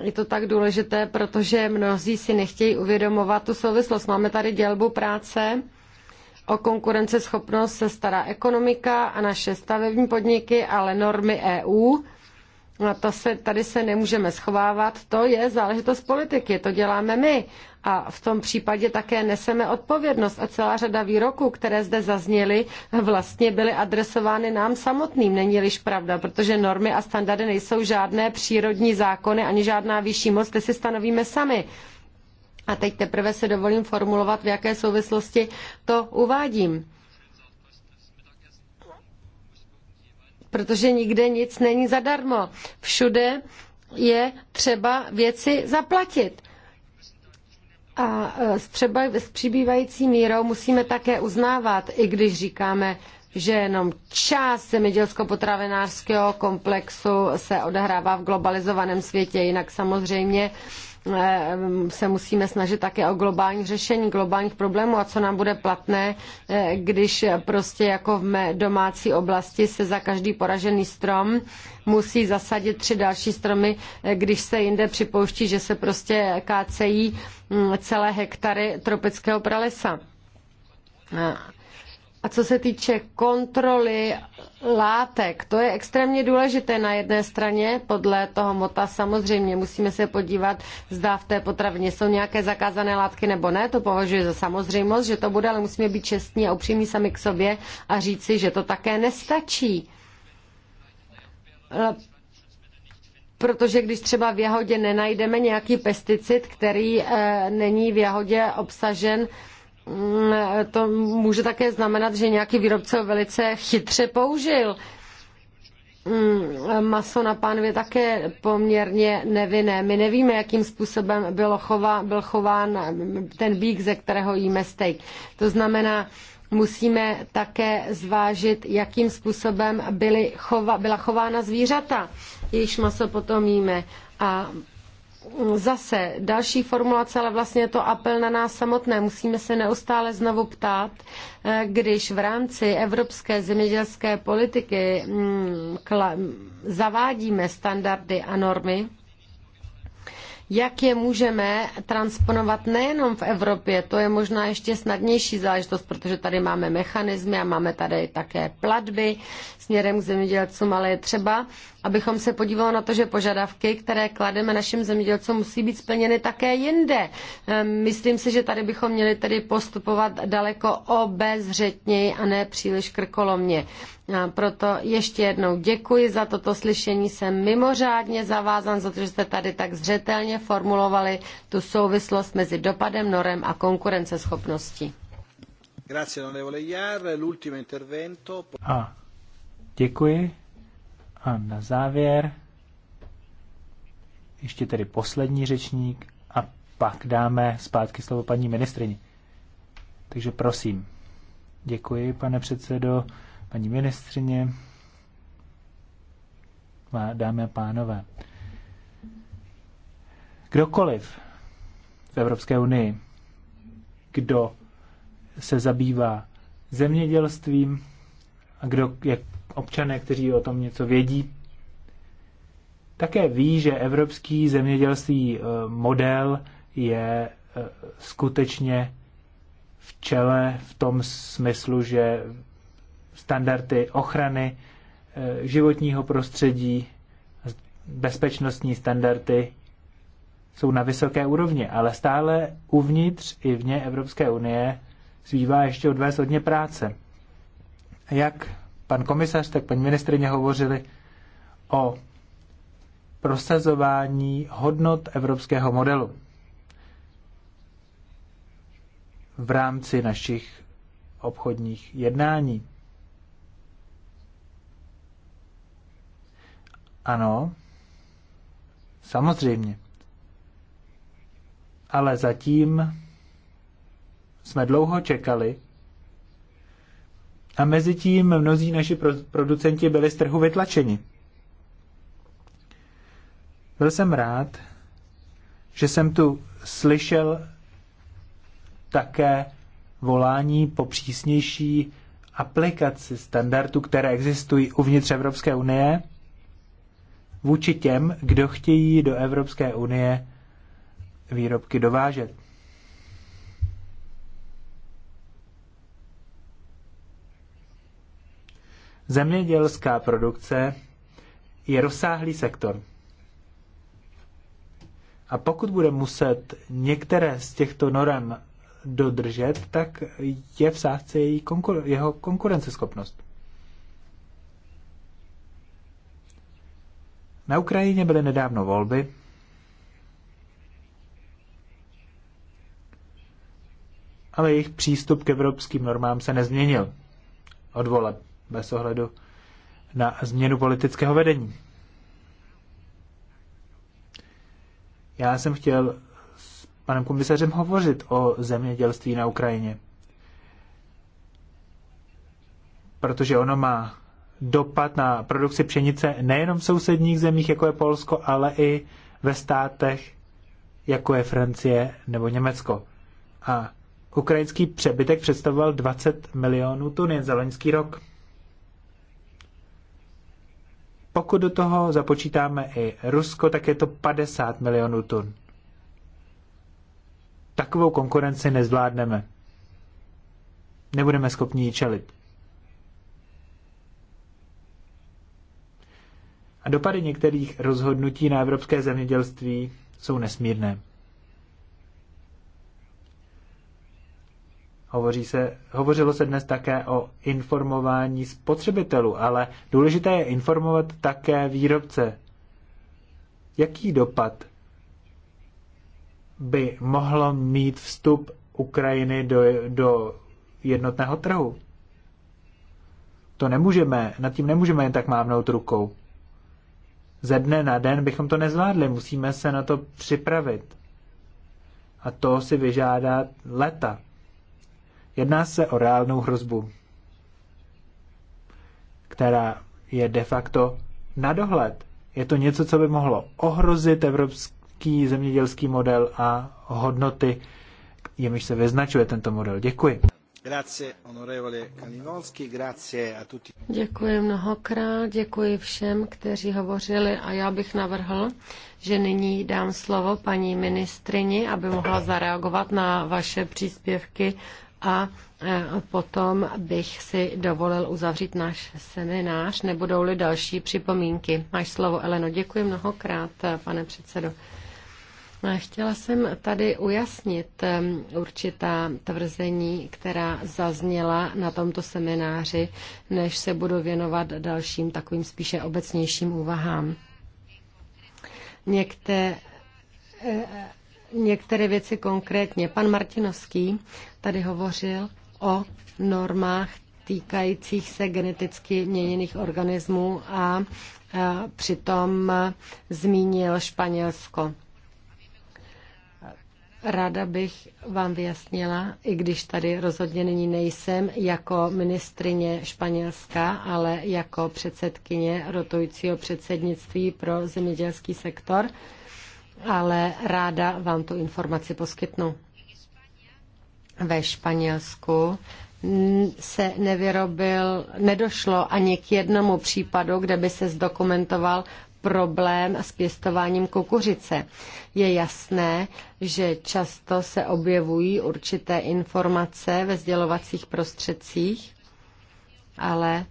Je to tak důležité, protože mnozí si nechtějí uvědomovat tu souvislost. Máme tady dělbu práce, o konkurenceschopnost se stará ekonomika a naše stavební podniky, ale normy EU, to se, tady se nemůžeme schovávat, to je záležitost politiky, to děláme my a v tom případě také neseme odpovědnost a celá řada výroků, které zde zazněly, vlastně byly adresovány nám samotným, není-liž pravda, protože normy a standardy nejsou žádné přírodní zákony ani žádná vyšší moc, ty si stanovíme sami. A teď teprve se dovolím formulovat, v jaké souvislosti to uvádím. Protože nikde nic není zadarmo. Všude je třeba věci zaplatit. A e, s, třeba, s přibývající mírou musíme také uznávat, i když říkáme, že jenom část zemědělsko-potravinářského komplexu se odehrává v globalizovaném světě, jinak samozřejmě Eh, se musíme snažit také o globální řešení globálních problémů a co nám bude platné, eh, když prostě jako v mé domácí oblasti se za každý poražený strom musí zasadit tři další stromy, eh, když se jinde připouští, že se prostě kácejí mm, celé hektary tropického pralesa. A co se týče kontroly látek, to je extrémně důležité na jedné straně, podle toho mota samozřejmě musíme se podívat, zda v té potravině jsou nějaké zakázané látky nebo ne, to považuji za samozřejmost, že to bude, ale musíme být čestní a upřímní sami k sobě a říci, že to také nestačí. E, protože když třeba v jahodě nenajdeme nějaký pesticid, který e, není v jahodě obsažen, Mm, to může také znamenat, že nějaký výrobce ho velice chytře použil. Mm, maso na pánvě také poměrně nevinné. My nevíme, jakým způsobem bylo chová, byl chován ten bík, ze kterého jíme steak. To znamená, musíme také zvážit, jakým způsobem byly chova, byla chována zvířata, jejichž maso potom jíme. A zase další formulace, ale vlastně je to apel na nás samotné. Musíme se neustále znovu ptát, eh, když v rámci evropské zemědělské politiky mm, zavádíme standardy a normy, jak je můžeme transponovat nejenom v Evropě, to je možná ještě snadnější záležitost, protože tady máme mechanizmy a máme tady také platby směrem k zemědělcům, ale je třeba abychom se podívali na to, že požadavky, které klademe našim zemědělcům, musí být splněny také jinde. Ehm, myslím si, že tady bychom měli tedy postupovat daleko obezřetněji a ne příliš krkolomně. A proto ještě jednou děkuji za toto slyšení. Jsem mimořádně zavázan za to, že jste tady tak zřetelně formulovali tu souvislost mezi dopadem norem a konkurenceschopností. Grazie, Jar. L'ultimo intervento. A, děkuji. A na závěr ještě tedy poslední řečník a pak dáme zpátky slovo paní ministrině. Takže prosím. Děkuji, pane předsedo, paní ministrině, dámy a pánové. Kdokoliv v Evropské unii, kdo se zabývá zemědělstvím a kdo jak, občané, kteří o tom něco vědí, také ví, že evropský zemědělský eh, model je eh, skutečně v čele v tom smyslu, že standardy ochrany eh, životního prostředí, bezpečnostní standardy jsou na vysoké úrovni, ale stále uvnitř i vně Evropské unie zbývá ještě odvést hodně práce. Jak pan komisař, tak paní ministrině hovořili o prosazování hodnot evropského modelu v rámci našich obchodních jednání. Ano, samozřejmě. Ale zatím jsme dlouho čekali a mezi tím mnozí naši producenti byli z trhu vytlačeni. Byl jsem rád, že jsem tu slyšel také volání po přísnější aplikaci standardů, které existují uvnitř Evropské unie, vůči těm, kdo chtějí do Evropské unie výrobky dovážet. Zemědělská produkce je rozsáhlý sektor. A pokud bude muset některé z těchto norem dodržet, tak je v sázce její konkur- jeho konkurenceschopnost. Na Ukrajině byly nedávno volby. Ale jejich přístup k evropským normám se nezměnil od voleb bez ohledu na změnu politického vedení. Já jsem chtěl s panem komisařem hovořit o zemědělství na Ukrajině, protože ono má dopad na produkci pšenice nejenom v sousedních zemích, jako je Polsko, ale i ve státech, jako je Francie nebo Německo. A ukrajinský přebytek představoval 20 milionů tun za loňský rok. Pokud do toho započítáme i Rusko, tak je to 50 milionů tun. Takovou konkurenci nezvládneme. Nebudeme schopni ji čelit. A dopady některých rozhodnutí na evropské zemědělství jsou nesmírné. Hovoří se, hovořilo se dnes také o informování spotřebitelů, ale důležité je informovat také výrobce. Jaký dopad by mohlo mít vstup Ukrajiny do, do jednotného trhu? To nemůžeme, nad tím nemůžeme jen tak mávnout rukou. Ze dne na den bychom to nezvládli, musíme se na to připravit. A to si vyžádá leta. Jedná se o reálnou hrozbu, která je de facto na dohled. Je to něco, co by mohlo ohrozit evropský zemědělský model a hodnoty, jimiž se vyznačuje tento model. Děkuji. Děkuji mnohokrát, děkuji všem, kteří hovořili a já bych navrhl, že nyní dám slovo paní ministrini, aby mohla zareagovat na vaše příspěvky a e, potom bych si dovolil uzavřít náš seminář. Nebudou-li další připomínky. Máš slovo, Eleno. Děkuji mnohokrát, e, pane předsedo. E, chtěla jsem tady ujasnit určitá tvrzení, která zazněla na tomto semináři, než se budu věnovat dalším takovým spíše obecnějším úvahám. Některé, některé věci konkrétně. Pan Martinovský tady hovořil o normách týkajících se geneticky měněných organismů a přitom zmínil Španělsko. Ráda bych vám vyjasnila, i když tady rozhodně nyní nejsem jako ministrině Španělska, ale jako předsedkyně rotujícího předsednictví pro zemědělský sektor, ale ráda vám tu informaci poskytnu ve Španělsku se nevyrobil, nedošlo ani k jednomu případu, kde by se zdokumentoval problém s pěstováním kukuřice. Je jasné, že často se objevují určité informace ve sdělovacích prostředcích, ale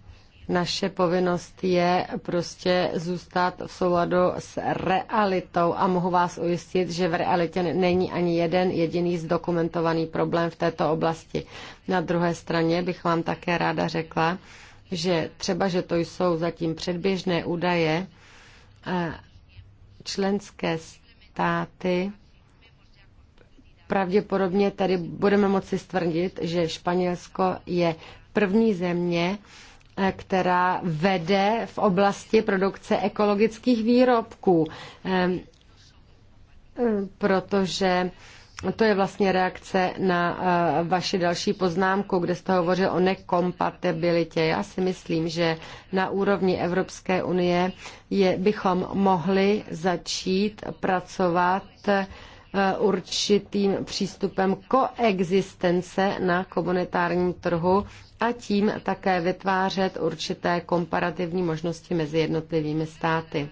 naše povinnost je prostě zůstat v souladu s realitou a mohu vás ujistit, že v realitě není ani jeden jediný zdokumentovaný problém v této oblasti. Na druhé straně bych vám také ráda řekla, že třeba, že to jsou zatím předběžné údaje, eh, členské státy pravděpodobně tady budeme moci stvrdit, že Španělsko je první země, Eh, která vede v oblasti produkce ekologických výrobků, eh, protože to je vlastně reakce na eh, vaši další poznámku, kde jste hovořil o nekompatibilitě. Já si myslím, že na úrovni Evropské unie je, bychom mohli začít pracovat určitým přístupem koexistence na komunitárním trhu a tím také vytvářet určité komparativní možnosti mezi jednotlivými státy.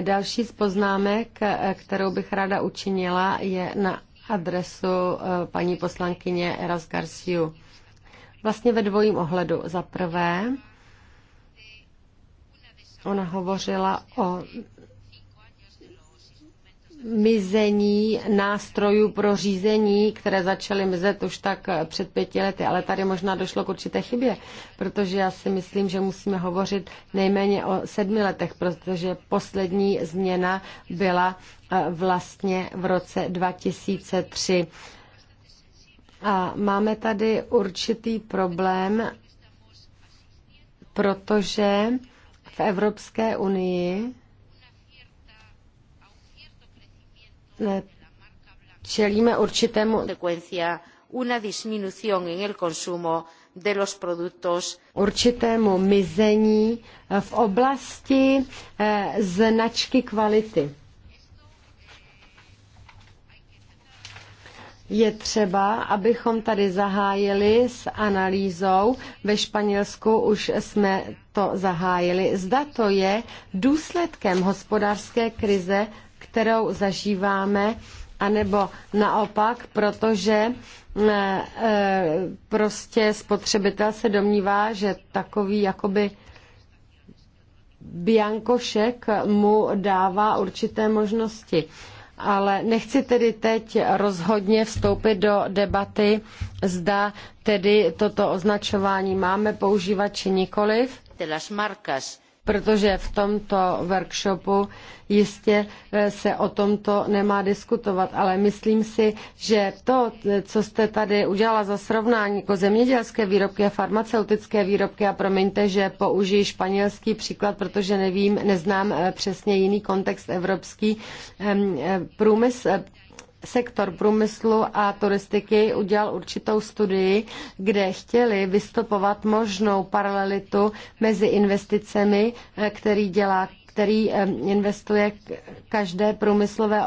Další z poznámek, kterou bych ráda učinila, je na adresu eh, paní poslankyně Eras Garciu. Vlastně ve dvojím ohledu. Za prvé, ona hovořila o mizení nástrojů pro řízení, které začaly mizet už tak před pěti lety, ale tady možná došlo k určité chybě, protože já si myslím, že musíme hovořit nejméně o sedmi letech, protože poslední změna byla eh, vlastně v roce 2003. A máme tady určitý problém, protože v Evropské unii čelíme určitému Určitému mizení eh, v oblasti eh, značky kvality. Je třeba, abychom tady zahájili s analýzou. Ve Španělsku už jsme to zahájili. Zda to je důsledkem hospodářské krize kterou zažíváme, anebo naopak, protože eh, eh, prostě spotřebitel se domnívá, že takový jakoby biankošek mu dává určité možnosti. Ale nechci tedy teď rozhodně vstoupit do debaty, zda tedy toto označování máme používat či nikoliv. De las marcas protože v tomto workshopu jistě eh, se o tomto nemá diskutovat, ale myslím si, že to, co jste tady udělala za srovnání jako zemědělské výrobky a farmaceutické výrobky, a promiňte, že použiji španělský příklad, protože nevím, neznám eh, přesně jiný kontext evropský, eh, průmysl, sektor průmyslu a turistiky udělal určitou studii, kde chtěli vystupovat možnou paralelitu mezi investicemi, eh, který dělá který eh, investuje každé průmyslové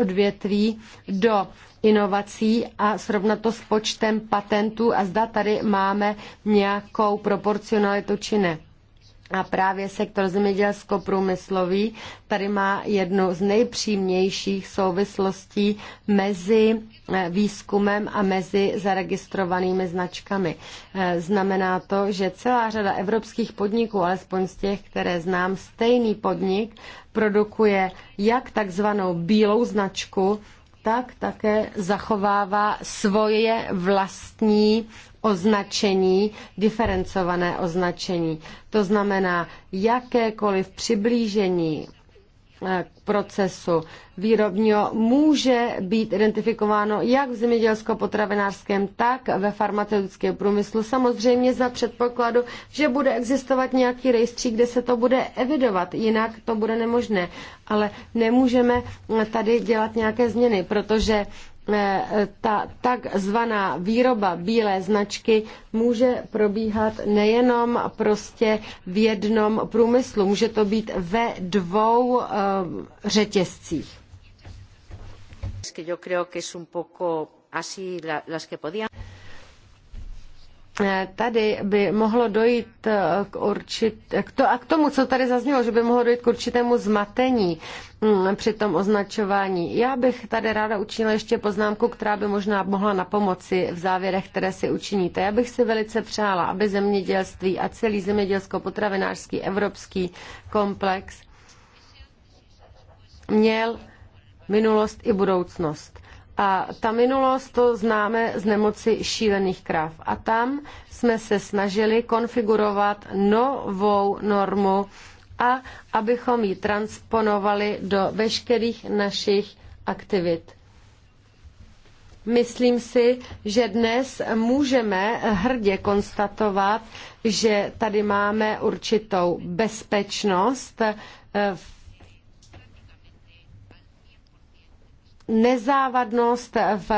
odvětví do inovací a srovnat to s počtem patentů a zda tady máme nějakou proporcionalitu či ne. A právě sektor zemědělsko-průmyslový tady má jednu z nejpřímnějších souvislostí mezi eh, výzkumem a mezi zaregistrovanými značkami. Eh, znamená to, že celá řada evropských podniků, alespoň z těch, které znám, stejný podnik produkuje jak takzvanou bílou značku, tak také zachovává svoje vlastní označení, diferencované označení. To znamená, jakékoliv přiblížení k eh, procesu výrobního může být identifikováno jak v zemědělsko-potravinářském, tak ve farmaceutickém průmyslu. Samozřejmě za předpokladu, že bude existovat nějaký rejstřík, kde se to bude evidovat, jinak to bude nemožné. Ale nemůžeme tady dělat nějaké změny, protože Eh, ta takzvaná výroba bílé značky může probíhat nejenom prostě v jednom průmyslu, může to být ve dvou eh, řetězcích. Que yo creo que es un poco así la, las que podían. Eh, tady by mohlo dojít eh, k, určit, k, to, a k tomu, co tady zaznělo, že by mohlo dojít k určitému zmatení hm, při tom označování. Já bych tady ráda učinila ještě poznámku, která by možná mohla na pomoci v závěrech, které si učiníte. Já bych si velice přála, aby zemědělství a celý zemědělsko-potravinářský evropský komplex měl minulost i budoucnost. A ta minulost to známe z nemoci šílených krav. A tam jsme se snažili konfigurovat novou normu a abychom ji transponovali do veškerých našich aktivit. Myslím si, že dnes můžeme hrdě konstatovat, že tady máme určitou bezpečnost v eh, nezávadnost v,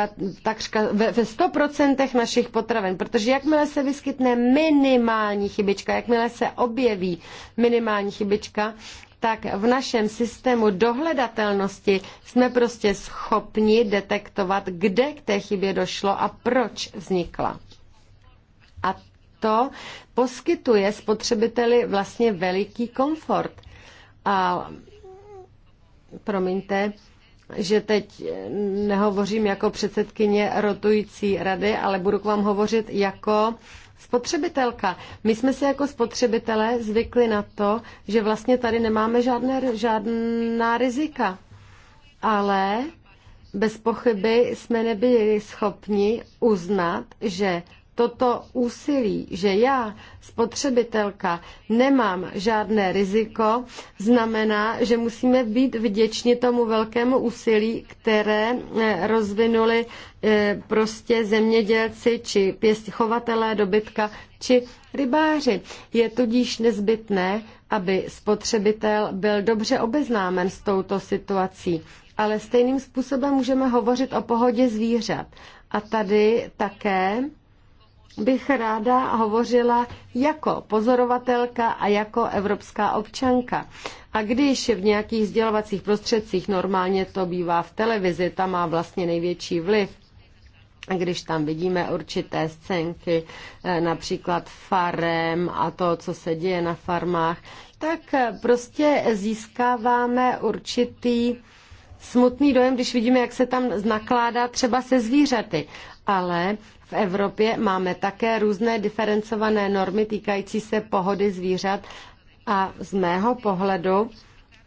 takřka ve, ve 100% našich potravin, protože jakmile se vyskytne minimální chybička, jakmile se objeví minimální chybička, tak v našem systému dohledatelnosti jsme prostě schopni detektovat, kde k té chybě došlo a proč vznikla. A to poskytuje spotřebiteli vlastně veliký komfort. A promiňte, že teď eh, nehovořím jako předsedkyně rotující rady, ale budu k vám hovořit jako spotřebitelka. My jsme si jako spotřebitelé zvykli na to, že vlastně tady nemáme žádné, žádná rizika. Ale bez pochyby jsme nebyli schopni uznat, že toto úsilí, že já, spotřebitelka, nemám žádné riziko, znamená, že musíme být vděční tomu velkému úsilí, které eh, rozvinuli eh, prostě zemědělci či pěstichovatelé dobytka či rybáři. Je tudíž nezbytné, aby spotřebitel byl dobře obeznámen s touto situací. Ale stejným způsobem můžeme hovořit o pohodě zvířat. A tady také bych ráda hovořila jako pozorovatelka a jako evropská občanka. A když v nějakých sdělovacích prostředcích, normálně to bývá v televizi, tam má vlastně největší vliv, a když tam vidíme určité scénky, eh, například farem a to, co se děje na farmách, tak eh, prostě získáváme určitý smutný dojem, když vidíme, jak se tam nakládá třeba se zvířaty. Ale v Evropě máme také různé diferencované normy týkající se pohody zvířat a z mého pohledu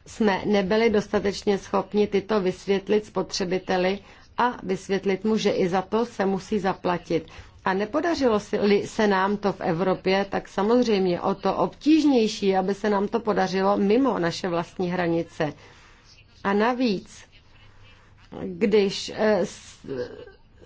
jsme nebyli dostatečně schopni tyto vysvětlit spotřebiteli a vysvětlit mu, že i za to se musí zaplatit. A nepodařilo se nám to v Evropě, tak samozřejmě o to obtížnější, aby se nám to podařilo mimo naše vlastní hranice. A navíc, když eh,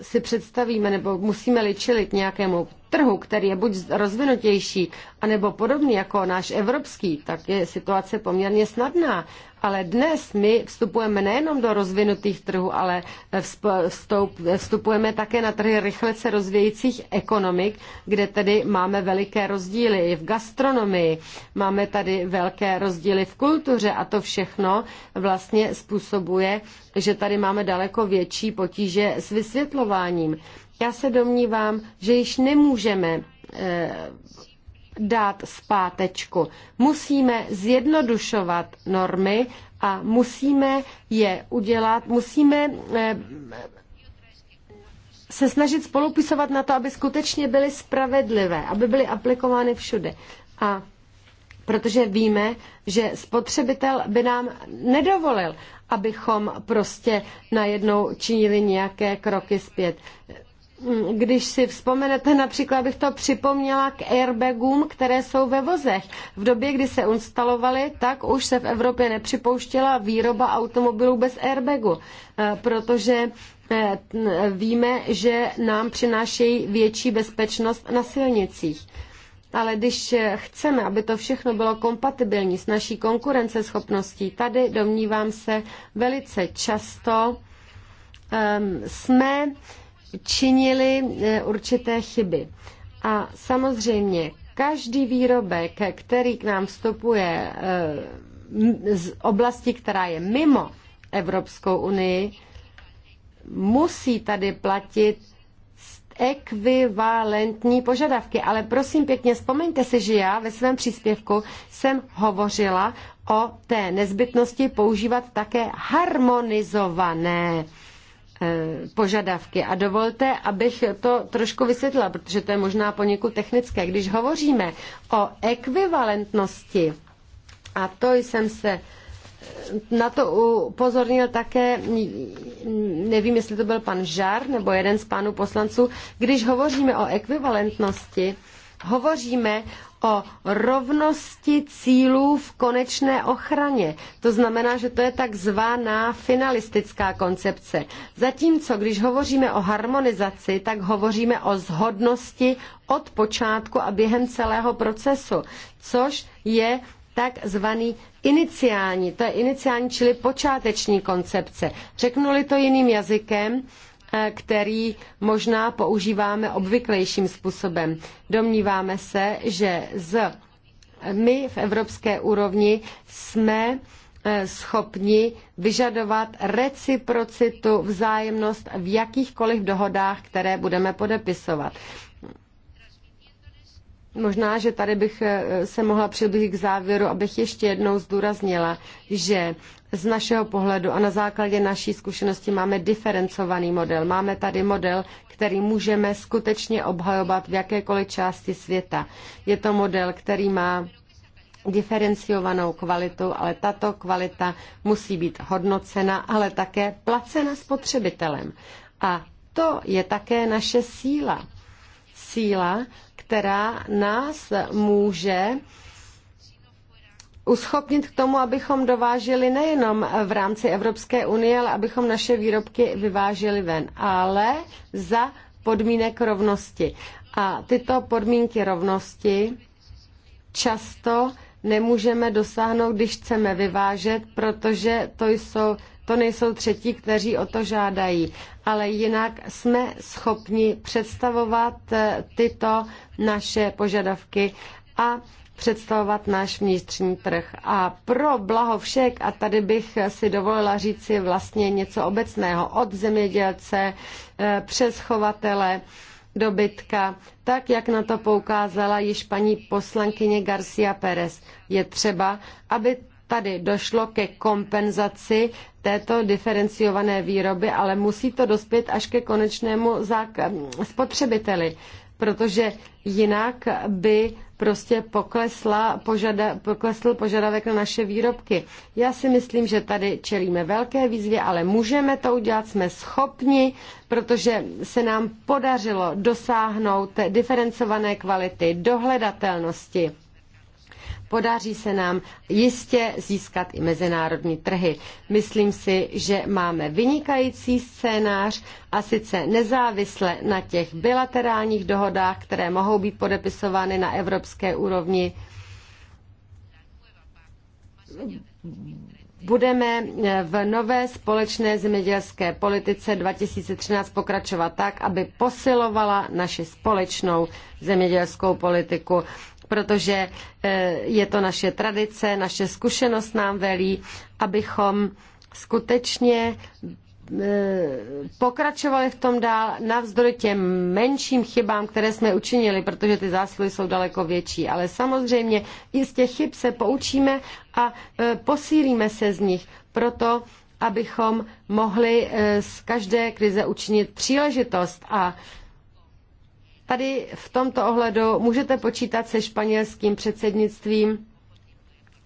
si představíme nebo musíme-li čelit nějakému trhu, který je buď rozvinutější, anebo podobný jako náš evropský, tak je situace poměrně snadná. Ale dnes my vstupujeme nejenom do rozvinutých trhů, ale vstup, vstupujeme také na trhy rychle se rozvějících ekonomik, kde tedy máme veliké rozdíly v gastronomii, máme tady velké rozdíly v kultuře a to všechno vlastně způsobuje, že tady máme daleko větší potíže s vysvětlováním. Já se domnívám, že již nemůžeme eh, dát zpátečku. Musíme zjednodušovat normy a musíme je udělat, musíme eh, se snažit spolupisovat na to, aby skutečně byly spravedlivé, aby byly aplikovány všude. A protože víme, že spotřebitel by nám nedovolil, abychom prostě najednou činili nějaké kroky zpět. Když si vzpomenete, například bych to připomněla k airbagům, které jsou ve vozech. V době, kdy se instalovaly, tak už se v Evropě nepřipouštěla výroba automobilů bez airbagu, eh, protože eh, víme, že nám přinášejí větší bezpečnost na silnicích. Ale když chceme, aby to všechno bylo kompatibilní s naší konkurenceschopností, tady domnívám se velice často um, jsme činili eh, určité chyby. A samozřejmě každý výrobek, který k nám vstupuje eh, z oblasti, která je mimo Evropskou unii, musí tady platit ekvivalentní požadavky. Ale prosím pěkně, vzpomeňte si, že já ve svém příspěvku jsem hovořila o té nezbytnosti používat také harmonizované Eh, požadavky. A dovolte, abych to trošku vysvětlila, protože to je možná poněkud technické. Když hovoříme o ekvivalentnosti, a to jsem se eh, na to upozornil také, nevím, jestli to byl pan Žár nebo jeden z pánů poslanců, když hovoříme o ekvivalentnosti, hovoříme o rovnosti cílů v konečné ochraně. To znamená, že to je takzvaná finalistická koncepce. Zatímco, když hovoříme o harmonizaci, tak hovoříme o zhodnosti od počátku a během celého procesu, což je takzvaný iniciální, to je iniciální, čili počáteční koncepce. Řeknuli to jiným jazykem, Eh, který možná používáme obvyklejším způsobem. Domníváme se, že z, my v evropské úrovni jsme eh, schopni vyžadovat reciprocitu, vzájemnost v jakýchkoliv dohodách, které budeme podepisovat. Možná, že tady bych eh, se mohla přiblížit k závěru, abych ještě jednou zdůraznila, že z našeho pohledu a na základě naší zkušenosti máme diferencovaný model. Máme tady model, který můžeme skutečně obhajovat v jakékoliv části světa. Je to model, který má diferenciovanou kvalitu, ale tato kvalita musí být hodnocena, ale také placena spotřebitelem. A to je také naše síla. Síla, která nás může uschopnit k tomu, abychom dováželi nejenom v rámci Evropské unie, ale abychom naše výrobky vyváželi ven, ale za podmínek rovnosti. A tyto podmínky rovnosti často nemůžeme dosáhnout, když chceme vyvážet, protože to jsou to nejsou třetí, kteří o to žádají. Ale jinak jsme schopni představovat eh, tyto naše požadavky a představovat náš vnitřní trh. A pro blaho všech, a tady bych si dovolila říci vlastně něco obecného, od zemědělce eh, přes chovatele, dobytka, tak jak na to poukázala již paní poslankyně Garcia Perez. Je třeba, aby Tady došlo ke kompenzaci této diferenciované výroby, ale musí to dospět až ke konečnému spotřebiteli, protože jinak by prostě poklesla, požada, poklesl požadavek na naše výrobky. Já si myslím, že tady čelíme velké výzvě, ale můžeme to udělat, jsme schopni, protože se nám podařilo dosáhnout diferencované kvality, dohledatelnosti Podaří se nám jistě získat i mezinárodní trhy. Myslím si, že máme vynikající scénář a sice nezávisle na těch bilaterálních dohodách, které mohou být podepisovány na evropské úrovni, budeme v nové společné zemědělské politice 2013 pokračovat tak, aby posilovala naši společnou zemědělskou politiku protože eh, je to naše tradice, naše zkušenost nám velí, abychom skutečně eh, pokračovali v tom dál navzdory těm menším chybám, které jsme učinili, protože ty zásluhy jsou daleko větší. Ale samozřejmě i z těch chyb se poučíme a eh, posílíme se z nich. Proto abychom mohli z každé krize učinit příležitost a Tady v tomto ohledu můžete počítat se španělským předsednictvím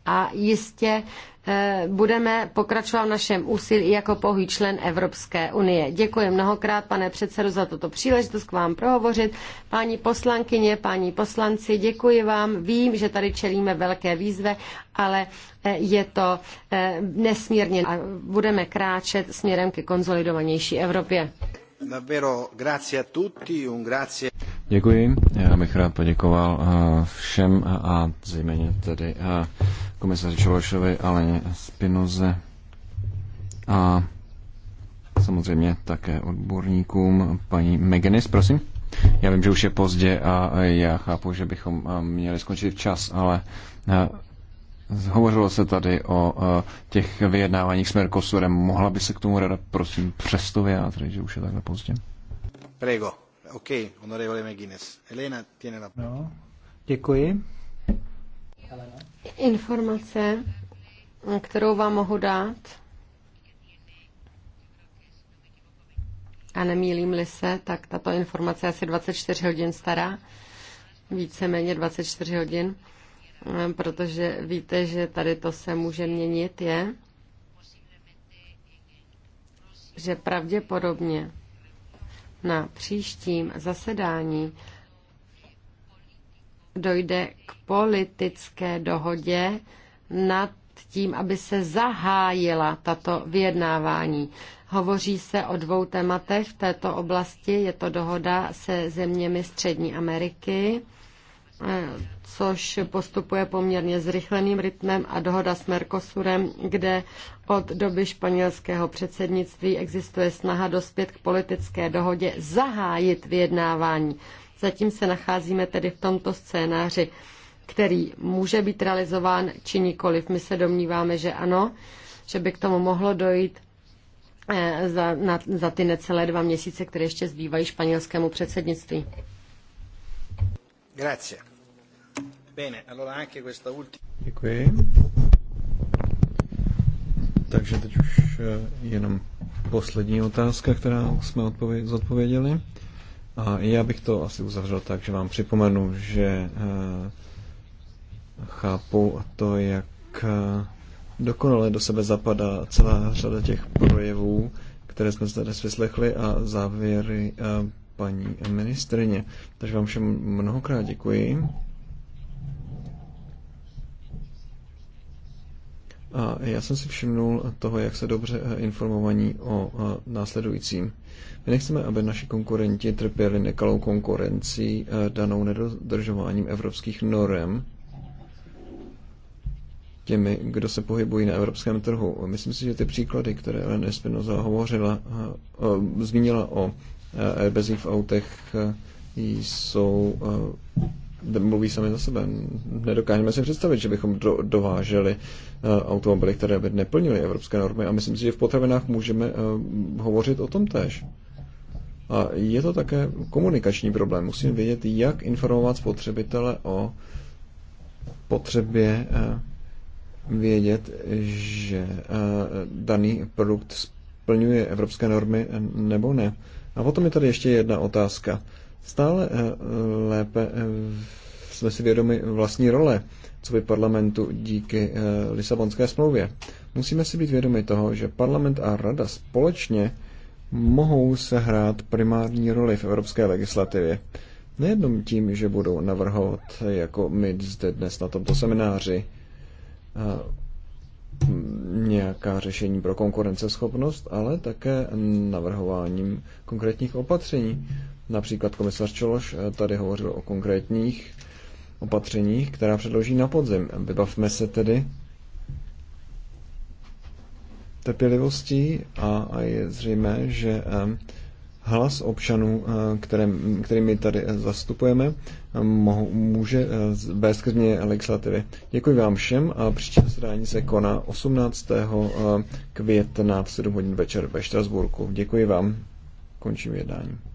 a jistě eh, budeme pokračovat v našem úsilí jako pouhý člen Evropské unie. Děkuji mnohokrát, pane předsedo, za toto příležitost k vám prohovořit. Páni poslankyně, páni poslanci, děkuji vám. Vím, že tady čelíme velké výzve, ale eh, je to eh, nesmírně a budeme kráčet směrem ke konzolidovanější Evropě. Děkuji. Já bych rád poděkoval eh, všem a zejména tedy eh, komisaři Čološovi, Aleně Spinoze a samozřejmě také odborníkům paní Meganis, prosím. Já vím, že už je pozdě a já chápu, že bychom eh, měli skončit včas, ale Hovořilo se tady o eh, těch vyjednáváních s Mercosurem. Mohla by se k tomu rada, prosím, přesto vyjádřit, že už je takhle pozdě? Prego. OK, honorevole McGuinness. Elena tiene la... No, děkuji. Informace, kterou vám mohu dát, a nemýlím-li se, tak tato informace je asi 24 hodin stará, víceméně 24 hodin Eh, protože víte, že tady to se může měnit, je, že pravděpodobně na příštím zasedání dojde k politické dohodě nad tím, aby se zahájila tato vyjednávání. Hovoří se o dvou tématech v této oblasti. Je to dohoda se zeměmi Střední Ameriky Eh, což postupuje poměrně zrychleným rytmem a dohoda s Mercosurem, kde od doby španělského předsednictví existuje snaha dospět k politické dohodě zahájit vyjednávání. Zatím se nacházíme tedy v tomto scénáři, který může být realizován či nikoliv. My se domníváme, že ano, že by k tomu mohlo dojít eh, za, na, za ty necelé dva měsíce, které ještě zbývají španělskému předsednictví. Děkuji. Takže teď už eh, jenom poslední otázka, která jsme zodpověděli. A já bych to asi uzavřel tak, že vám připomenu, že eh, chápu to, jak eh, dokonale do sebe zapadá celá řada těch projevů, které jsme zde dnes vyslechli a závěry paní ministrině. Takže vám všem mnohokrát děkuji. A já jsem si všimnul toho, jak se dobře eh, informovaní o eh, následujícím. My nechceme, aby naši konkurenti trpěli nekalou konkurencí eh, danou nedodržováním evropských norem těmi, kdo se pohybují na evropském trhu. Myslím si, že ty příklady, které Elena Espinoza hovořila, zmínila o airbagy v autech e, jsou e, mluví sami za sebe. Nedokážeme si představit, že bychom do, dováželi e, automobily, které by neplnily evropské normy a myslím si, že v potravinách můžeme hovořit o tom též. A je to také komunikační problém. Musím vědět, jak informovat spotřebitele o potřebě vědět, že daný produkt splňuje evropské normy nebo ne. A potom je tady ještě jedna otázka. Stále eh, lépe eh, jsme si vědomi vlastní role, co by parlamentu díky eh, Lisabonské smlouvě. Musíme si být vědomi toho, že parlament a rada společně mohou sehrát primární roli v evropské legislativě. Nejenom tím, že budou navrhovat, jako my zde dnes na tomto semináři, nějaká řešení pro konkurenceschopnost, ale také navrhováním konkrétních opatření. Například komisař Čološ eh, tady hovořil o konkrétních opatřeních, která předloží na podzim. Vybavme se tedy trpělivostí a, je zřejmé, že eh, hlas občanů, eh, kterými tady zastupujeme, může eh, vést ke změně legislativy. Děkuji vám všem a příští zasedání se koná 18. Eh, května v 7 hodin večer ve Štrasburku. Děkuji vám. Končím jednání.